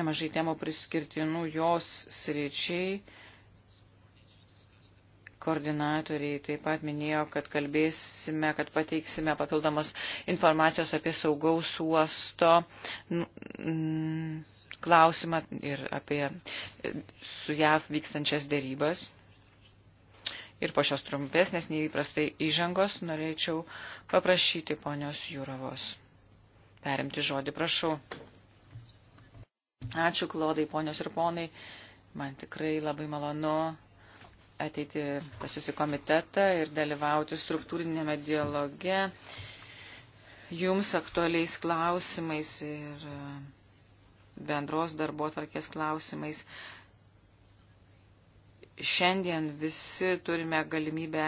nemažai temų priskirtinų jos sričiai Koordinatoriai taip pat minėjo, kad kalbėsime, kad pateiksime papildomos informacijos apie saugaus uosto klausimą ir apie su JAV vykstančias dėrybas. Ir po šios trumpesnės neįprastai įžangos norėčiau paprašyti ponios Jūrovos. Perimti žodį, prašau. Ačiū, klodai, ponios ir ponai. Man tikrai labai malonu ateiti pas jūsų komitetą ir dalyvauti struktūrinėme dialoge jums aktualiais klausimais ir e, bendros darbo atvarkės klausimais. Šiandien visi turime galimybę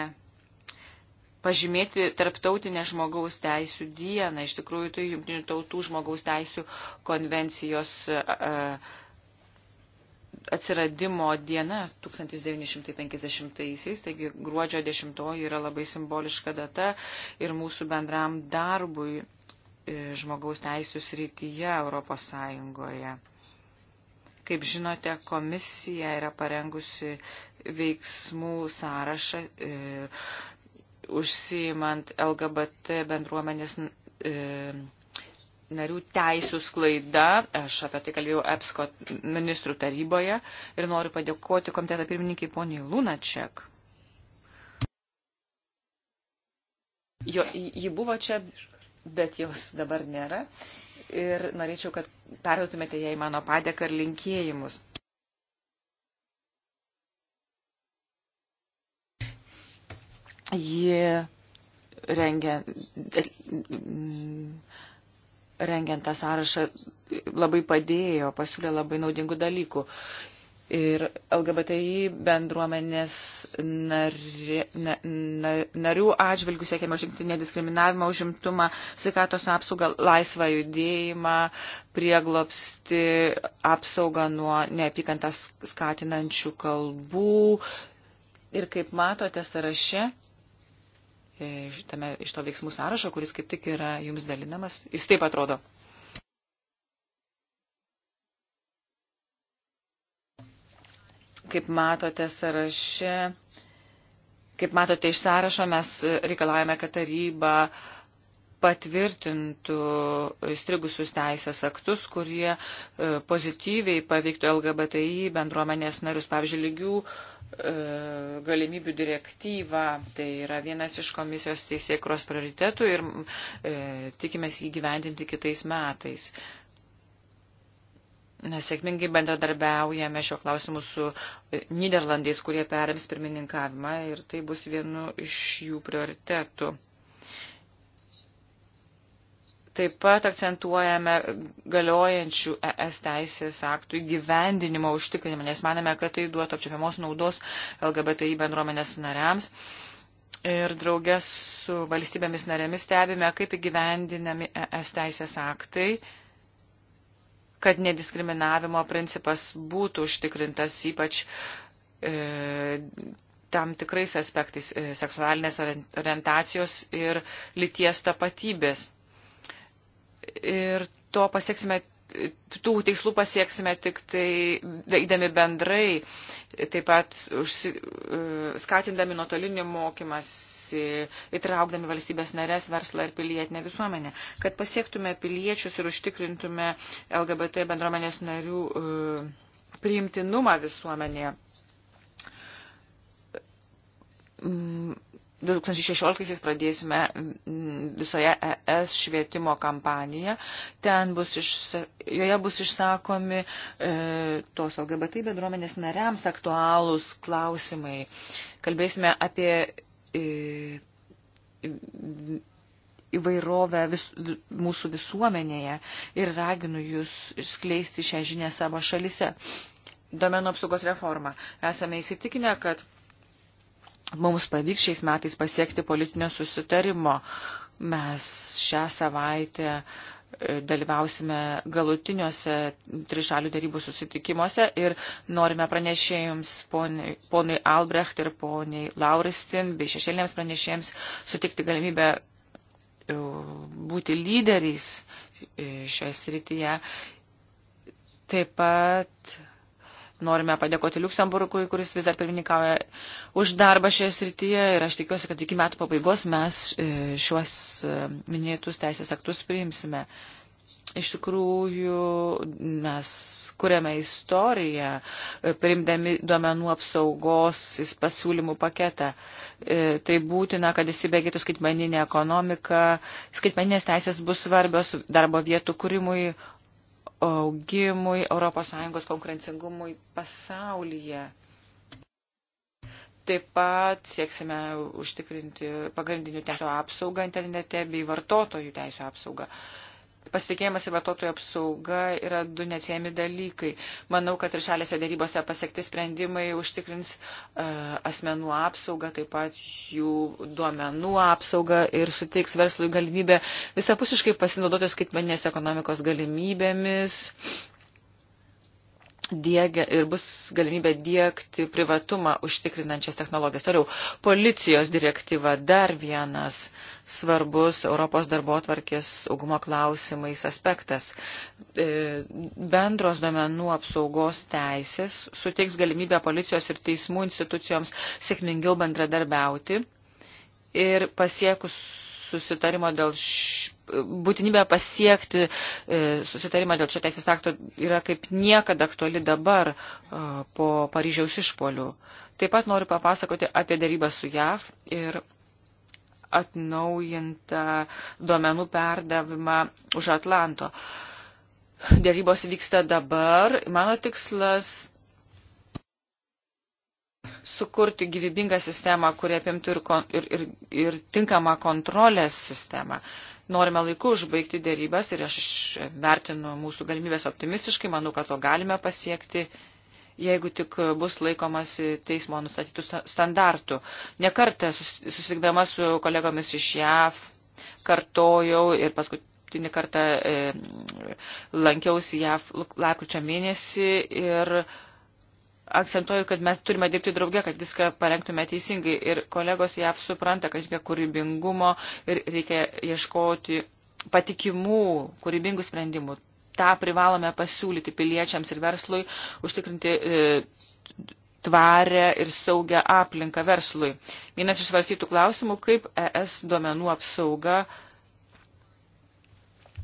pažymėti tarptautinę žmogaus teisų dieną. Iš tikrųjų, tai jungtinių tautų žmogaus teisų konvencijos uh, atsiradimo diena 1950-aisiais, taigi gruodžio 10 yra labai simboliška data ir mūsų bendram darbui e, žmogaus teisų srityje Europos Sąjungoje. Kaip žinote, komisija yra parengusi veiksmų sąrašą e, užsiimant LGBT bendruomenės e, narių teisų sklaida. Aš apie tai kalbėjau EPSCO ministrų taryboje ir noriu padėkoti komiteto pirmininkai poniai Lunaček. Jo, ji buvo čia, bet jos dabar nėra. Ir norėčiau, kad perduotumėte jai mano padėką ir linkėjimus. Ji rengia rengiant tą sąrašą labai padėjo, pasiūlė labai naudingų dalykų. Ir LGBTI bendruomenės nari, na, na, narių atžvilgių siekiama žingti nediskriminavimą, užimtumą, sveikatos apsaugą, laisvą judėjimą, prieglopsti, apsaugą nuo neapykantas skatinančių kalbų. Ir kaip matote sąraše, E, tame, iš to veiksmų sąrašo, kuris kaip tik yra jums dalinamas. Jis taip atrodo. Kaip matote sąraše, kaip matote iš sąrašo, mes reikalavome, kad taryba patvirtintų įstrigusius teisės aktus, kurie e, pozityviai paveiktų LGBTI bendruomenės narius, pavyzdžiui, lygių E, galimybių direktyvą. Tai yra vienas iš komisijos teisėkros prioritetų ir e, tikimės įgyvendinti kitais metais. Mes sėkmingai bendradarbiaujame šio klausimu su e, Niderlandais, kurie perims pirmininkavimą ir tai bus vienu iš jų prioritetų. Taip pat akcentuojame galiojančių ES teisės aktų įgyvendinimo užtikrinimą, nes manėme, kad tai duotų apčiopiamos naudos LGBTI bendruomenės nariams. Ir draugė su valstybėmis narėmis stebime, kaip įgyvendinami ES teisės aktai, kad nediskriminavimo principas būtų užtikrintas ypač e, tam tikrais aspektais e, seksualinės orientacijos ir lyties tapatybės ir to pasieksime, tų tikslų pasieksime tik tai daidami bendrai, taip pat užsi, e, skatindami nuotolinį mokymąsi, įtraukdami valstybės narės, verslą ir pilietinę visuomenę, kad pasiektume piliečius ir užtikrintume LGBT bendruomenės narių e, priimtinumą visuomenėje 2016 pradėsime visoje ES švietimo kampaniją. Ten bus iš, joje bus išsakomi e, tos LGBT bendruomenės nariams aktualūs klausimai. Kalbėsime apie e, įvairovę vis, mūsų visuomenėje ir raginu jūs skleisti šią žinią savo šalise. Domenų apsaugos reforma. Esame įsitikinę, kad mums pavyks šiais metais pasiekti politinio susitarimo. Mes šią savaitę e, dalyvausime galutiniuose trišalių darybų susitikimuose ir norime pranešėjams ponui, ponui Albrecht ir poniai Lauristin bei šešėlėms pranešėjams sutikti galimybę e, būti lyderiais e, šioje srityje. Taip pat norime padėkoti Luxemburgui, kuris vis dar pirmininkauja už darbą šioje srityje ir aš tikiuosi, kad iki metų pabaigos mes e, šiuos e, minėtus teisės aktus priimsime. Iš tikrųjų, mes kuriame istoriją, e, primdami duomenų apsaugos pasiūlymų paketą. Tai būtina, kad įsibėgėtų skaitmeninė ekonomika, skaitmeninės teisės bus svarbios darbo vietų kūrimui, augimui, ES konkurencingumui pasaulyje. Taip pat sieksime užtikrinti pagrindinių teisų apsaugą internete bei vartotojų teisų apsaugą. Uh, pasitikėjimas ir vartotojų apsauga yra du neatsiemi dalykai. Manau, kad ir šalėse dėrybose pasiekti sprendimai užtikrins e, asmenų apsaugą, taip pat jų duomenų apsaugą ir suteiks verslui galimybę visapusiškai pasinaudoti skaitmeninės ekonomikos galimybėmis diegia, ir bus galimybė diegti privatumą užtikrinančias technologijas. Toliau, policijos direktyva dar vienas svarbus Europos darbo atvarkės saugumo klausimais aspektas. E, bendros domenų apsaugos teisės suteiks galimybę policijos ir teismų institucijoms sėkmingiau bendradarbiauti ir pasiekus susitarimo dėl š... būtinybė pasiekti e, susitarimą dėl šio teisės akto yra kaip niekada aktuali dabar e, po Paryžiaus išpolių. Taip pat noriu papasakoti apie darybą su JAV ir atnaujintą duomenų perdavimą už Atlanto. Dėrybos vyksta dabar. Mano tikslas sukurti gyvybingą sistemą, kurie apimtų ir, kon, ir, ir, ir tinkamą kontrolės sistemą. Norime laiku užbaigti dėrybas ir aš vertinu mūsų galimybės optimistiškai, manau, kad to galime pasiekti, jeigu tik bus laikomas teismo nustatytų standartų. Nekartą susitikdama su kolegomis iš JAV kartojau ir paskui paskutinį kartą e, lankiausi JAV lapkričio mėnesį ir akcentuoju, kad mes turime dirbti drauge, kad viską parengtume teisingai. Ir kolegos JAV supranta, kad reikia kūrybingumo ir reikia ieškoti patikimų, kūrybingų sprendimų. Ta privalome pasiūlyti piliečiams ir verslui, užtikrinti e, tvarę ir saugę aplinką verslui. Vienas iš svarstytų klausimų, kaip ES duomenų apsauga e,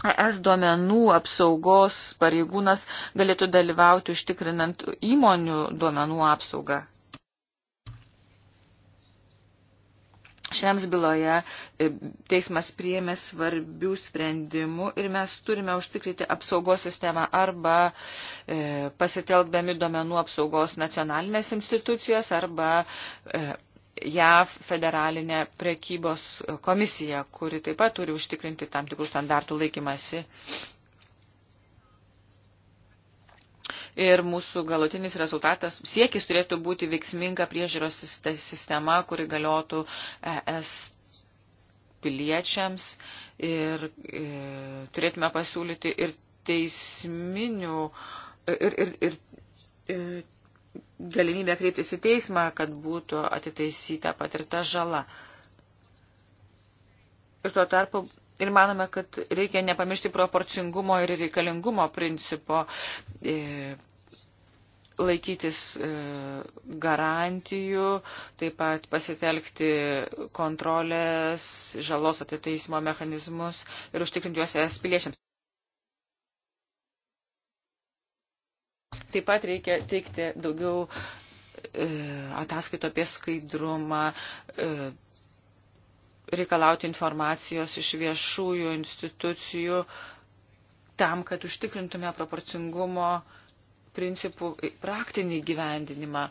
ES duomenų apsaugos pareigūnas galėtų dalyvauti užtikrinant įmonių duomenų apsaugą. Šiems byloje e, teismas priėmė svarbių sprendimų ir mes turime užtikrinti apsaugos sistemą arba e, pasitelkdami duomenų apsaugos nacionalinės institucijas arba e, JAV federalinę prekybos komisiją, kuri taip pat turi užtikrinti tam tikrų standartų laikymasi. Ir mūsų galutinis rezultatas siekis turėtų būti veiksminga priežiūros sistema, kuri galiotų ES piliečiams ir e, turėtume pasiūlyti ir teisminių ir, ir, ir e, galimybę kreiptis į teismą, kad būtų atitaisyta patirta žala. Ir tuo tarpu ir manome, kad reikia nepamiršti proporcingumo ir reikalingumo principo e, laikytis e, garantijų, taip pat pasitelkti kontrolės, žalos atitaisimo mechanizmus ir užtikrinti juos es piliečiams. Taip pat reikia teikti daugiau e, ataskaito apie skaidrumą, e, reikalauti informacijos iš viešųjų institucijų tam, kad užtikrintume proporcingumo principų praktinį gyvendinimą.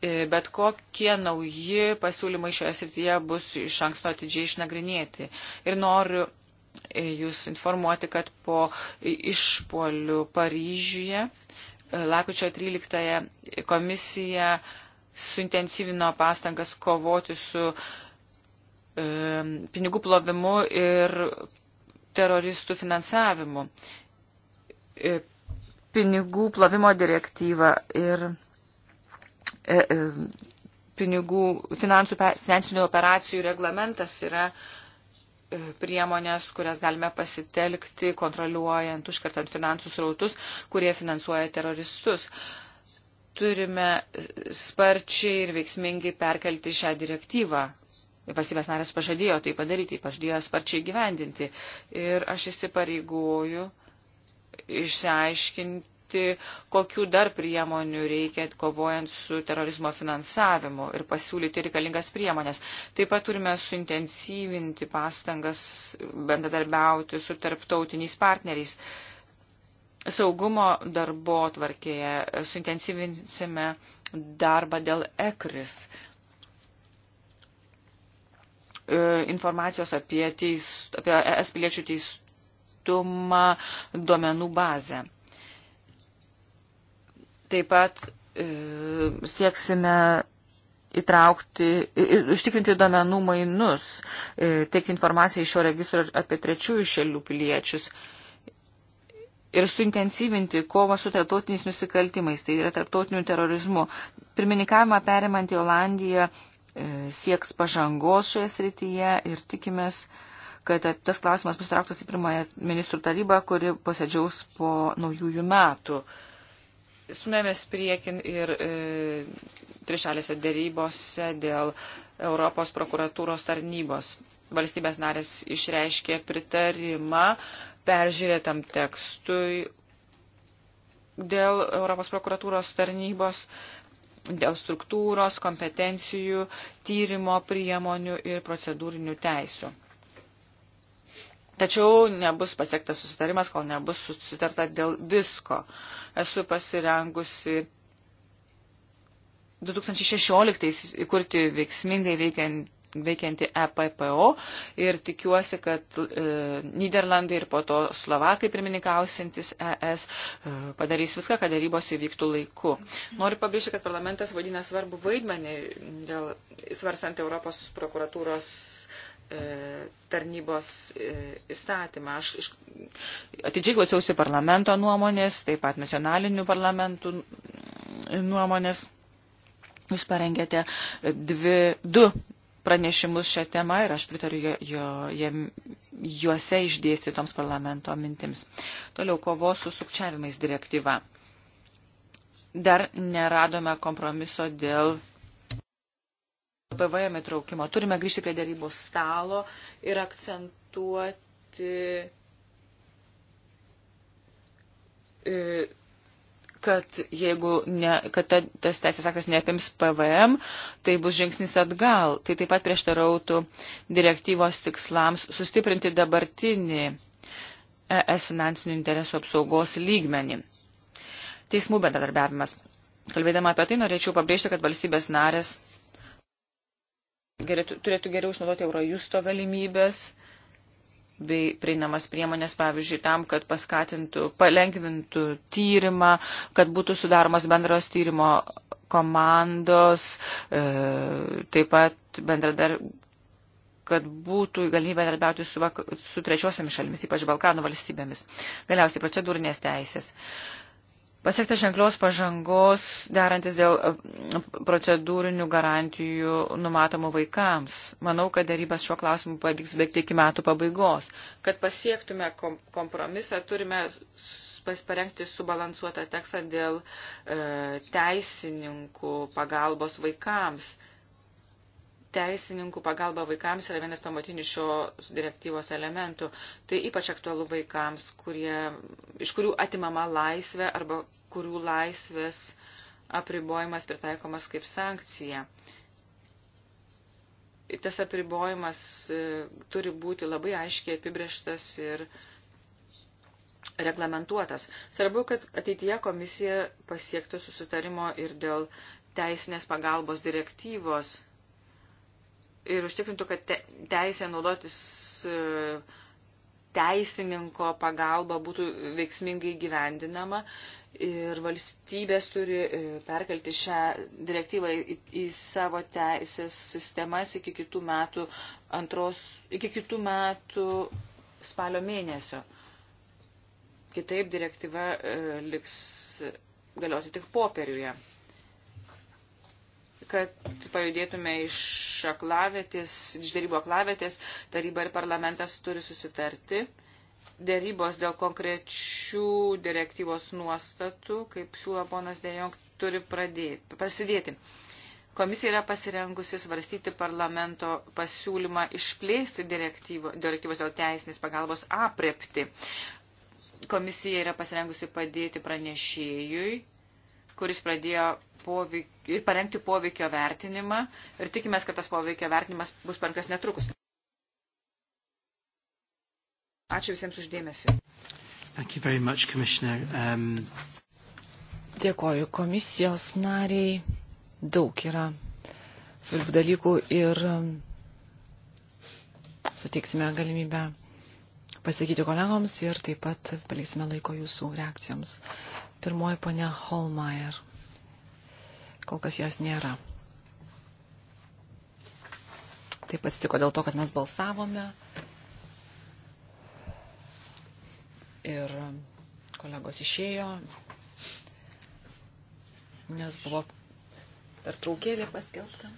E, bet kokie nauji pasiūlymai šioje srityje bus iš anksto atidžiai išnagrinėti. Ir noriu e, Jūs informuoti, kad po išpolių Paryžiuje Lapičio 13 komisija suintensyvino pastangas kovoti su e, pinigų plovimu ir teroristų finansavimu. E, pinigų plovimo direktyva ir e, e, pinigų finansų, finansinių operacijų reglamentas yra e, priemonės, kurias galime pasitelkti, kontroliuojant, užkartant finansų srautus, kurie finansuoja teroristus. Turime sparčiai ir veiksmingai perkelti šią direktyvą. Pasibės narės pažadėjo tai padaryti, pažadėjo sparčiai gyvendinti. Ir aš įsipareigoju išsiaiškinti aptarti, kokių dar priemonių reikia kovojant su terorizmo finansavimu ir pasiūlyti reikalingas priemonės. Taip pat turime suintensyvinti pastangas bendradarbiauti su tarptautiniais partneriais. Saugumo darbo tvarkėje suintensyvinsime darbą dėl ekris e, informacijos apie, teis, apie es piliečių teistumą duomenų bazę. Taip pat e, sieksime įtraukti ir užtikrinti domenų mainus, teikti informaciją iš šio registro apie trečiųjų šalių piliečius ir suintensyvinti kovą su tarptautiniais nusikaltimais, tai yra tarptautiniu terorizmu. Pirmininkavimą perimant į Olandiją e, sieks pažangos šioje srityje ir tikimės, kad tas klausimas bus trauktas į pirmąją ministrų tarybą, kuri posėdžiaus po naujųjų metų stumėmės priekin ir e, trišalėse dėrybose dėl Europos prokuratūros tarnybos. Valstybės narės išreiškė pritarimą peržiūrėtam tekstui dėl Europos prokuratūros tarnybos, dėl struktūros, kompetencijų, tyrimo priemonių ir procedūrinių teisų. Tačiau nebus pasiektas susitarimas, kol nebus susitarta dėl visko. Esu pasirengusi 2016 įkurti veiksmingai veikiant veikianti EPPO ir tikiuosi, kad e, Niderlandai ir po to Slovakai pirmininkausintis ES e, padarys viską, kad darybos įvyktų laiku. Noriu pabrėžti, kad parlamentas vaidina svarbu vaidmenį dėl svarstant Europos prokuratūros E, tarnybos e, įstatymą. Aš atidžiai klausiausi parlamento nuomonės, taip pat nacionalinių parlamentų nuomonės. Jūs parengėte dvi, du pranešimus šią temą ir aš pritariu jo, jo, juose išdėstytoms parlamento mintims. Toliau kovos su sukčiavimais direktyva. Dar neradome kompromiso dėl PVM įtraukimo. Turime grįžti prie dėrybų stalo ir akcentuoti, e, kad jeigu ne, kad ta, tas teisės aktas neapims PVM, tai bus žingsnis atgal. Tai taip pat prieštarautų direktyvos tikslams sustiprinti dabartinį ES finansinių interesų apsaugos lygmenį. Teismų bendradarbiavimas. Kalbėdama apie tai, norėčiau pabrėžti, kad valstybės narės gerėtų, turėtų geriau išnaudoti Eurojusto galimybės bei prieinamas priemonės, pavyzdžiui, tam, kad paskatintų, palengvintų tyrimą, kad būtų sudaromas bendros tyrimo komandos, e, taip pat bendradar, kad būtų galimybė bendradarbiauti su, su trečiosiamis šalimis, ypač Balkanų valstybėmis. Galiausiai procedūrinės teisės. E, Pasiektas ženklios pažangos derantis dėl e, procedūrinių garantijų numatomų vaikams. Manau, kad darybas šiuo klausimu pavyks baigti iki metų pabaigos. Kad pasiektume kompromisą, turime parengti subalansuotą tekstą dėl e, teisininkų pagalbos vaikams. E, teisininkų pagalba vaikams yra vienas pamatinių šio direktyvos elementų. Tai ypač aktualu vaikams, kurie, iš kurių atimama laisvė arba kurių laisvės apribojimas pritaikomas kaip sankcija. Tas apribojimas e, turi būti labai aiškiai apibrieštas ir reglamentuotas. Svarbu, kad ateityje komisija pasiektų susitarimo ir dėl teisinės pagalbos direktyvos ir užtikrintų, kad te, teisė naudotis e, teisininko pagalba būtų veiksmingai gyvendinama ir valstybės turi e, perkelti šią direktyvą į, į savo teisės sistemas iki kitų metų, antros, iki kitų metų spalio mėnesio. Kitaip direktyva e, liks galioti tik popieriuje kad pajudėtume iš aklavėtės, iš dėrybų aklavėtės, taryba ir parlamentas turi susitarti. Dėrybos dėl konkrečių direktyvos nuostatų, kaip siūlo ponas Dejong, turi pradėti, prasidėti. Komisija yra pasirengusi svarstyti parlamento pasiūlymą išplėsti direktyvos dėl teisinės pagalbos aprepti. Komisija yra pasirengusi padėti pranešėjui kuris pradėjo poveik, parengti poveikio vertinimą ir tikimės, kad tas poveikio vertinimas bus parengtas netrukus. Ačiū visiems uždėmesi. Thank you very much, Commissioner. Um... Dėkoju komisijos nariai. Daug yra svarbių dalykų ir um, suteiksime galimybę pasakyti kolegoms ir taip pat paliksime laiko jūsų reakcijoms. Pirmoji ponia Holmeier. Kol kas jos nėra. Taip atsitiko dėl to, kad mes balsavome. Ir kolegos išėjo, nes buvo pertraukėlė paskelbta.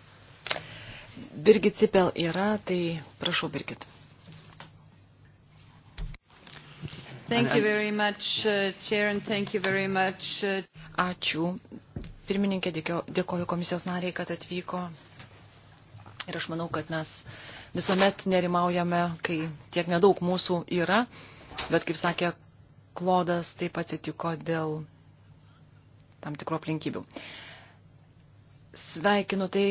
Birgit Cipel yra, tai prašau, Birgit. Thank you very much, uh, Chair, and thank you very much. Uh... Ačiū. Pirmininkė, dėkoju komisijos nariai, kad atvyko. Ir aš manau, kad mes visuomet nerimaujame, kai tiek nedaug mūsų yra, bet, kaip sakė Klodas, taip atsitiko dėl tam tikro aplinkybių. Sveikinu tai,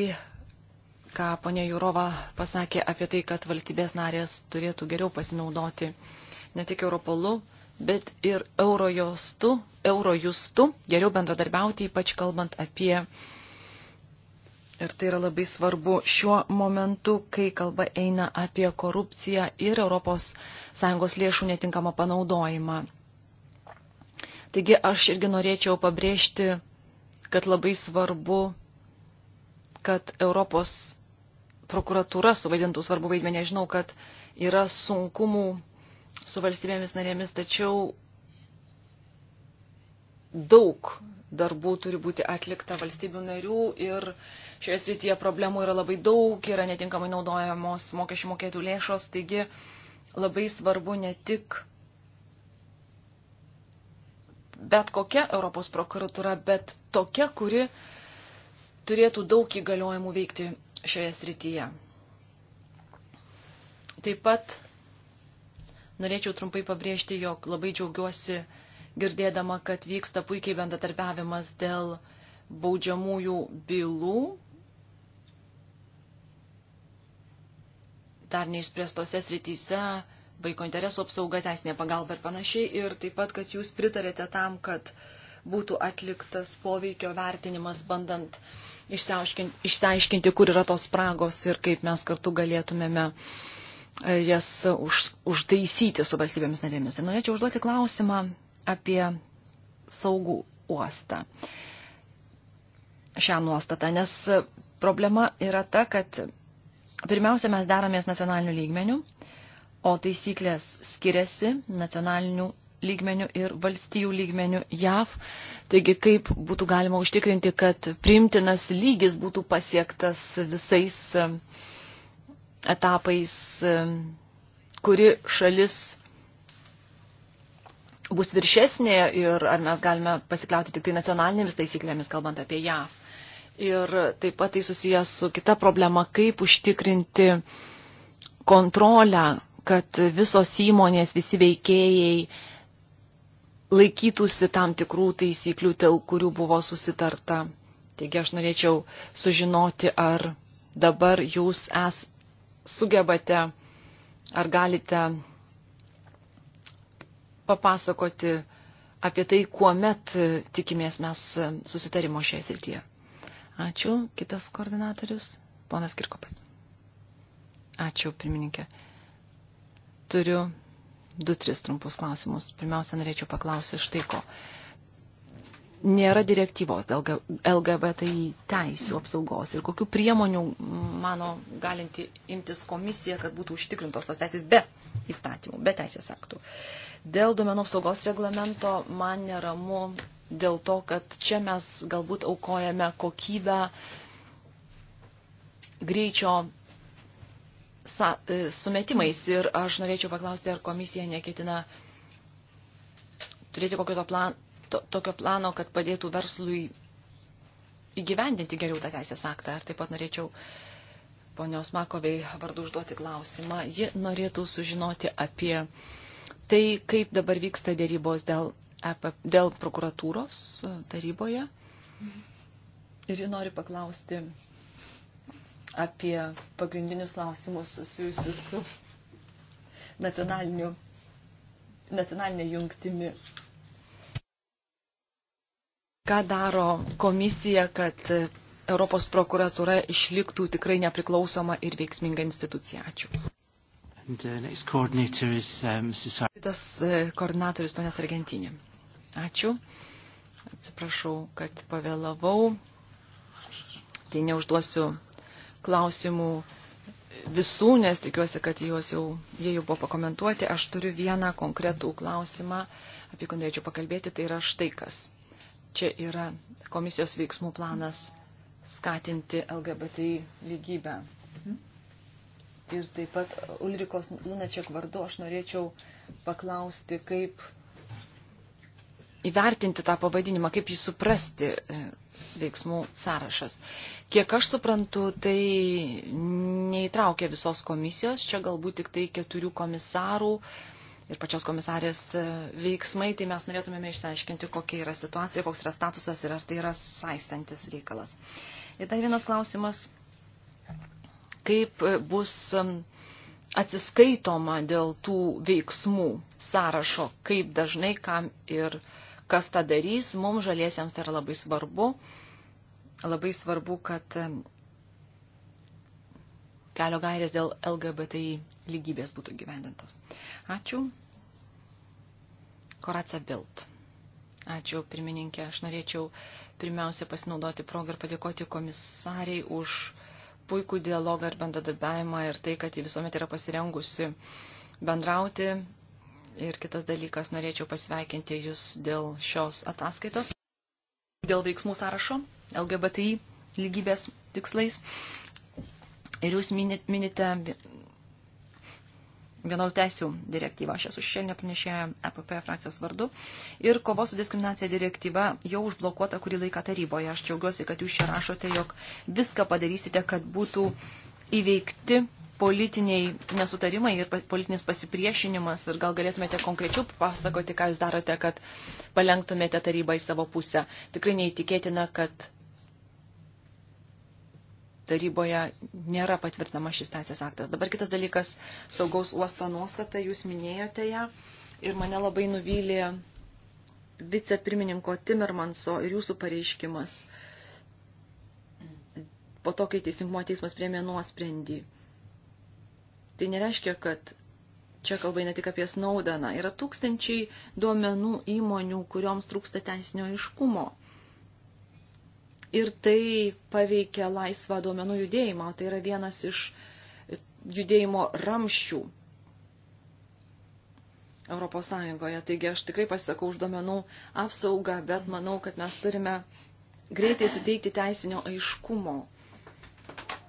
ką ponė Jurova pasakė apie tai, kad valstybės narės turėtų geriau pasinaudoti uh, ne tik Europolu, bet ir Eurojustu, Eurojustu geriau bendradarbiauti, ypač kalbant apie. Ir tai yra labai svarbu šiuo momentu, kai kalba eina apie korupciją ir ES lėšų netinkamą panaudojimą. Taigi aš irgi norėčiau pabrėžti, kad labai svarbu, kad Europos prokuratūra suvaidintų svarbu vaidmenį. Žinau, kad yra sunkumų su valstybėmis narėmis, tačiau daug darbų turi būti atlikta valstybių narių ir šioje srityje problemų yra labai daug, yra netinkamai naudojamos mokesčių mokėtų lėšos, taigi labai svarbu ne tik bet kokia Europos prokuratura, bet tokia, kuri turėtų daug įgaliojimų veikti šioje srityje. Taip pat Norėčiau trumpai pabrėžti, jog labai džiaugiuosi girdėdama, kad vyksta puikiai bendratarbiavimas dėl baudžiamųjų bylų. Dar neišspręstose srityse vaiko interesų apsauga, teisinė pagalba ir panašiai. Ir taip pat, kad jūs pritarėte tam, kad būtų atliktas poveikio vertinimas, bandant išsiaiškinti, kur yra tos spragos ir kaip mes kartu galėtumėme uh, E, jas už, užtaisyti su valstybėmis narėmis. Ir norėčiau užduoti klausimą apie saugų uostą. Šią nuostatą, nes problema yra ta, kad pirmiausia mes deramės nacionalinių lygmenių, o taisyklės skiriasi nacionalinių lygmenių ir valstijų lygmenių JAV. Taigi, kaip būtų galima užtikrinti, kad priimtinas lygis būtų pasiektas visais uh, etapais, e, kuri šalis bus viršesnė ir ar mes galime pasikliauti tik tai nacionalinėmis taisyklėmis, kalbant apie ją. Ir taip pat tai susijęs su kita problema, kaip užtikrinti kontrolę, kad visos įmonės, visi veikėjai laikytųsi tam tikrų taisyklių, dėl kurių buvo susitarta. Taigi aš norėčiau sužinoti, ar dabar jūs es, sugebate ar galite papasakoti apie tai, kuomet tikimės mes susitarimo šioje srityje. Ačiū. Kitas koordinatorius, ponas Kirkopas. Ačiū, pirmininkė. Turiu du, tris trumpus klausimus. Pirmiausia, norėčiau paklausyti štai ko nėra direktyvos dėl LGBTI teisų apsaugos ir kokių priemonių mano galinti imtis komisija, kad būtų užtikrintos tos teisės be įstatymų, be teisės aktų. Dėl duomenų apsaugos reglamento man neramu dėl to, kad čia mes galbūt aukojame kokybę greičio sa, e, sumetimais ir aš norėčiau paklausti, ar komisija neketina turėti kokio to plan, to, tokio plano, kad padėtų verslui įgyvendinti geriau tą teisės aktą. Ar taip pat norėčiau ponios Makovei vardu užduoti klausimą. Ji norėtų sužinoti apie tai, kaip dabar vyksta dėrybos dėl, e dėl prokuratūros taryboje. Ir ji nori paklausti apie pagrindinius klausimus susijusius su nacionaliniu nacionalinė jungtimi Ką daro komisija, kad Europos prokuratura išliktų tikrai nepriklausoma ir veiksminga institucija? Ačiū. Uh, uh, Kitas uh, koordinatorius, panės Argentinė. Ačiū. Atsiprašau, kad pavėlavau. Tai neužduosiu klausimų visų, nes tikiuosi, kad juos jau, jie jau buvo pakomentuoti. Aš turiu vieną konkretų klausimą, apie kurį norėčiau pakalbėti, tai yra štai kas. Čia yra komisijos veiksmų planas skatinti LGBTI lygybę. Ir taip pat Ulrikos Lunačiak vardu aš norėčiau paklausti, kaip įvertinti tą pavadinimą, kaip jį suprasti e, veiksmų sąrašas. Kiek aš suprantu, tai neįtraukia visos komisijos, čia galbūt tik tai keturių komisarų uh, ir pačios komisarės e, veiksmai, tai mes norėtumėme išsiaiškinti, kokia yra situacija, koks yra statusas ir ar tai yra saistantis reikalas. Ir dar vienas klausimas, kaip e, bus atsiskaitoma dėl tų veiksmų sąrašo, kaip dažnai, kam ir kas tą darys, mums žaliesiems tai yra labai svarbu. Labai svarbu, kad kelio gairės dėl LGBTI lygybės būtų gyvendintos. Ačiū. Koracija Bilt. Ačiū, pirmininkė. Aš norėčiau pirmiausia pasinaudoti progą ir padėkoti komisariai už puikų dialogą ir bendradarbiavimą ir tai, kad ji visuomet yra pasirengusi bendrauti. Ir kitas dalykas, norėčiau pasveikinti Jūs dėl šios ataskaitos, dėl veiksmų sąrašo LGBTI lygybės tikslais. Ir jūs minite vienodų teisių direktyvą. Aš esu šiandien pranešėję EPP frakcijos vardu. Ir kovos su diskriminacija direktyva jau užblokuota kurį laiką taryboje. Aš džiaugiuosi, kad jūs čia rašote, jog viską padarysite, kad būtų įveikti politiniai nesutarimai ir politinis pasipriešinimas ir gal galėtumėte konkrečiau pasakoti, ką jūs darote, kad palengtumėte tarybą į savo pusę. Tikrai neįtikėtina, kad taryboje nėra patvirtama šis teisės aktas. Dabar kitas dalykas - saugaus uosto nuostata, jūs minėjote ją ir mane labai nuvylė vicepirmininko Timermanso ir jūsų pareiškimas po to, kai teisingumo teismas priemė nuosprendį. Tai nereiškia, kad čia kalba ne tik apie Snaudeną. Yra tūkstančiai duomenų įmonių, kurioms trūksta teisinio iškumo ir tai paveikia laisvą duomenų judėjimą. Tai yra vienas iš judėjimo ramščių Europos Sąjungoje. Taigi aš tikrai pasisakau už duomenų apsaugą, bet manau, kad mes turime greitai suteikti teisinio aiškumo,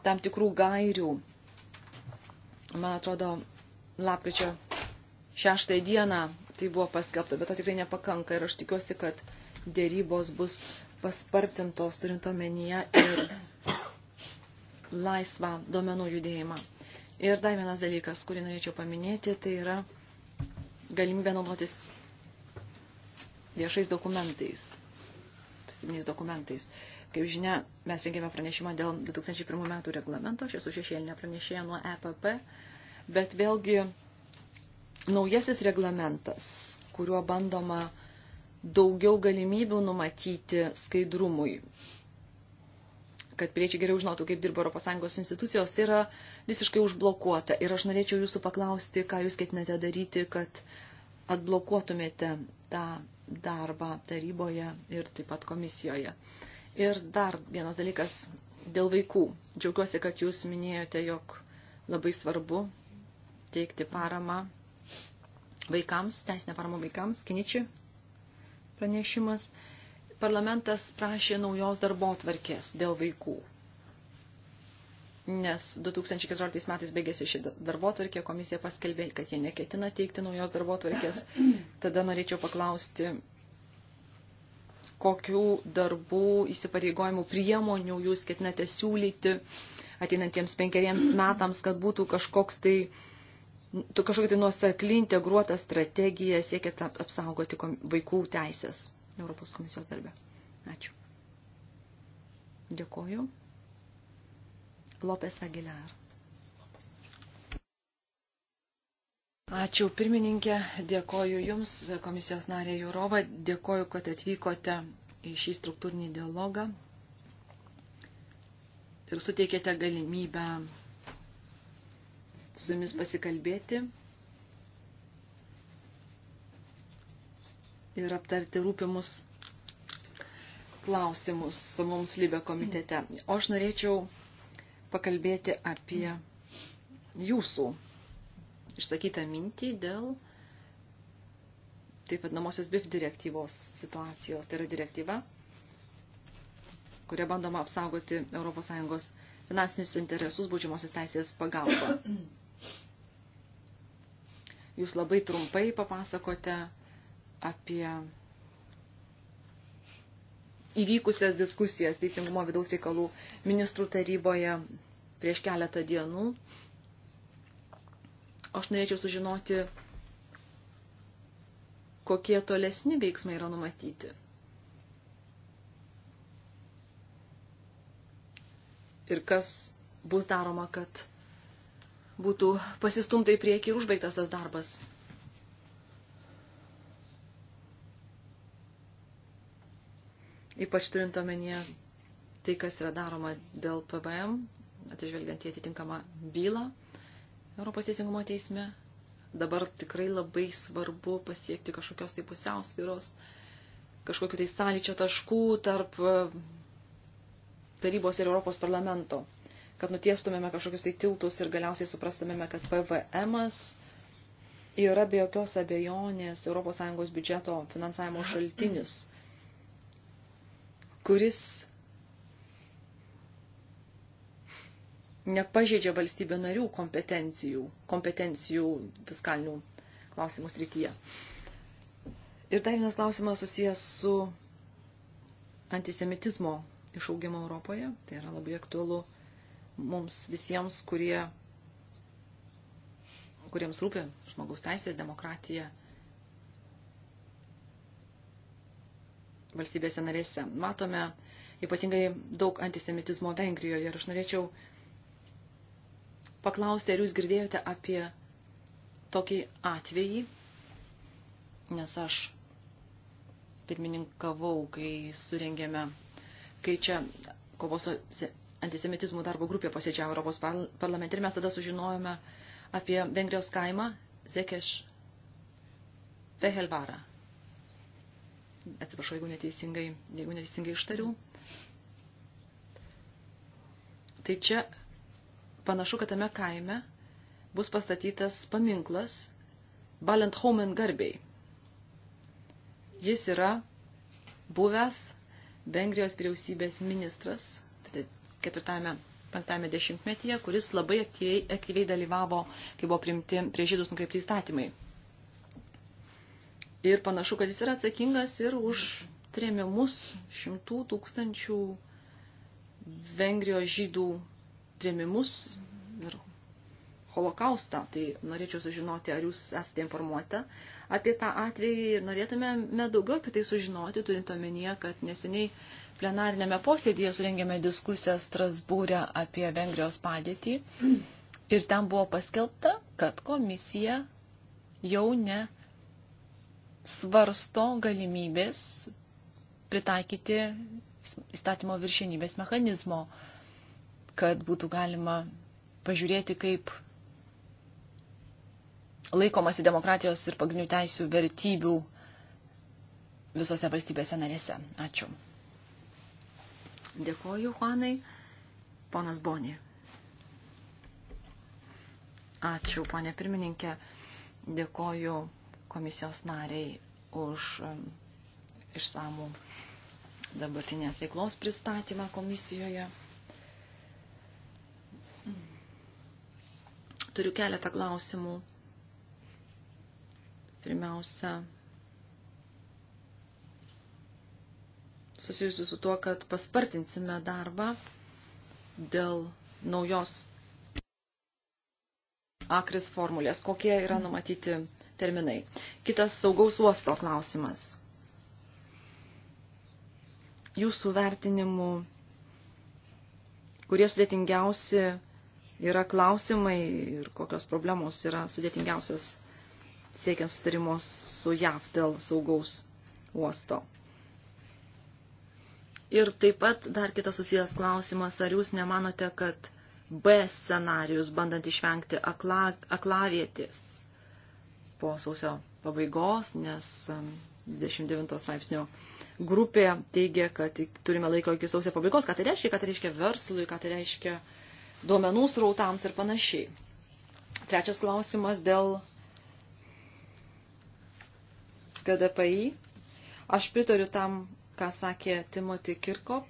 tam tikrų gairių. Man atrodo, lapkričio šeštą dieną tai buvo paskelbta, bet to tikrai nepakanka ir aš tikiuosi, kad dėrybos bus paspartintos turint omenyje ir laisvą duomenų judėjimą. Ir dar vienas dalykas, kurį norėčiau paminėti, tai yra galimybė naudotis viešais dokumentais, pastiminiais dokumentais. Kaip žinia, mes rengėme pranešimą dėl 2001 metų reglamento, aš esu šešėlinė pranešėja nuo EPP, bet vėlgi naujasis reglamentas, kuriuo bandoma uh, daugiau galimybių numatyti skaidrumui kad piliečiai geriau žinotų, kaip dirba ES institucijos, tai yra visiškai užblokuota. Ir aš norėčiau jūsų paklausti, ką jūs ketinate daryti, kad atblokuotumėte tą darbą taryboje ir taip pat komisijoje. Ir dar vienas dalykas dėl vaikų. Džiaugiuosi, kad jūs minėjote, jog labai svarbu teikti paramą vaikams, teisinę paramą vaikams. Kiničiui pranešimas, parlamentas prašė naujos darbo tvarkės dėl vaikų. Nes 2014 metais baigėsi ši darbo tvarkė, komisija paskelbė, kad jie neketina teikti naujos darbo tvarkės. Tada norėčiau paklausti, kokių darbų, įsipareigojimų, priemonių jūs ketinate siūlyti ateinantiems penkeriems metams, kad būtų kažkoks tai uh, kažkokia tai nuosekli integruota strategija siekiant apsaugoti vaikų teisės Europos komisijos darbe. Ačiū. Dėkoju. Lopes Aguilar. Ačiū pirmininkė, dėkoju Jums, komisijos narė Jūrova, dėkoju, kad atvykote į šį struktūrinį dialogą ir suteikėte galimybę su jumis pasikalbėti ir aptarti rūpimus klausimus mums lybė komitete. O aš norėčiau pakalbėti apie jūsų išsakytą mintį dėl taip vadinamosios BIF direktyvos situacijos. Tai yra direktyva, kuria bandoma apsaugoti ES finansinius interesus būdžiamosios teisės pagalba jūs labai trumpai papasakote apie įvykusias diskusijas Teisingumo vidaus reikalų ministrų taryboje prieš keletą dienų. Aš norėčiau sužinoti, kokie tolesni veiksmai yra numatyti. Ir kas bus daroma, kad būtų pasistumta į priekį ir užbaigtas tas darbas. Ypač turint omenyje tai, kas yra daroma dėl PBM, atsižvelgiant į atitinkamą bylą Europos Teisingumo teisme. Dabar tikrai labai svarbu pasiekti kažkokios tai pusiausvyros, kažkokiu tai sąlyčio taškų tarp e, tarybos ir Europos parlamento kad nutiestumėme kažkokius tai tiltus ir galiausiai suprastumėme, kad PVM yra be jokios abejonės ES biudžeto finansavimo šaltinis, kuris nepažeidžia valstybė narių kompetencijų, kompetencijų fiskalinių klausimų srityje. Ir dar vienas klausimas susijęs su antisemitizmo išaugimo Europoje. Tai yra labai aktualu mums visiems, kurie, kuriems rūpi žmogaus teisės, demokratija valstybėse narėse. Matome ypatingai daug antisemitizmo Vengrijoje ir aš norėčiau paklausti, ar jūs girdėjote apie tokį atvejį, nes aš pirmininkavau, kai surengėme, kai čia kovos antisemitizmų darbo grupė posėdžiavo Europos parlamente ir mes tada sužinojome apie Vengrijos kaimą Zekeš Fehelvarą. Atsiprašau, jeigu neteisingai, jeigu neteisingai ištariau. Tai čia panašu, kad tame kaime bus pastatytas paminklas Balenthomen garbei. Jis yra buvęs Vengrijos vyriausybės ministras ketvirtame, penktame dešimtmetyje, kuris labai aktyviai, aktyviai dalyvavo, kai buvo priimti prie žydus nukreipti įstatymai. Ir panašu, kad jis yra atsakingas ir už trėmimus šimtų tūkstančių Vengrijos žydų trėmimus ir holokaustą. Tai norėčiau sužinoti, ar jūs esate informuota apie tą atvejį ir norėtumėme daugiau apie tai sužinoti, turint omenyje, kad neseniai plenarinėme posėdėje surengėme diskusiją Strasbūrę apie Vengrijos padėtį ir ten buvo paskelbta, kad komisija jau ne svarsto galimybės pritaikyti įstatymo viršenybės mechanizmo, kad būtų galima pažiūrėti, kaip laikomasi demokratijos ir pagrindinių teisių vertybių visose valstybėse narėse. Ačiū. Dėkoju, Juanai. Ponas Bonė. Ačiū, ponė pirmininkė. Dėkoju komisijos nariai už um, išsamų dabartinės veiklos pristatymą komisijoje. Turiu keletą klausimų. Pirmiausia, susijusių su tuo, kad paspartinsime darbą dėl naujos akris formulės. Kokie yra numatyti terminai? Kitas saugaus uosto klausimas. Jūsų vertinimų, kurie sudėtingiausi yra klausimai ir kokios problemos yra sudėtingiausios siekiant sutarimo su JAV dėl saugaus uosto. Ir taip pat dar kitas susijęs klausimas, ar jūs nemanote, kad B scenarius, bandant išvengti akla, aklavietės po sausio pabaigos, nes 29 um, straipsnio grupė teigia, kad turime laiko iki sausio pabaigos, ką tai reiškia, ką tai reiškia verslui, ką tai reiškia duomenų srautams ir panašiai. Trečias klausimas dėl GDPI. Aš pritariu tam ką sakė Timothy Kirkop.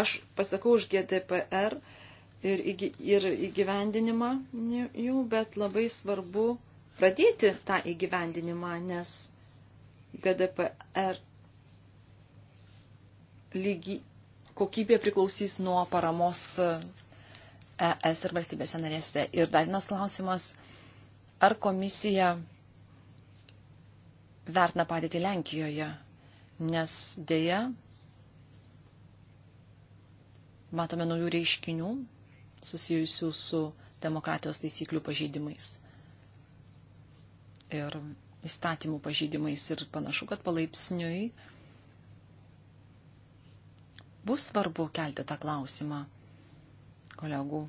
Aš pasakau už GDPR ir, ir įgyvendinimą jų, bet labai svarbu pradėti tą įgyvendinimą, nes GDPR lygi, kokybė priklausys nuo paramos e, ES ir valstybėse narėse. Ir dar vienas klausimas, ar komisija vertina padėtį Lenkijoje nes dėja matome naujų reiškinių susijusių su demokratijos taisyklių pažeidimais ir įstatymų pažeidimais ir panašu, kad palaipsniui bus svarbu kelti tą klausimą kolegų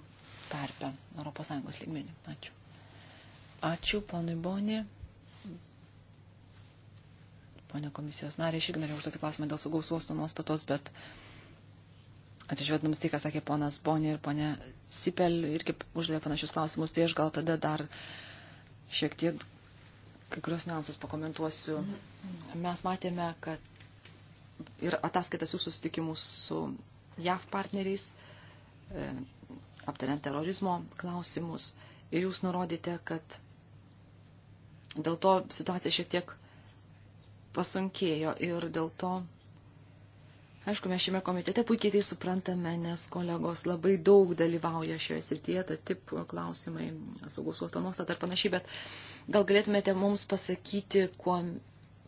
tarpe ES lygmenį. Ačiū. Ačiū, ponui Boni. Pone komisijos narė, aš irgi norėjau užduoti klausimą dėl saugaus uosto nuostatos, bet atsižvelgdamas tai, ką sakė ponas Bonė ir ponė Sipel, irgi uždavė panašius klausimus, tai aš gal tada dar šiek tiek kai kurios niuansus pakomentuosiu. Mes matėme, kad ir ataskaitas jūsų susitikimus su JAV partneriais, e, aptariant terorizmo klausimus, ir jūs nurodėte, kad dėl to situacija šiek tiek pasunkėjo ir dėl to, aišku, mes šiame komitete puikiai tai suprantame, nes kolegos labai daug dalyvauja šioje srityje, ta tip klausimai, saugos uosto nuostata ir panašiai, bet gal galėtumėte mums pasakyti, kuo,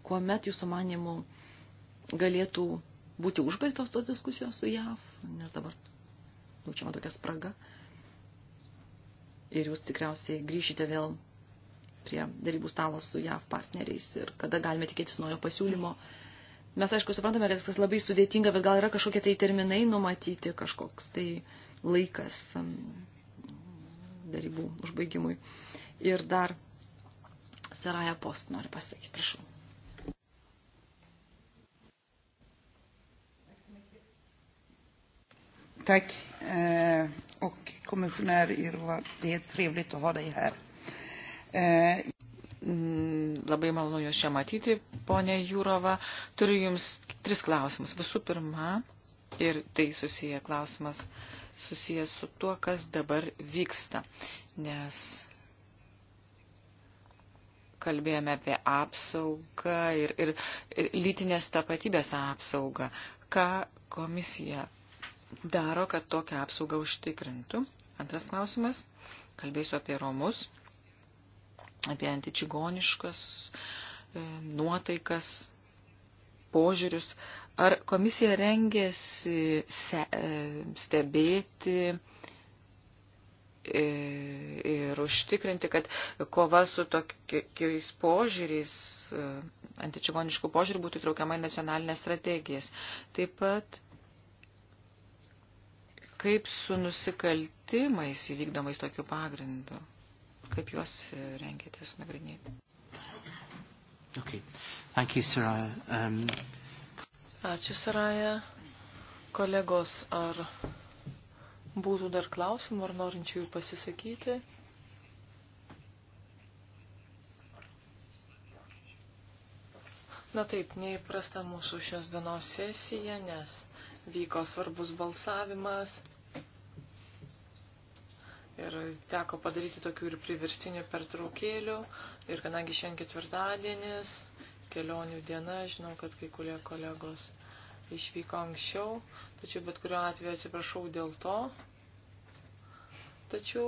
kuomet jūsų manimų galėtų būti užbaigtos tos diskusijos su JAV, nes dabar jaučiama tokia spraga. Ir jūs tikriausiai grįšite vėl prie darybų stalo su JAV partneriais ir kada galime tikėtis naujo pasiūlymo. Mes, aišku, suprantame, kad viskas labai sudėtinga, bet gal yra kažkokie tai terminai numatyti, kažkoks tai laikas um, darybų užbaigimui. Ir dar Saraja Post nori pasakyti, prašau. Tack. Eh, och kommissionär Irva, det är trevligt att ha dig här. E, mm, labai malonu Jūs čia matyti, ponė Jūrova. Turiu Jums tris klausimus. Visų pirma, ir tai susiję klausimas, susijęs su tuo, kas dabar vyksta. Nes kalbėjome apie apsaugą ir, ir, ir lytinės tapatybės apsaugą. Ką komisija daro, kad tokią apsaugą užtikrintų? Antras klausimas. Kalbėsiu apie Romus apie antičigoniškas e, nuotaikas, požiūrius. Ar komisija rengėsi e, stebėti e, ir užtikrinti, kad kova su tokiais požiūriais, antičigoniškų požiūrių būtų traukiama į nacionalinės strategijas. Taip pat, kaip su nusikaltimais įvykdomais tokiu pagrindu kaip juos e, renkėtės nagrinėti. Okay. Thank you, Saraya. Um... Ačiū, Saraja. Kolegos, ar būtų dar klausimų, ar norinčių jų pasisakyti? Na taip, neįprasta mūsų šios dienos sesija, nes vyko svarbus balsavimas ir teko padaryti tokių ir priverstinių pertraukėlių. Ir kadangi šiandien ketvirtadienis, kelionių diena, žinau, kad kai kurie kolegos išvyko anksčiau, tačiau bet kuriuo atveju atsiprašau dėl to. Tačiau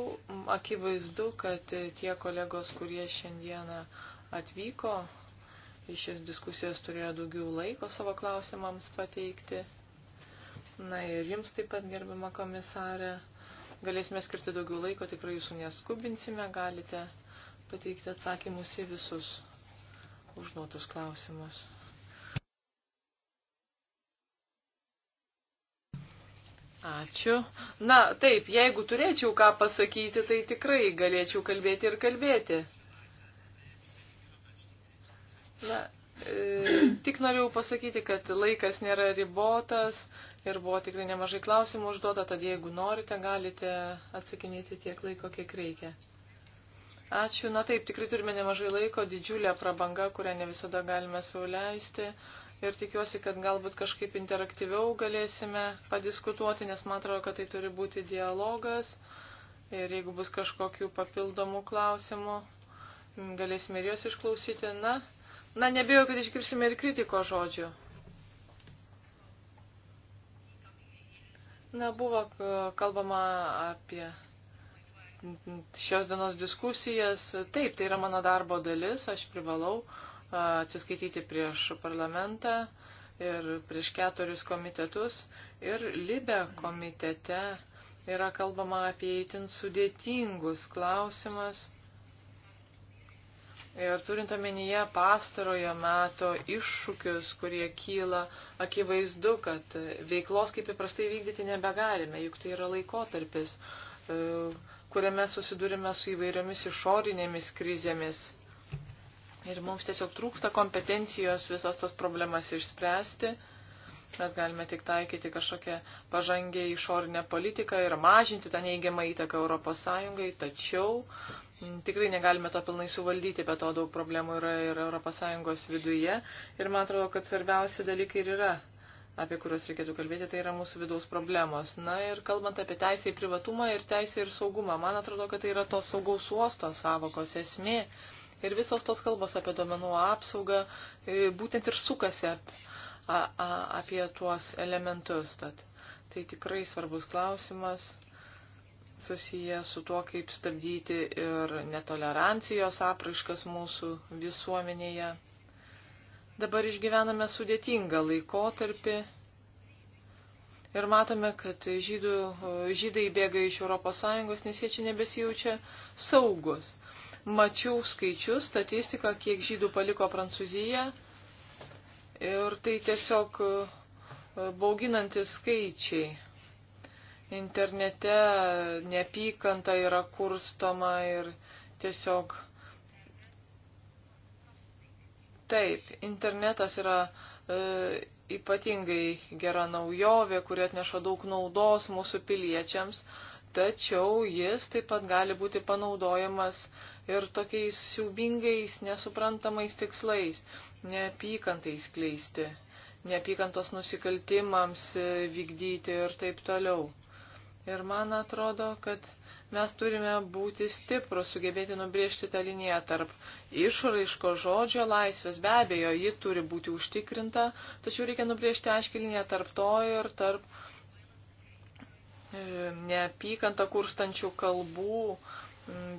akivaizdu, kad tie kolegos, kurie šiandieną atvyko į šias diskusijas, turėjo daugiau laiko savo klausimams pateikti. Na ir jums taip pat, gerbima komisarė, galėsime skirti daugiau laiko, tikrai jūsų neskubinsime, galite pateikti atsakymus į visus užduotus klausimus. Ačiū. Na, taip, jeigu turėčiau ką pasakyti, tai tikrai galėčiau kalbėti ir kalbėti. Na, e, tik norėjau pasakyti, kad laikas nėra ribotas ir buvo tikrai nemažai klausimų užduota, tad jeigu norite, galite atsakinėti tiek laiko, kiek reikia. Ačiū. Na taip, tikrai turime nemažai laiko, didžiulė prabanga, kurią ne visada galime sauliaisti. Ir tikiuosi, kad galbūt kažkaip interaktyviau galėsime padiskutuoti, nes man atrodo, kad tai turi būti dialogas. Ir jeigu bus kažkokių papildomų klausimų, galėsime ir juos išklausyti. Na, na nebijau, kad išgirsime ir kritiko žodžių. Na, buvo e, kalbama apie šios dienos diskusijas. Taip, tai yra mano darbo dalis, aš privalau e, atsiskaityti prieš parlamentą ir prieš keturis komitetus. Ir Libe komitete yra kalbama apie įtin sudėtingus klausimas Ir turint omenyje pastarojo meto iššūkius, kurie kyla, akivaizdu, kad veiklos kaip įprastai vykdyti nebegalime, juk tai yra laikotarpis, e, kuriame susidurime su įvairiomis išorinėmis krizėmis. Ir mums tiesiog trūksta kompetencijos visas tas problemas išspręsti. Mes galime tik taikyti kažkokią pažangę išorinę politiką ir mažinti tą neigiamą įtaką ES, tačiau Tikrai negalime to pilnai suvaldyti, bet to daug problemų yra ir ES viduje. Ir man atrodo, kad svarbiausi dalykai ir yra, apie kuriuos reikėtų kalbėti, tai yra mūsų vidaus problemos. Na ir kalbant apie teisę į privatumą ir teisę ir saugumą, man atrodo, kad tai yra tos saugaus uosto savokos esmė. Ir visos tos kalbos apie duomenų apsaugą e, būtent ir sukasi ap, a, a, apie tuos elementus. Tad tai tikrai svarbus klausimas susiję su tuo, kaip stabdyti ir netolerancijos apraiškas mūsų visuomenėje. Dabar išgyvename sudėtingą laikotarpį ir matome, kad žydų, žydai bėga iš ES, nes jie čia nebesijaučia saugus. Mačiau skaičius, statistiką, kiek žydų paliko Prancūziją ir tai tiesiog bauginantis skaičiai internete neapykanta yra kurstoma ir tiesiog. Taip, internetas yra e, ypatingai gera naujovė, kuri atneša daug naudos mūsų piliečiams, tačiau jis taip pat gali būti panaudojamas ir tokiais siubingais, nesuprantamais tikslais, neapykantais kleisti, neapykantos nusikaltimams e, vykdyti ir taip toliau. Ir man atrodo, kad mes turime būti stiprus, sugebėti nubriežti tą liniją tarp išraiško žodžio laisvės. Be abejo, ji turi būti užtikrinta, tačiau reikia nubriežti aiškį liniją tarp to ir tarp e, neapykantą kurstančių kalbų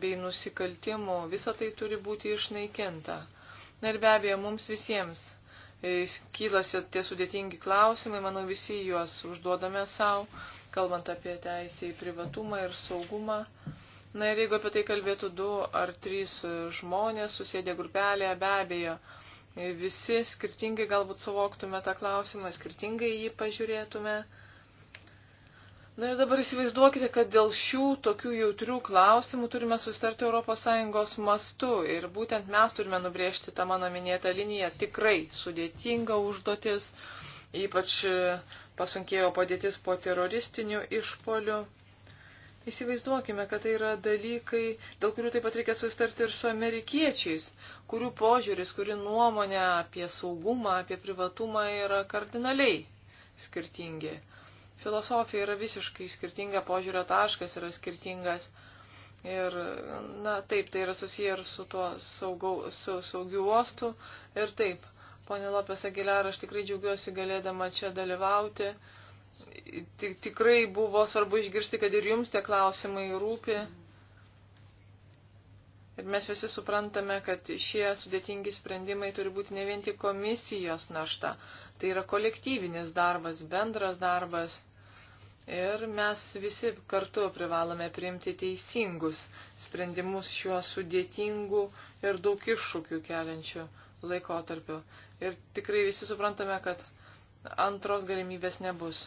bei nusikaltimų. Visa tai turi būti išnaikinta. Na ir be abejo, mums visiems e, kyla tie sudėtingi klausimai, manau, visi juos užduodame savo kalbant apie teisę į privatumą ir saugumą. Na ir jeigu apie tai kalbėtų du ar trys žmonės, susėdė grupelėje, be abejo, visi skirtingai galbūt suvoktume tą klausimą, skirtingai jį pažiūrėtume. Na ir dabar įsivaizduokite, kad dėl šių tokių jautrių klausimų turime sustarti ES mastu ir būtent mes turime nubrėžti tą mano minėtą liniją. Tikrai sudėtinga užduotis, Ypač e, pasunkėjo padėtis po teroristinių išpolių. Įsivaizduokime, kad tai yra dalykai, dėl kurių taip pat reikia sustarti ir su amerikiečiais, kurių požiūris, kuri nuomonė apie saugumą, apie privatumą yra kardinaliai skirtingi. Filosofija yra visiškai skirtinga, požiūrio taškas yra skirtingas. Ir, na, taip, tai yra susiję ir su tuo saugau, su, saugiu uostu. Ir taip, Pone Lopės Agiliar, aš tikrai džiaugiuosi galėdama čia dalyvauti. Tik, tikrai buvo svarbu išgirsti, kad ir jums tie klausimai rūpi. Ir mes visi suprantame, kad šie sudėtingi sprendimai turi būti ne vien tik komisijos našta. Tai yra kolektyvinis darbas, bendras darbas. Ir mes visi kartu privalome priimti teisingus sprendimus šiuo sudėtingu ir daug iššūkių keliančiu laikotarpiu. Ir tikrai visi suprantame, kad antros galimybės nebus.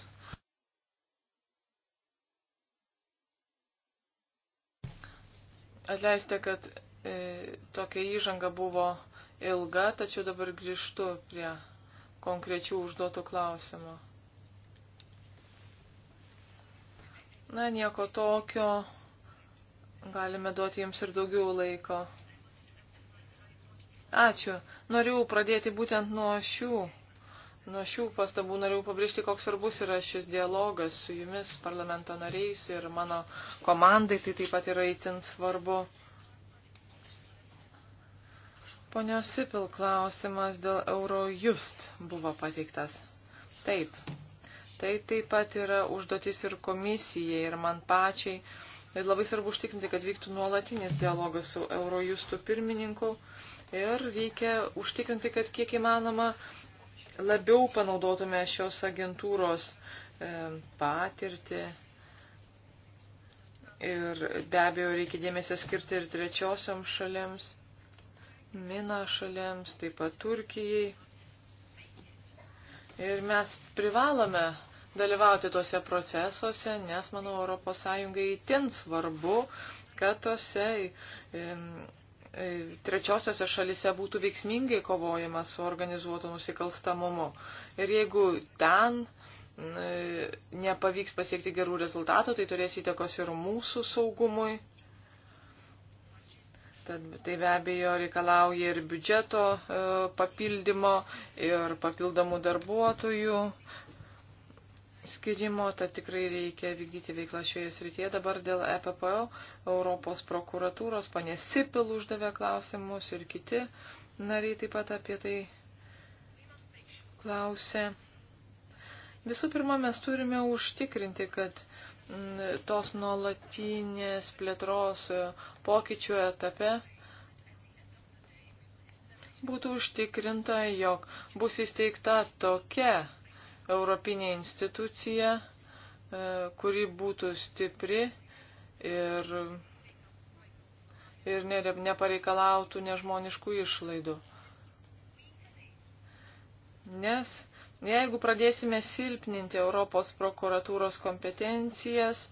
Atleisti, kad e, tokia įžanga buvo ilga, tačiau dabar grįžtu prie konkrečių užduotų klausimų. Na, nieko tokio. Galime duoti jums ir daugiau laiko. Ačiū. Noriu pradėti būtent nuo šių. Nuo šių pastabų noriu pabrėžti, koks svarbus yra šis dialogas su jumis, parlamento nariais ir mano komandai, tai taip pat yra itin svarbu. Ponios Sipil klausimas dėl Eurojust buvo pateiktas. Taip. Tai taip pat yra užduotis ir komisijai, ir man pačiai. Ir labai svarbu užtikrinti, kad vyktų nuolatinis dialogas su Eurojustu pirmininku ir reikia užtikrinti, kad kiek įmanoma labiau panaudotume šios agentūros e, patirtį. Ir be abejo reikia dėmesio skirti ir trečiosiom šalėms, Mina šalėms, taip pat Turkijai. Ir mes privalome dalyvauti tose procesuose, nes, manau, ES įtin svarbu, kad tose E, trečiosiose šalise būtų veiksmingai kovojama su organizuotu nusikalstamumu. Ir jeigu ten e, nepavyks pasiekti gerų rezultatų, tai turės įtakos ir mūsų saugumui. Tad tai be abejo reikalauja ir biudžeto e, papildymo, ir papildomų darbuotojų, skirimo, tad tikrai reikia vykdyti veiklą šioje srityje. Dabar dėl EPPO, Europos prokuratūros, panė Sipil uždavė klausimus ir kiti nariai taip pat apie tai klausė. Visų pirma, mes turime užtikrinti, kad mm, tos nuolatinės plėtros e, pokyčių etape būtų užtikrinta, jog bus įsteigta tokia europinė institucija, e, kuri būtų stipri ir, ir nepareikalautų nežmoniškų išlaidų. Nes jeigu pradėsime silpninti Europos prokuratūros kompetencijas,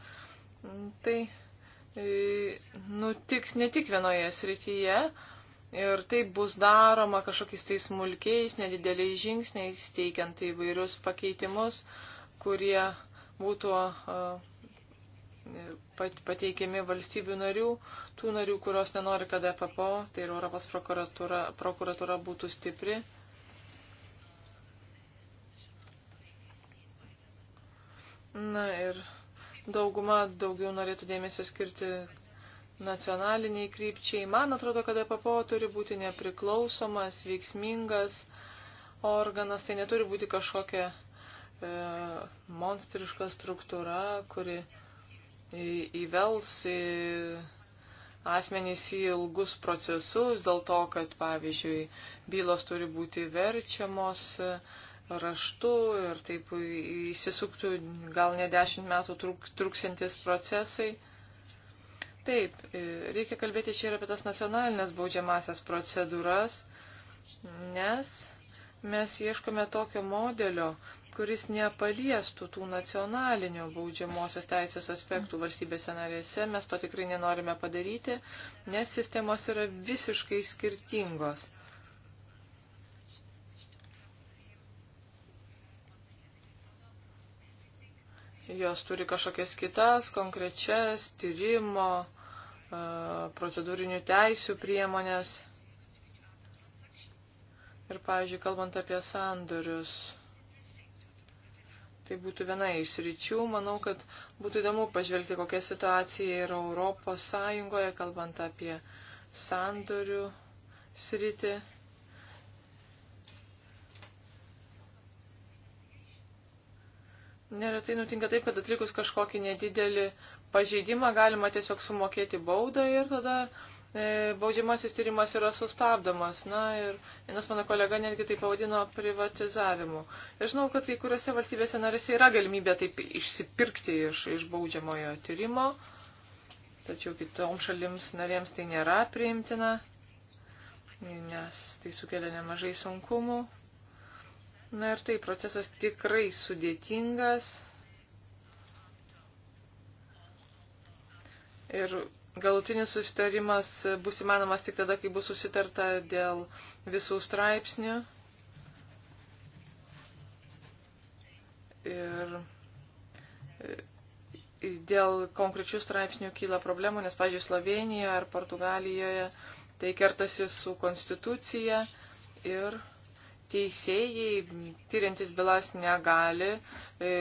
tai e, nutiks ne tik vienoje srityje, Ir tai bus daroma kažkokiais tai smulkiais, nedideliais žingsniais, teikiant įvairius pakeitimus, kurie būtų e, pateikiami valstybių narių, tų narių, kurios nenori, kad FPO, tai ir Europos prokuratura, prokuratura būtų stipri. Na ir dauguma daugiau norėtų dėmesio skirti nacionaliniai krypčiai. Man atrodo, kad EPPO turi būti nepriklausomas, veiksmingas organas, tai neturi būti kažkokia e, monstriška struktūra, kuri įvels į asmenys į ilgus procesus dėl to, kad, pavyzdžiui, bylos turi būti verčiamos raštu ir taip įsisuktų gal ne dešimt metų truk, truksintis procesai. Taip, e, reikia kalbėti čia ir apie tas nacionalinės baudžiamasias procedūras, nes mes ieškome tokio modelio, kuris nepaliestų tų nacionalinių baudžiamosios teisės aspektų valstybėse narėse. Mes to tikrai nenorime padaryti, nes sistemos yra visiškai skirtingos. Jos turi kažkokias kitas, konkrečias, tyrimo, procedūrinių teisių priemonės. Ir, pavyzdžiui, kalbant apie sandorius, tai būtų viena iš sričių. Manau, kad būtų įdomu pažvelgti, kokia situacija yra Europos Sąjungoje, kalbant apie sandorių sritį. Neretai nutinka taip, kad atlikus kažkokį nedidelį pažeidimą, galima tiesiog sumokėti baudą ir tada e, baudžiamasis tyrimas yra sustabdomas. Na ir vienas mano kolega netgi tai pavadino privatizavimu. Ir žinau, kad kai kuriuose valstybėse narėse yra galimybė taip išsipirkti iš, iš baudžiamojo tyrimo, tačiau kitoms šalims narėms tai nėra priimtina, nes tai sukelia nemažai sunkumų. Na ir tai procesas tikrai sudėtingas. Ir galutinis susitarimas bus įmanomas tik tada, kai bus susitarta dėl visų straipsnių. Ir e, dėl konkrečių straipsnių kyla problemų, nes, pažiūrėjau, Slovenijoje ar Portugalijoje tai kertasi su konstitucija ir teisėjai, tyriantis bylas, negali e,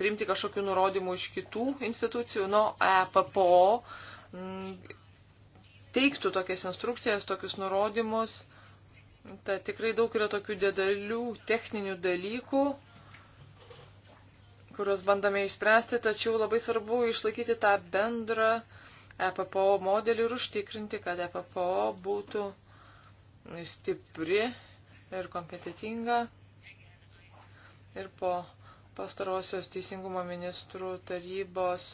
priimti kažkokių nurodymų iš kitų institucijų, nuo EPPO mm, teiktų tokias instrukcijas, tokius nurodymus. Ta tikrai daug yra tokių didelių techninių dalykų, kuriuos bandome išspręsti, tačiau labai svarbu išlaikyti tą bendrą EPPO modelį ir užtikrinti, kad EPPO būtų stipri ir kompetitinga. Ir po pastarosios teisingumo ministrų tarybos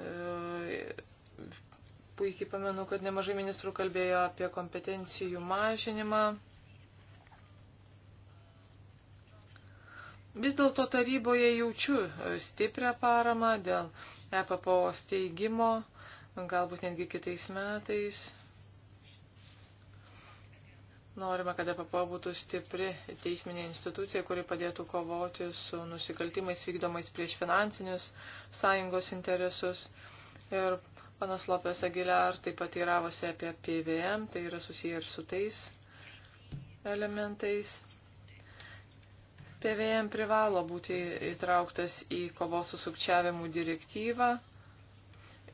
e, puikiai pamenu, kad nemažai ministrų kalbėjo apie kompetencijų mažinimą. Vis dėlto taryboje jaučiu e, stiprią paramą dėl EPPO steigimo, galbūt netgi kitais metais. Norime, kad EPPO būtų stipri teisminė institucija, kuri padėtų kovoti su nusikaltimais vykdomais prieš finansinius sąjungos interesus. Ir panas Lopės Aguilar taip pat įravosi apie PVM, tai yra susiję ir su tais elementais. PVM privalo būti įtrauktas į kovos su sukčiavimu direktyvą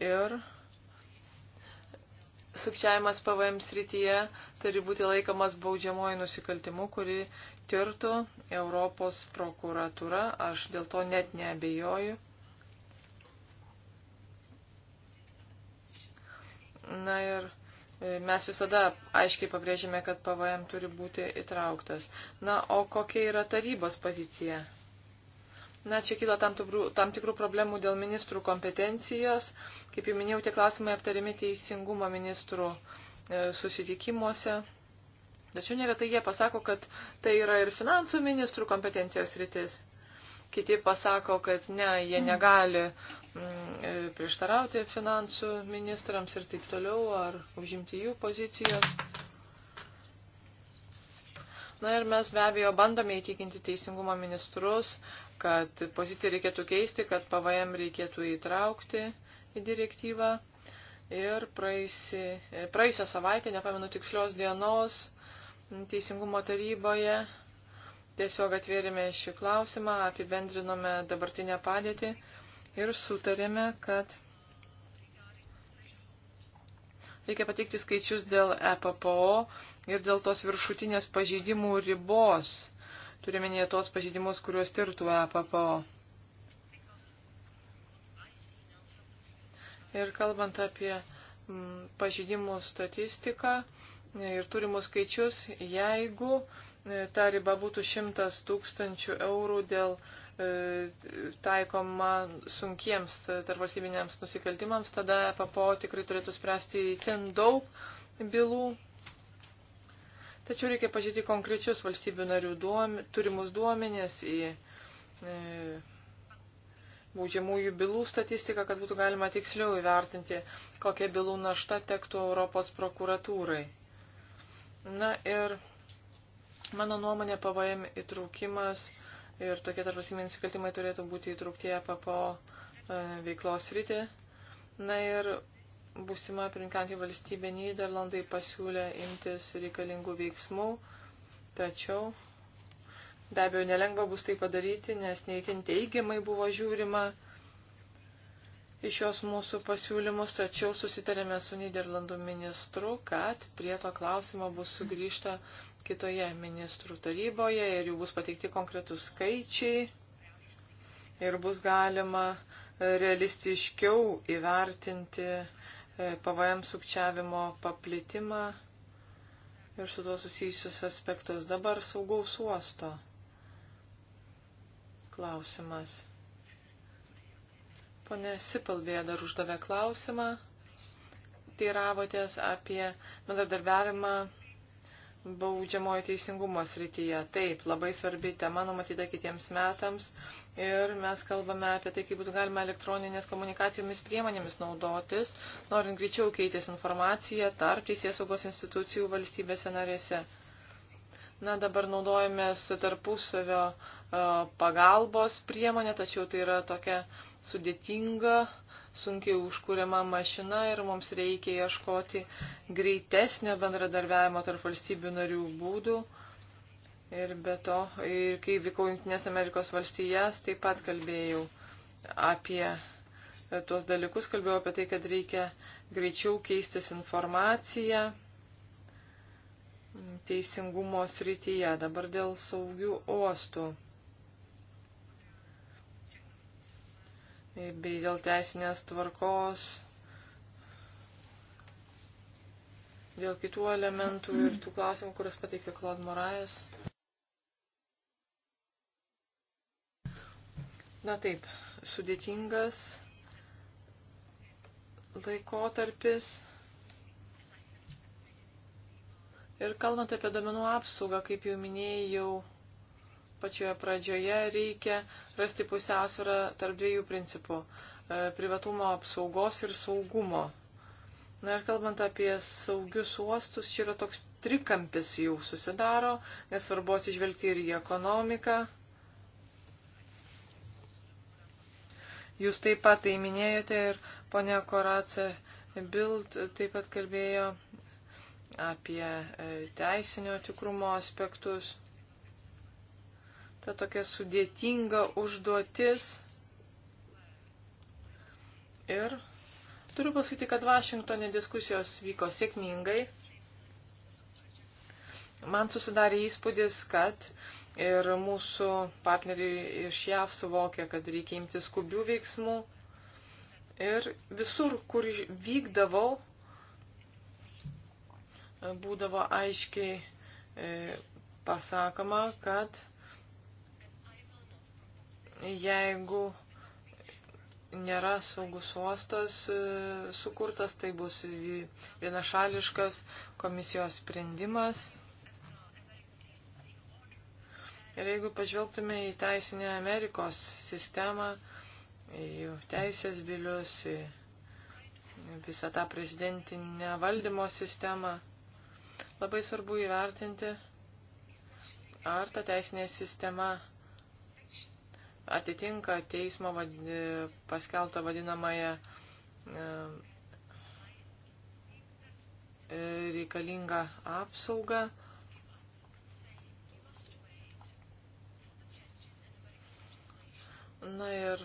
ir sukčiavimas PVM srityje turi būti laikomas baudžiamoji nusikaltimu, kuri tirtų Europos prokuratūra. Aš dėl to net neabejoju. Na ir e, mes visada aiškiai pabrėžėme, kad PVM turi būti įtrauktas. Na, o kokia yra tarybos pozicija? Na, čia kilo tam tikrų, tam tikrų problemų dėl ministrų kompetencijos. Kaip jau minėjau, tie klausimai aptarimi teisingumo ministrų e, susitikimuose. Tačiau neretai jie pasako, kad tai yra ir finansų ministrų kompetencijos rytis. Kiti pasako, kad ne, jie mhm. negali mm, e, prieštarauti finansų ministrams ir taip toliau, ar užimti jų pozicijos. Na ir mes be abejo bandome įtikinti teisingumo ministrus, kad poziciją reikėtų keisti, kad PVM reikėtų įtraukti į direktyvą. Ir praeisi, praeisę savaitę, nepamenu tikslios dienos, Teisingumo taryboje tiesiog atvėrėme šį klausimą, apibendrinome dabartinę padėtį ir sutarėme, kad reikia pateikti skaičius dėl EPPO ir dėl tos viršutinės pažeidimų ribos Turime ne tos pažydimus, kuriuos tirtų EPPO. Ir kalbant apie pažydimų statistiką ir turimus skaičius, jeigu e, ta riba būtų 100 tūkstančių eurų dėl e, taikoma sunkiems tarvalstybiniams nusikaltimams, tada PPO tikrai turėtų spręsti ten daug bylų. Tačiau reikia pažiūrėti konkrečius valstybių narių duomi, turimus duomenės į e, baudžiamųjų bylų statistiką, kad būtų galima tiksliau įvertinti, kokia bylų našta tektų Europos prokuratūrai. Na ir mano nuomonė PVM įtraukimas ir tokie tarpvalstybiniai nusikaltimai turėtų būti įtraukti į e PPO e, veiklos rytį. Na ir Būsima aprinkantį valstybę Niderlandai pasiūlė imtis reikalingų veiksmų, tačiau be abejo nelengva bus tai padaryti, nes neįtin teigiamai buvo žiūrima iš jos mūsų pasiūlymus, tačiau susitarėme su Niderlandų ministru, kad prie to klausimo bus sugrįžta kitoje ministrų taryboje ir jau bus pateikti konkretus skaičiai ir bus galima realistiškiau įvertinti E, PVM sukčiavimo paplitimą ir su tuo susijusius aspektus. Dabar saugaus uosto klausimas. Pone Sipalbė dar uždavė klausimą. Teiravotės apie bendradarbiavimą baudžiamojo teisingumo srityje. Taip, labai svarbi tema numatyta kitiems metams ir mes kalbame apie tai, kaip būtų galima elektroninės komunikacijomis priemonėmis naudotis, norint greičiau keitės informaciją tarp teisės saugos institucijų valstybėse narėse. Na, dabar naudojamės tarpusavio e, pagalbos priemonė, tačiau tai yra tokia sudėtinga sunkiai užkūriama mašina ir mums reikia ieškoti greitesnio bendradarbiavimo tarp valstybių narių būdų. Ir be to, ir kai vykau Junktinės Amerikos valstijas, taip pat kalbėjau apie tuos dalykus, kalbėjau apie tai, kad reikia greičiau keistis informaciją teisingumo srityje, dabar dėl saugių uostų. bei dėl teisinės tvarkos, dėl kitų elementų ir tų klausimų, kurias pateikė Claude Morais. Na taip, sudėtingas laikotarpis. Ir kalbant apie domenų apsaugą, kaip jau minėjau, pačioje pradžioje reikia rasti pusiausvyrą tarp dviejų principų e, - privatumo apsaugos ir saugumo. Na ir kalbant apie saugius uostus, čia yra toks trikampis jau susidaro, nesvarbu atsižvelgti ir į ekonomiką. Jūs taip pat tai minėjote ir ponia Korace Bild taip pat kalbėjo apie e, teisinio tikrumo aspektus ta tokia sudėtinga užduotis. Ir turiu pasakyti, kad Vašingtonė diskusijos vyko sėkmingai. Man susidarė įspūdis, kad ir mūsų partneriai iš JAV suvokė, kad reikia imti skubių veiksmų. Ir visur, kur vykdavau, būdavo aiškiai e, pasakoma, kad Jeigu nėra saugus uostas e, sukurtas, tai bus vienašališkas komisijos sprendimas. Ir jeigu pažvelgtume į teisinę Amerikos sistemą, į teisės bilius, į visą tą prezidentinę valdymo sistemą, labai svarbu įvertinti, ar ta teisinė sistema atitinka teismo e, paskeltą vadinamąją e, e, reikalingą apsaugą. Na ir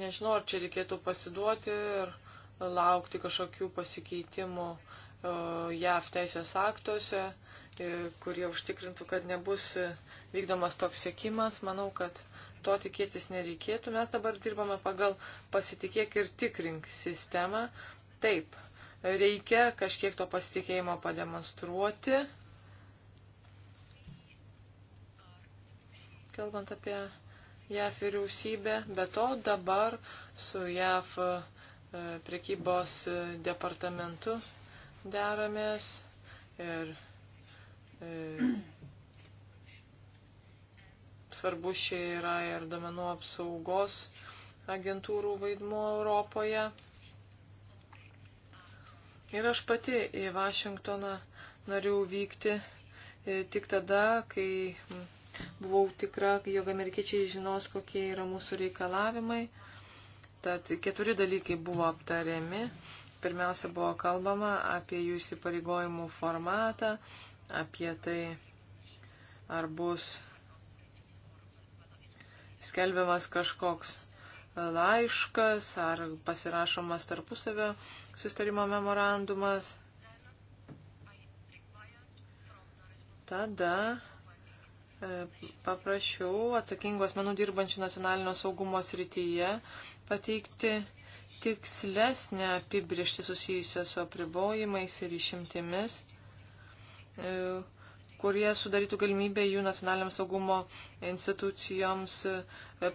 nežinau, ar čia reikėtų pasiduoti ir laukti kažkokių pasikeitimų JAV teisės aktuose. E, kurie užtikrintų, kad nebus e, vykdomas toks sėkimas. Manau, kad to tikėtis nereikėtų. Mes dabar dirbame pagal pasitikėk ir tikrink sistemą. Taip, reikia kažkiek to pasitikėjimo pademonstruoti. Kalbant apie JAF vyriausybę, be to dabar su JAF e, prekybos departamentu deramės ir E, svarbu šia yra ir domenų apsaugos agentūrų vaidmuo Europoje. Ir aš pati į Vašingtoną norėjau vykti e, tik tada, kai buvau tikra, jog amerikiečiai žinos, kokie yra mūsų reikalavimai. Tad keturi dalykai buvo aptariami. Pirmiausia, buvo kalbama apie jų įsipareigojimų formatą, apie tai, ar bus skelbiamas kažkoks laiškas, ar pasirašomas tarpusavio sustarimo memorandumas. Tada e, paprašiau atsakingos menų dirbančių nacionalinio saugumo srityje pateikti tikslesnę apibriežtį susijusią su apribojimais ir išimtimis. E, kurie sudarytų galimybę jų nacionaliniams saugumo institucijoms e,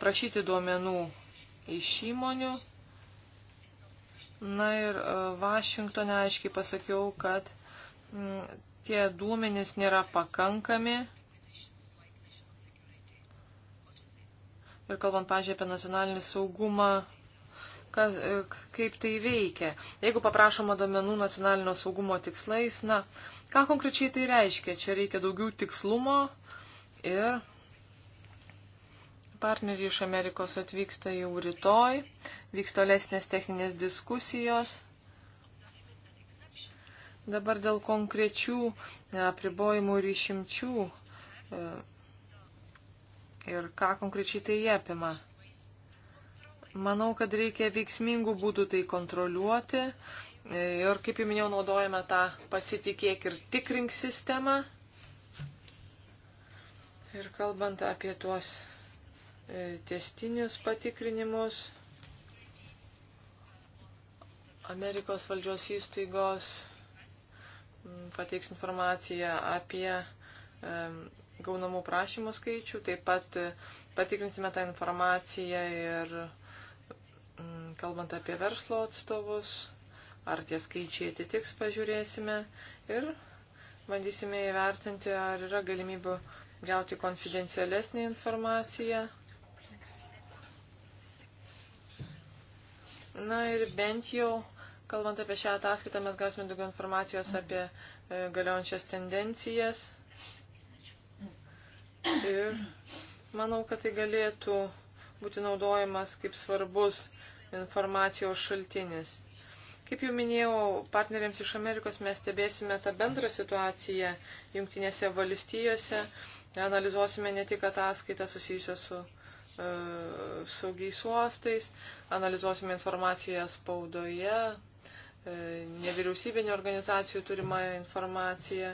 prašyti duomenų iš įmonių. Na ir e, Vašingtone aiškiai pasakiau, kad tie duomenys nėra pakankami. Ir kalbant, pažiūrėjau, apie nacionalinį saugumą, kas, kaip tai veikia. Jeigu paprašoma domenų nacionalinio saugumo tikslais, na, Ką konkrečiai tai reiškia? Čia reikia daugiau tikslumo ir partneriai iš Amerikos atvyksta jau rytoj, vyks tolesnės techninės diskusijos. Dabar dėl konkrečių e, apribojimų ir išimčių e, ir ką konkrečiai tai apima. Manau, kad reikia veiksmingų būdų tai kontroliuoti Ir kaip jau minėjau, naudojame tą pasitikėk ir tikrink sistemą. Ir kalbant apie tuos e, testinius patikrinimus, Amerikos valdžios įstaigos mm, pateiks informaciją apie gaunamų prašymų skaičių, taip pat e, patikrinsime tą informaciją ir mm, kalbant apie verslo atstovus ar tie skaičiai atitiks, pažiūrėsime ir bandysime įvertinti, ar yra galimybių gauti konfidencialesnį informaciją. Na ir bent jau, kalbant apie šią ataskaitą, mes gausime daugiau informacijos apie e, galiojančias tendencijas. Ir manau, kad tai galėtų būti naudojamas kaip svarbus informacijos šaltinis. Kaip jau minėjau, partneriams iš Amerikos mes stebėsime tą bendrą situaciją jungtinėse valstijose, analizuosime ne tik ataskaitą susijusią su e, saugiais uostais, analizuosime informaciją spaudoje, e, nevyriausybinio organizacijų turimą informaciją,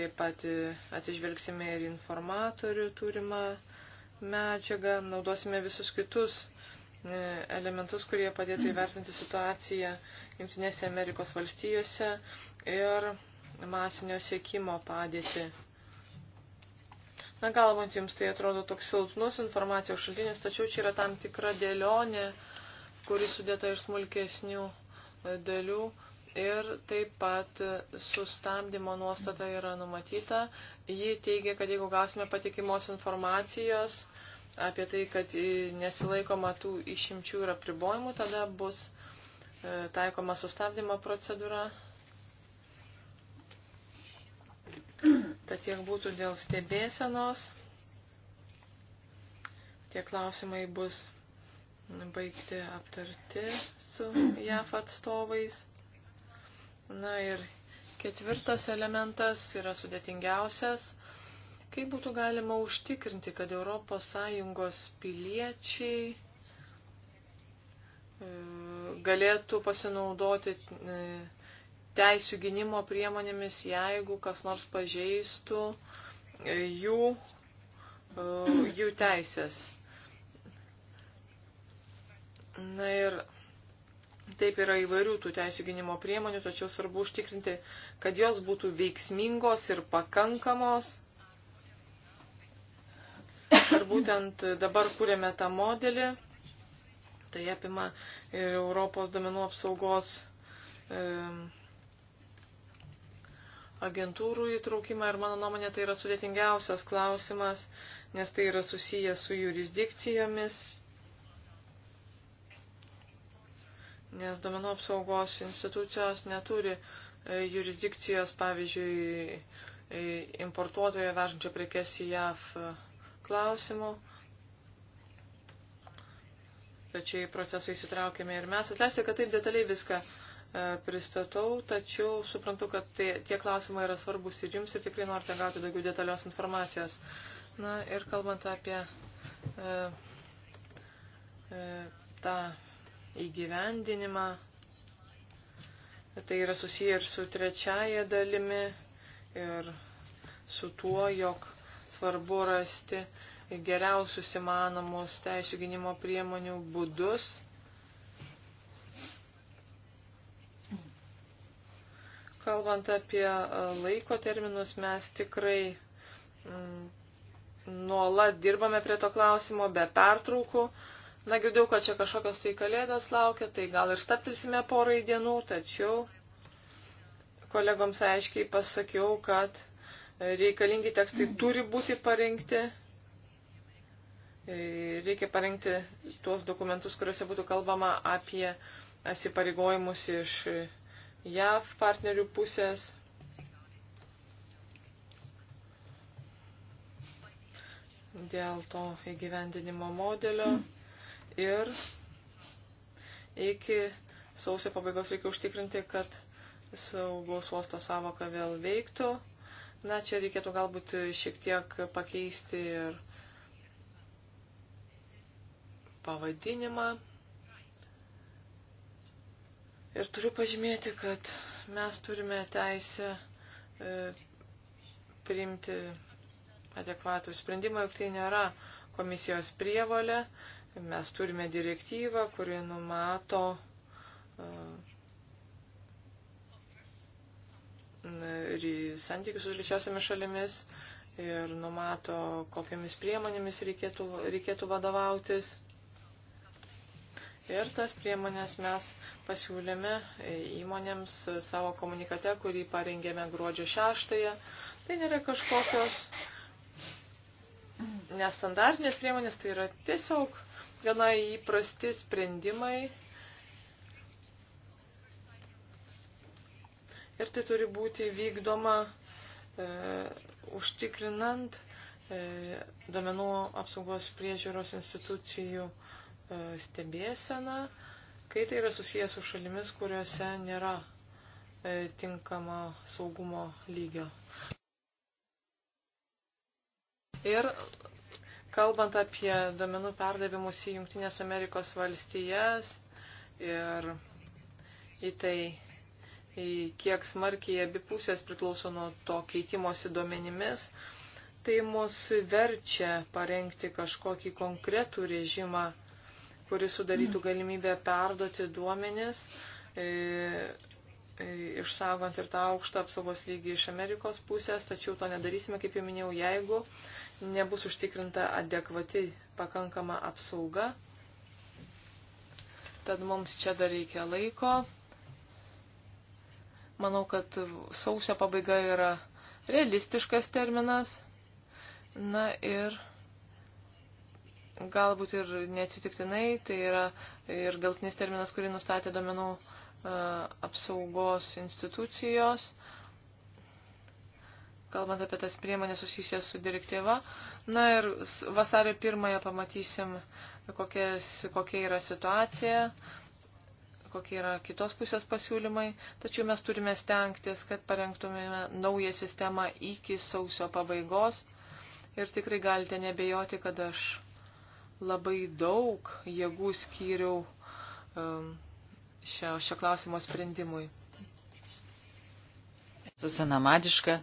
taip pat e, atsižvelgsime ir informatorių turimą medžiagą, naudosime visus kitus e, elementus, kurie padėtų įvertinti situaciją Junktinėse Amerikos valstijose ir masinio siekimo padėtį. Na, galbūt jums tai atrodo toks silpnus informacijos šaltinis, tačiau čia yra tam tikra dėlionė, kuri sudėta iš smulkesnių e, dalių. Ir taip pat e, sustabdymo nuostata yra numatyta. Ji teigia, kad jeigu gausime patikimos informacijos apie tai, kad e, nesilaikoma tų išimčių ir apribojimų, tada bus uh, E, taikoma sustabdymo procedūra. Tad tiek būtų dėl stebėsenos. Tie klausimai bus baigti aptarti su JAF atstovais. Na ir ketvirtas elementas yra sudėtingiausias. Kaip būtų galima užtikrinti, kad ES piliečiai e, galėtų pasinaudoti e, teisų gynimo priemonėmis, jeigu kas nors pažeistų e, jų, e, jų teisės. Na ir taip yra įvairių tų teisų gynimo priemonių, tačiau svarbu užtikrinti, kad jos būtų veiksmingos ir pakankamos. Ir būtent dabar kūrėme tą modelį, Tai apima ir Europos domenų apsaugos agentūrų įtraukimą ir mano nuomonė tai yra sudėtingiausias klausimas, nes tai yra susijęs su jurisdikcijomis, nes domenų apsaugos institucijos neturi e, jurisdikcijos, pavyzdžiui, e, importuotojo vežančio prekes į JAV e, klausimų. Tačiau į procesą įsitraukėme ir mes. Atleisti, kad taip detaliai viską e, pristatau, tačiau suprantu, kad tai, tie klausimai yra svarbus ir jums ir tikrai norite gauti daugiau detalios informacijos. Na ir kalbant apie e, e, tą įgyvendinimą, tai yra susiję ir su trečiaja dalimi ir su tuo, jog svarbu rasti geriausius įmanomus teisų gynimo priemonių būdus. Kalbant apie e, laiko terminus, mes tikrai mm, nuolat dirbame prie to klausimo, be pertraukų. Na, girdėjau, kad čia kažkokios tai kalėdos laukia, tai gal ir staptilsime porai dienų, tačiau kolegoms aiškiai pasakiau, kad reikalingi tekstai turi būti parengti E, reikia parengti tuos dokumentus, kuriuose būtų kalbama apie asipareigojimus iš JAV partnerių pusės. Dėl to įgyvendinimo modelio ir iki sausio pabaigos reikia užtikrinti, kad saugaus uosto savoka vėl veiktų. Na, čia reikėtų galbūt šiek tiek pakeisti ir pavadinimą. Ir turiu pažymėti, kad mes turime teisę e, priimti adekvatų sprendimą, juk tai nėra komisijos prievalė. Mes turime direktyvą, kuri numato e, ir santykius su lyčiosiamis šalimis ir numato, kokiamis priemonėmis reikėtų, reikėtų vadovautis. Ir tas priemonės mes pasiūlėme įmonėms savo komunikate, kurį parengėme gruodžio 6. Tai nėra kažkokios nestandartinės priemonės, tai yra tiesiog gana įprasti sprendimai. Ir tai turi būti vykdoma e, užtikrinant e, domenų apsaugos priežiūros institucijų e, E, stebėseną, kai tai yra susijęs su šalimis, kuriuose nėra e, tinkamo saugumo lygio. Ir kalbant apie domenų perdavimus į Junktinės Amerikos valstijas ir į tai, į kiek smarkiai abi pusės priklauso nuo to keitimosi duomenimis, tai mus verčia parengti kažkokį konkretų režimą kuris sudarytų mhm. galimybę perduoti duomenis, e, e, išsaugant ir tą aukštą apsaugos lygį iš Amerikos pusės, tačiau to nedarysime, kaip jau minėjau, jeigu nebus užtikrinta adekvati pakankama apsauga. Tad mums čia dar reikia laiko. Manau, kad sausio pabaiga yra realistiškas terminas. Na ir galbūt ir neatsitiktinai, tai yra ir galtinis terminas, kurį nustatė domenų e, apsaugos institucijos, kalbant apie tas priemonės susijusias su direktyva. Na ir vasario pirmąją pamatysim, kokias, kokia yra situacija, kokie yra kitos pusės pasiūlymai, tačiau mes turime stengtis, kad parengtumėme naują sistemą iki sausio pabaigos. Ir tikrai galite nebejoti, kad aš labai daug jėgų skyriau um, šio, šio klausimo sprendimui. Esu senamadiška.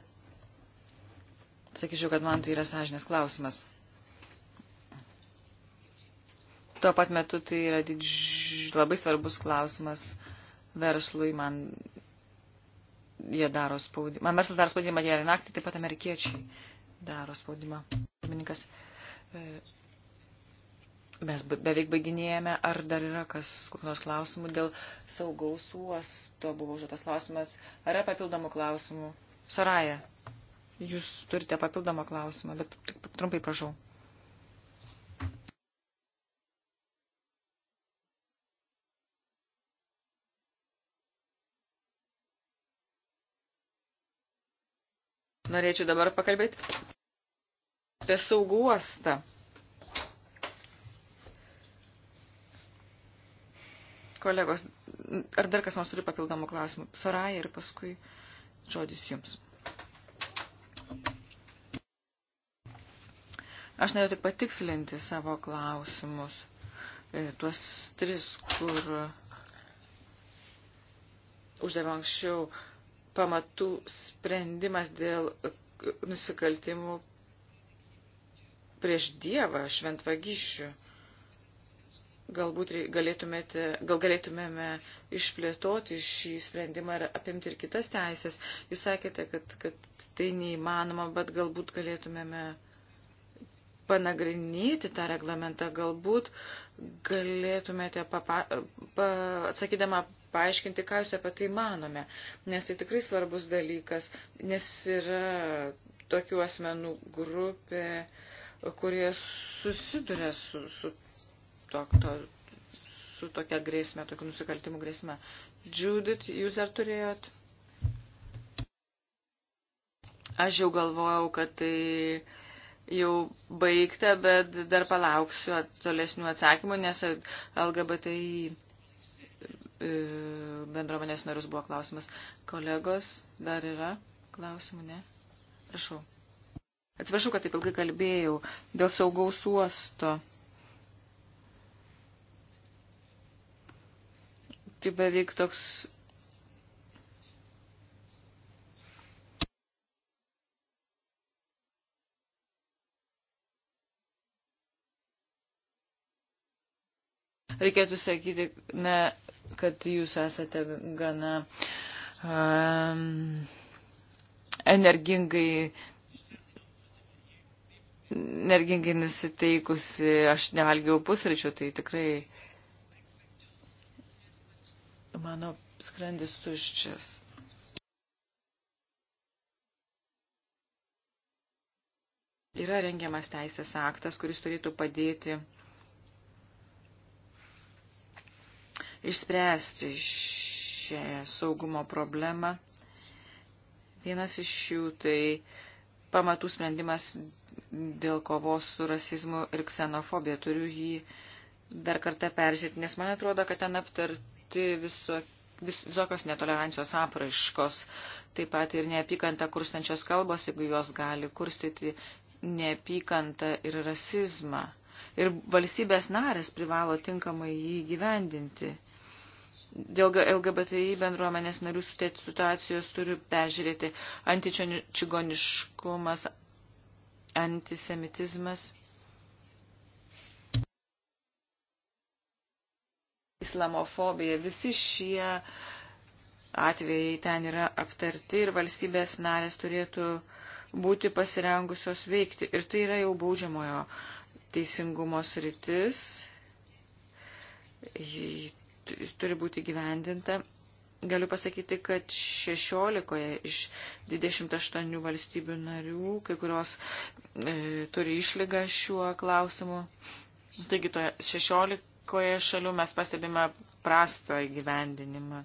Sakyčiau, kad man tai yra sąžinės klausimas. Tuo pat metu tai yra didž... labai svarbus klausimas verslui. Man jie daro spaudimą. Man verslas daro spaudimą dieną ir naktį, taip pat amerikiečiai daro spaudimą. Pirmininkas. E Mes beveik baiginėjame, ar dar yra kas, kokių nors klausimų dėl saugaus uosto, buvo užduotas klausimas, ar yra papildomų klausimų? Saraja, jūs turite papildomą klausimą, bet tik trumpai prašau. Norėčiau dabar pakalbėti apie saugų uostą. Kolegos, ar dar kas nors turi papildomų klausimų? Soraja ir paskui žodis jums. Aš norėjau tik patikslinti savo klausimus. E, tuos tris, kur uždaviau anksčiau pamatų sprendimas dėl nusikaltimų prieš Dievą šventvagiščių. Galbūt galėtumėte, gal galėtumėme išplėtoti šį sprendimą ir apimti ir kitas teisės. Jūs sakėte, kad, kad tai neįmanoma, bet galbūt galėtumėme panagrinėti tą reglamentą, galbūt galėtumėte papa, pa, atsakydama paaiškinti, ką jūs apie tai manome, nes tai tikrai svarbus dalykas, nes yra tokių asmenų grupė, kurie susiduria su, su to, to, su tokia grėsme, tokiu nusikaltimu grėsme. Judith, jūs dar turėjot? Aš jau galvojau, kad tai jau baigta, bet dar palauksiu tolesnių atsakymų, nes LGBTI e, bendruomenės narius buvo klausimas. Kolegos, dar yra klausimų, ne? Prašau. Atsiprašau, kad taip ilgai kalbėjau dėl saugaus uosto. tai beveik toks reikėtų sakyti, ne, kad jūs esate gana um, energingai, energingai nusiteikusi, aš nevalgiau pusryčių, tai tikrai mano skrandis tuščias. Yra rengiamas teisės aktas, kuris turėtų padėti išspręsti šią saugumo problemą. Vienas iš jų tai pamatų sprendimas dėl kovos su rasizmu ir ksenofobija. Turiu jį dar kartą peržiūrėti, nes man atrodo, kad ten aptart apimti viso, visokios netolerancijos apraiškos, taip pat ir neapykantą kurstančios kalbos, jeigu jos gali kurstyti neapykantą ir rasizmą. Ir valstybės narės privalo tinkamai jį gyvendinti. Dėl LGBTI bendruomenės narių situacijos turi peržiūrėti antičigoniškumas, antisemitizmas islamofobija. Visi šie atvejai ten yra aptarti ir valstybės narės turėtų būti pasirengusios veikti. Ir tai yra jau baudžiamojo teisingumo sritis. Ji turi būti gyvendinta. Galiu pasakyti, kad 16 iš 28 valstybių narių, kai kurios e, turi išlygą šiuo klausimu. Taigi, toje 16 Politikoje šalių mes pastebime prastą įgyvendinimą.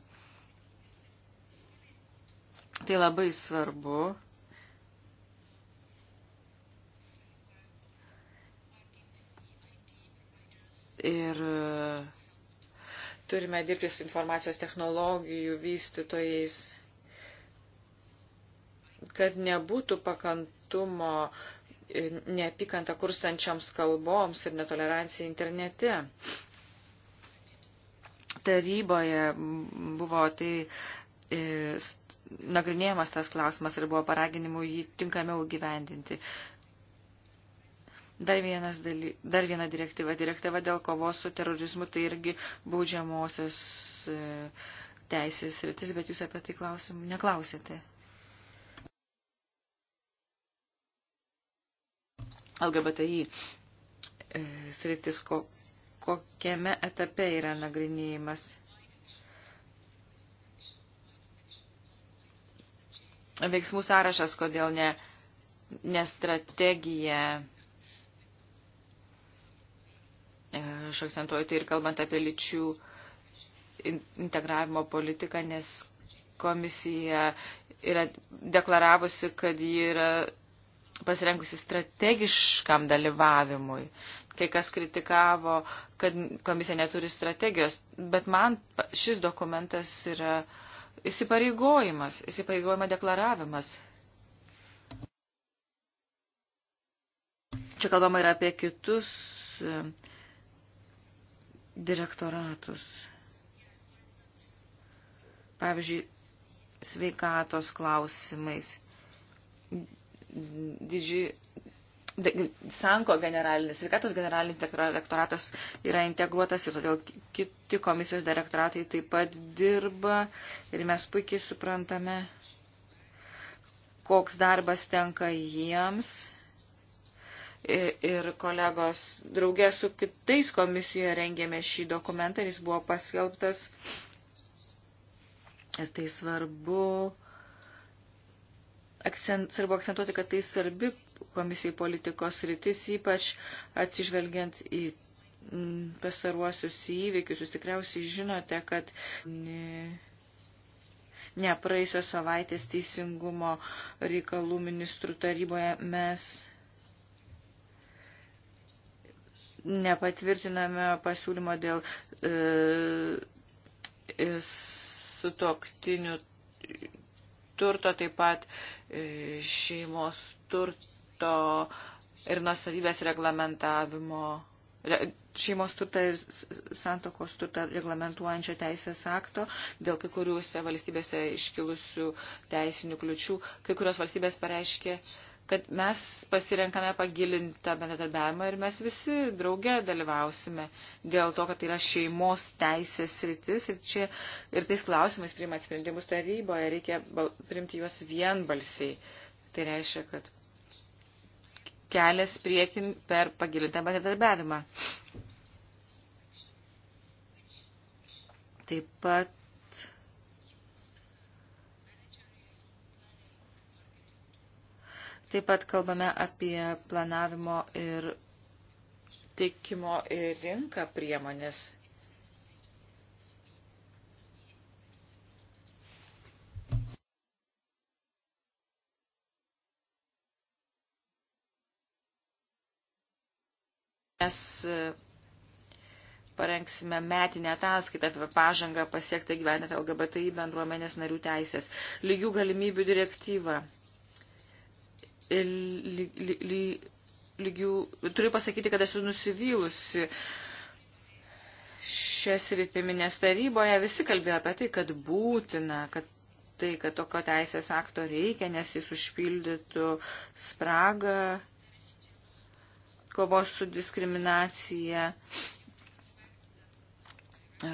Tai labai svarbu. Ir e, turime dirbti su informacijos technologijų vystytojais, kad nebūtų pakantumo e, neapykantą kurstančioms kalboms ir netolerancijai internete taryboje buvo tai e, nagrinėjamas tas klausimas ir buvo paraginimų jį tinkamiau gyvendinti. Dar, vienas daly, dar viena direktyva. Direktyva dėl kovos su terorizmu tai irgi baudžiamosios e, teisės rytis, bet jūs apie tai klausim, neklausėte. LGBTI e, sritis, ko, kokiame etape yra nagrinėjimas. Veiksmų sąrašas, kodėl ne, ne strategija. Aš akcentuoju tai ir kalbant apie lyčių integravimo politiką, nes komisija yra deklaravusi, kad ji yra pasirengusi strategiškam dalyvavimui kai kas kritikavo, kad komisija neturi strategijos, bet man šis dokumentas yra įsipareigojimas, įsipareigojimo deklaravimas. Čia kalbama ir apie kitus e, direktoratus. Pavyzdžiui, sveikatos klausimais. Didžiai Sanko generalinis, sveikatos generalinis direktoratas yra integruotas ir todėl kiti komisijos direktoratai taip pat dirba ir mes puikiai suprantame, koks darbas tenka jiems. Ir kolegos draugė su kitais komisijoje rengėme šį dokumentą ir jis buvo paskelbtas. Ir tai svarbu akcent, svarbu akcentuoti, kad tai svarbi komisijai politikos rytis, ypač atsižvelgiant į mm, pastaruosius įvykius. Jūs tikriausiai žinote, kad nepraėjusios savaitės teisingumo reikalų ministrų taryboje mes nepatvirtiname pasiūlymo dėl e, sutoktinių turto, taip pat e, šeimos turto turto ir nusavybės reglamentavimo, šeimos turtą ir santokos turtą reglamentuojančio teisės akto, dėl kai kuriuose valstybėse iškilusių teisinių kliučių, kai kurios valstybės pareiškė, kad mes pasirenkame pagilintą bendradarbiavimą ir mes visi drauge dalyvausime dėl to, kad tai yra šeimos teisės sritis ir, čia, ir tais klausimais priimant sprendimus taryboje reikia priimti juos vienbalsiai. Tai reiškia, kad kelias priekin per pagilintą bendradarbiavimą. Taip pat Taip pat kalbame apie planavimo ir tikimo rinką priemonės Mes e, parengsime metinę ataskaitą apie pažangą pasiektą gyvenant LGBTI bendruomenės narių teisės. Lygių galimybių direktyva. E, ly, ly, ly, lygių, turiu pasakyti, kad esu nusivylusi šias rytiminės taryboje. Visi kalbėjo apie tai, kad būtina, kad tai, kad tokio teisės akto reikia, nes jis užpildytų spragą kovos su diskriminacija e,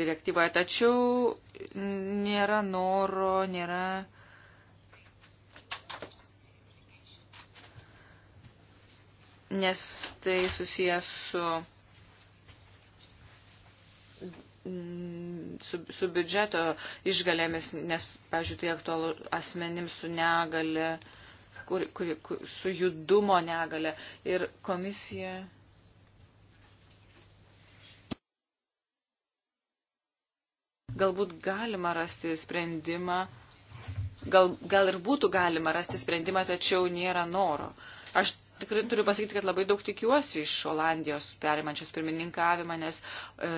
direktyvoje. Tačiau nėra noro, nėra. Nes tai susijęs su, su, su biudžeto išgalėmis, nes, pažiūrėjau, tai aktualu asmenims su negale. Uh, kur, kur, kur, su judumo negale. Ir komisija. Galbūt galima rasti sprendimą, gal, gal ir būtų galima rasti sprendimą, tačiau nėra noro. Aš tikrai turiu pasakyti, kad labai daug tikiuosi iš Olandijos perimančios pirmininkavimą, nes e,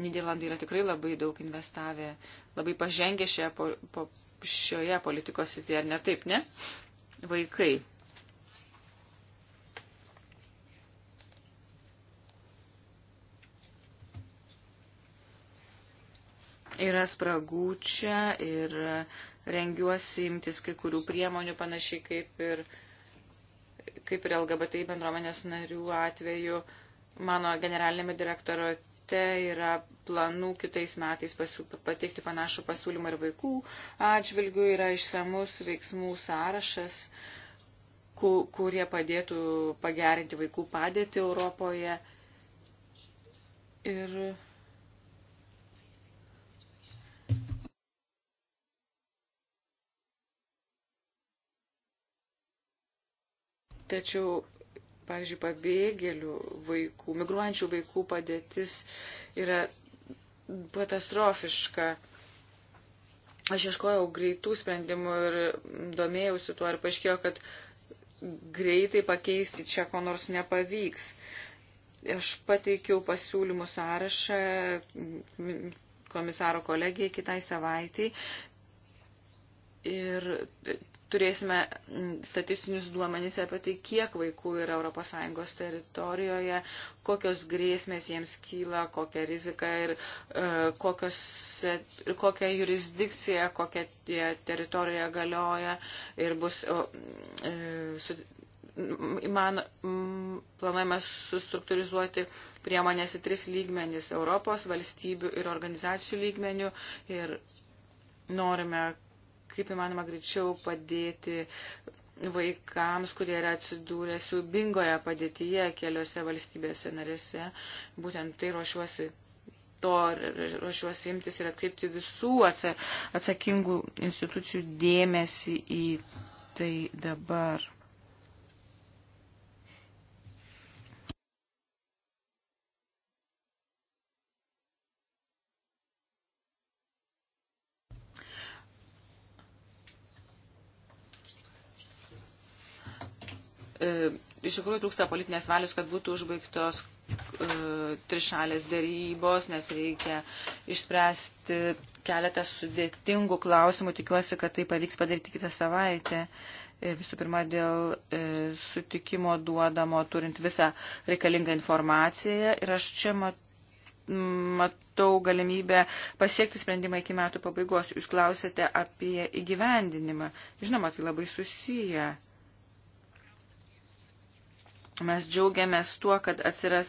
Niderlandai yra tikrai labai daug investavę, labai pažengę šioje, po, po, šioje politikos srityje, ar ne taip, ne? vaikai. Yra spragų čia ir rengiuosi imtis kai kurių priemonių, panašiai kaip ir, kaip ir LGBT bendruomenės narių atveju. Mano generalinėme direktorate parlamente yra planų kitais metais pasiū, pateikti panašų pasiūlymą ir vaikų atžvilgių, yra išsamus veiksmų sąrašas, ku, kurie padėtų pagerinti vaikų padėtį Europoje. Ir Tačiau Pavyzdžiui, pabėgėlių vaikų, migruojančių vaikų padėtis yra katastrofiška. Aš ieškojau greitų sprendimų ir domėjausi tuo ir paaiškėjo, kad greitai pakeisti čia ko nors nepavyks. Aš pateikiau pasiūlymų sąrašą komisaro kolegijai kitai savaitai ir turėsime mm, statistinius duomenys apie tai, kiek vaikų yra ES teritorijoje, kokios grėsmės jiems kyla, kokia rizika ir, e, kokios, ir kokia jurisdikcija, kokia tie teritorija galioja ir bus mm, e, su, mm, man planuojame sustruktūrizuoti priemonės į tris lygmenis - Europos, valstybių ir organizacijų lygmenių. Ir norime, kaip įmanoma greičiau padėti vaikams, kurie yra atsidūrę siubingoje padėtyje keliose valstybėse narėse. Būtent tai ruošiuosi, to ruošiuosi imtis ir atkreipti visų atsakingų institucijų dėmesį į tai dabar. E, iš tikrųjų trūksta politinės valios, kad būtų užbaigtos e, trišalės dėrybos, nes reikia išspręsti keletą sudėtingų klausimų. Tikiuosi, kad tai pavyks padaryti kitą savaitę. E, visų pirma, dėl sutikimo duodamo turint visą reikalingą informaciją. Ir aš čia matau galimybę pasiekti sprendimą iki metų pabaigos. Jūs klausėte apie įgyvendinimą. Žinoma, tai labai susiję Mes džiaugiamės tuo, kad atsiras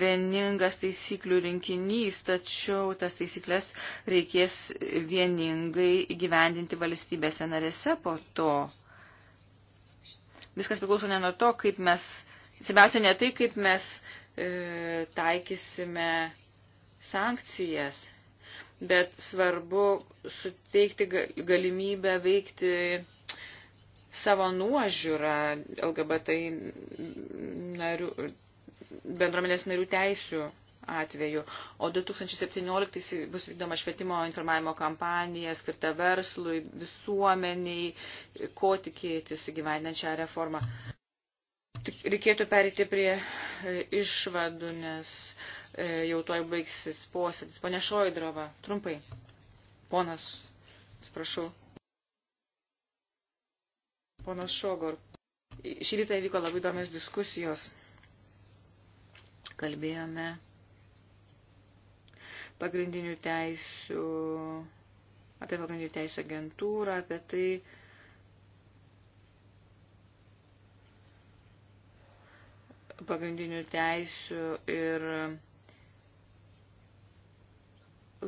vieningas taisyklių rinkinys, tačiau tas taisyklės reikės vieningai gyvendinti valstybėse narėse po to. Viskas priklauso ne nuo to, kaip mes, svarbiausia ne tai, kaip mes e, taikysime sankcijas, bet svarbu suteikti galimybę veikti savo nuožiūrą LGBT narių, bendruomenės narių teisių atveju. O 2017 bus vykdoma švietimo informavimo kampanija skirta verslui, visuomeniai, ko tikėtis įgyvendinant šią reformą. Tik reikėtų perėti prie e, išvadų, nes e, jau toj baigsis posėdis. Pone Šoidrova, trumpai. Ponas, sprašau. Ponas Šogor, šį rytą įvyko labai įdomios diskusijos. Kalbėjome pagrindinių teisių, apie pagrindinių teisų agentūrą, apie tai, pagrindinių teisių ir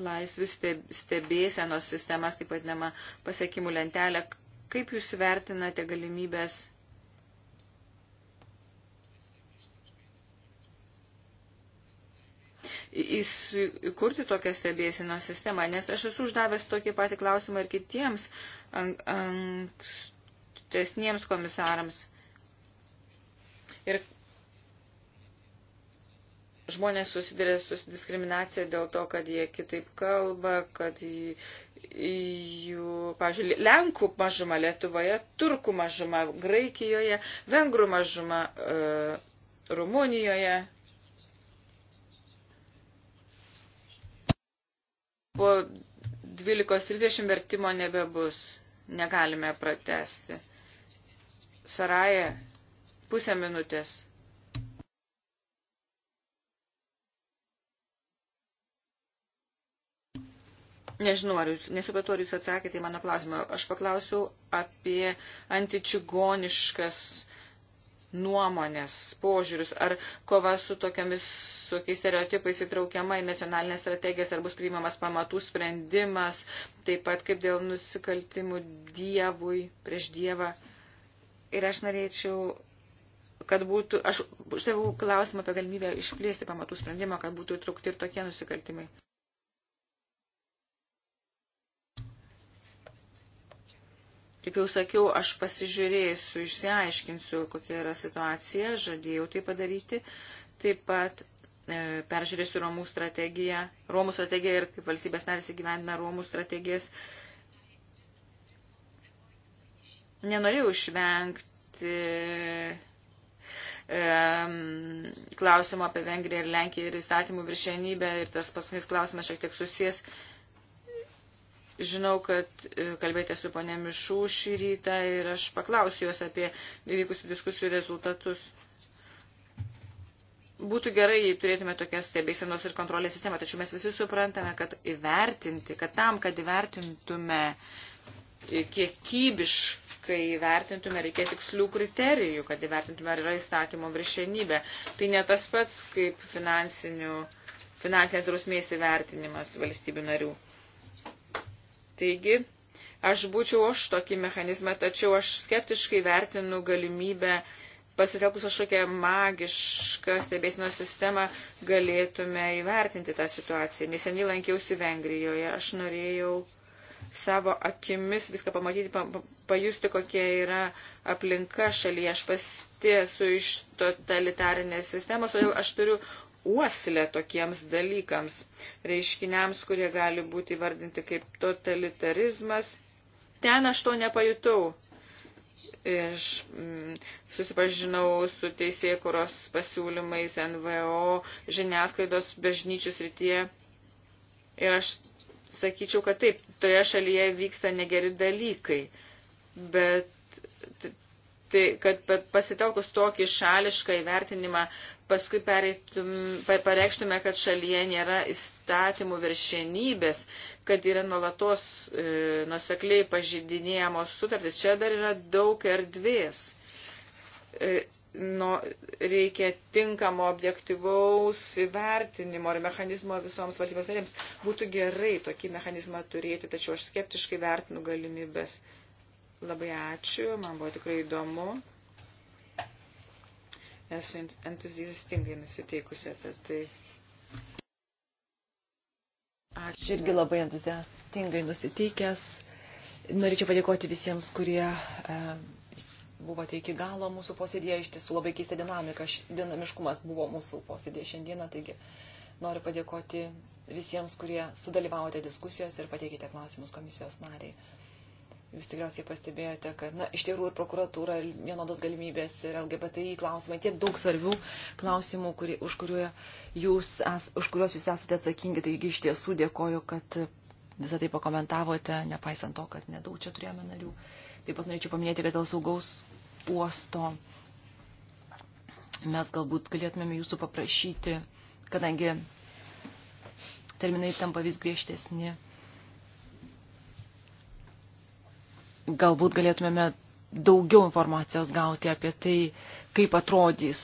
laisvių stebėsenos sistemas, taip pat nema pasiekimų lentelę, Kaip Jūs vertinate galimybės įkurti tokią stebėsino sistemą? Nes aš esu uždavęs tokį patį klausimą ir kitiems ankstesniems komisarams. Ir žmonės susiduria su diskriminacija dėl to, kad jie kitaip kalba, kad jų, pažiūrėjau, Lenkų mažuma Lietuvoje, Turkų mažuma Graikijoje, Vengrų mažuma e, Rumunijoje. Po 12.30 vertimo nebebus, negalime pratesti. Saraje, pusę minutės. Nežinau, ar jūs, nesupratau, ar jūs atsakėte į mano klausimą. Aš paklausiau apie antičigoniškas nuomonės, požiūrius, ar kova su tokiamis tokiais stereotipais įtraukiama į nacionalinės strategijas, ar bus priimamas pamatų sprendimas, taip pat kaip dėl nusikaltimų dievui, prieš dievą. Ir aš norėčiau, kad būtų, aš uždaviau klausimą apie galimybę išplėsti pamatų sprendimą, kad būtų įtraukti ir tokie nusikaltimai. Kaip jau sakiau, aš pasižiūrėsiu, išsiaiškinsiu, kokia yra situacija, žadėjau tai padaryti. Taip pat e, peržiūrėsiu Romų strategiją, Romų strategiją ir kaip valstybės narys įgyvendina Romų strategijas. Nenorėjau išvengti e, klausimų apie Vengriją ir Lenkiją ir įstatymų viršenybę ir tas paskutinis klausimas šiek tiek susijęs Žinau, kad e, kalbėjote su ponė Mišų šį rytą ir aš paklausiu jos apie įvykusių diskusijų rezultatus. Būtų gerai, jei turėtume tokią stebėsenos ir kontrolės sistemą, tačiau mes visi suprantame, kad įvertinti, kad tam, kad įvertintume e, kiekybiškai įvertintume, reikia tikslių kriterijų, kad įvertintume, ar yra įstatymo viršenybė. Tai ne tas pats kaip finansinės drausmės įvertinimas valstybių narių. Taigi, aš būčiau už tokį mechanizmą, tačiau aš skeptiškai vertinu galimybę pasitelkus kažkokią magišką stebėsino sistemą galėtume įvertinti tą situaciją. Neseniai lankiausi Vengrijoje, aš norėjau savo akimis viską pamatyti, pa, pa, pajusti, kokia yra aplinka šalyje. Aš pasti esu iš totalitarinės sistemos, todėl aš turiu uoslę tokiems dalykams, reiškiniams, kurie gali būti įvardinti kaip totalitarizmas. Ten aš to nepajutau. Aš mm, susipažinau su teisėkuros pasiūlymais NVO, žiniasklaidos bažnyčių srityje. Ir aš sakyčiau, kad taip, toje šalyje vyksta negeri dalykai. Bet tai, kad pasitelkus tokį šališką įvertinimą paskui pareikštume, kad šalyje nėra įstatymų viršienybės, kad yra nuolatos e, nusekliai pažydinėjamos sutartys. Čia dar yra daug erdvės. E, nu, reikia tinkamo objektivaus įvertinimo ir mechanizmo visoms valstybės narėms. Būtų gerai tokį mechanizmą turėti, tačiau aš skeptiškai vertinu galimybės. Labai ačiū, man buvo tikrai įdomu esu entuziastingai nusiteikusi apie tai. Aš irgi labai entuziastingai nusiteikęs. Norėčiau padėkoti visiems, kurie e, buvote tai iki galo mūsų posėdėje. Iš tiesų labai keista dinamika, dinamiškumas buvo mūsų posėdėje šiandieną. Taigi noriu padėkoti visiems, kurie sudalyvavote diskusijos ir pateikite klausimus komisijos nariai. Jūs tikriausiai pastebėjote, kad, na, iš tikrųjų ir prokuratūra, ir vienodos galimybės, ir LGBTI klausimai, tiek daug svarbių klausimų, kuri, už, jūs es, už kuriuos jūs esate atsakingi. Taigi iš tiesų dėkoju, kad visą tai pakomentavote, nepaisant to, kad nedaug čia turėjome narių. Taip pat norėčiau paminėti, kad dėl saugaus uosto mes galbūt galėtumėme jūsų paprašyti, kadangi terminai tampa vis griežtesni galbūt galėtumėme daugiau informacijos gauti apie tai, kaip atrodys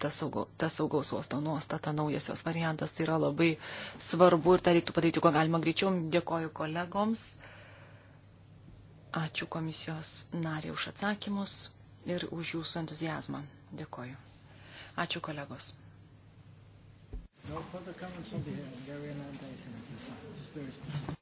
tas, saugo, tas saugaus uosto nuostata, naujas jos variantas. Tai yra labai svarbu ir tą reiktų padaryti, ko galima greičiau. Dėkoju kolegoms. Ačiū komisijos nariai už atsakymus ir už jūsų entuzijazmą. Dėkoju. Ačiū kolegos. No further comments on the Hungarian anti-Semitism. It's very specific.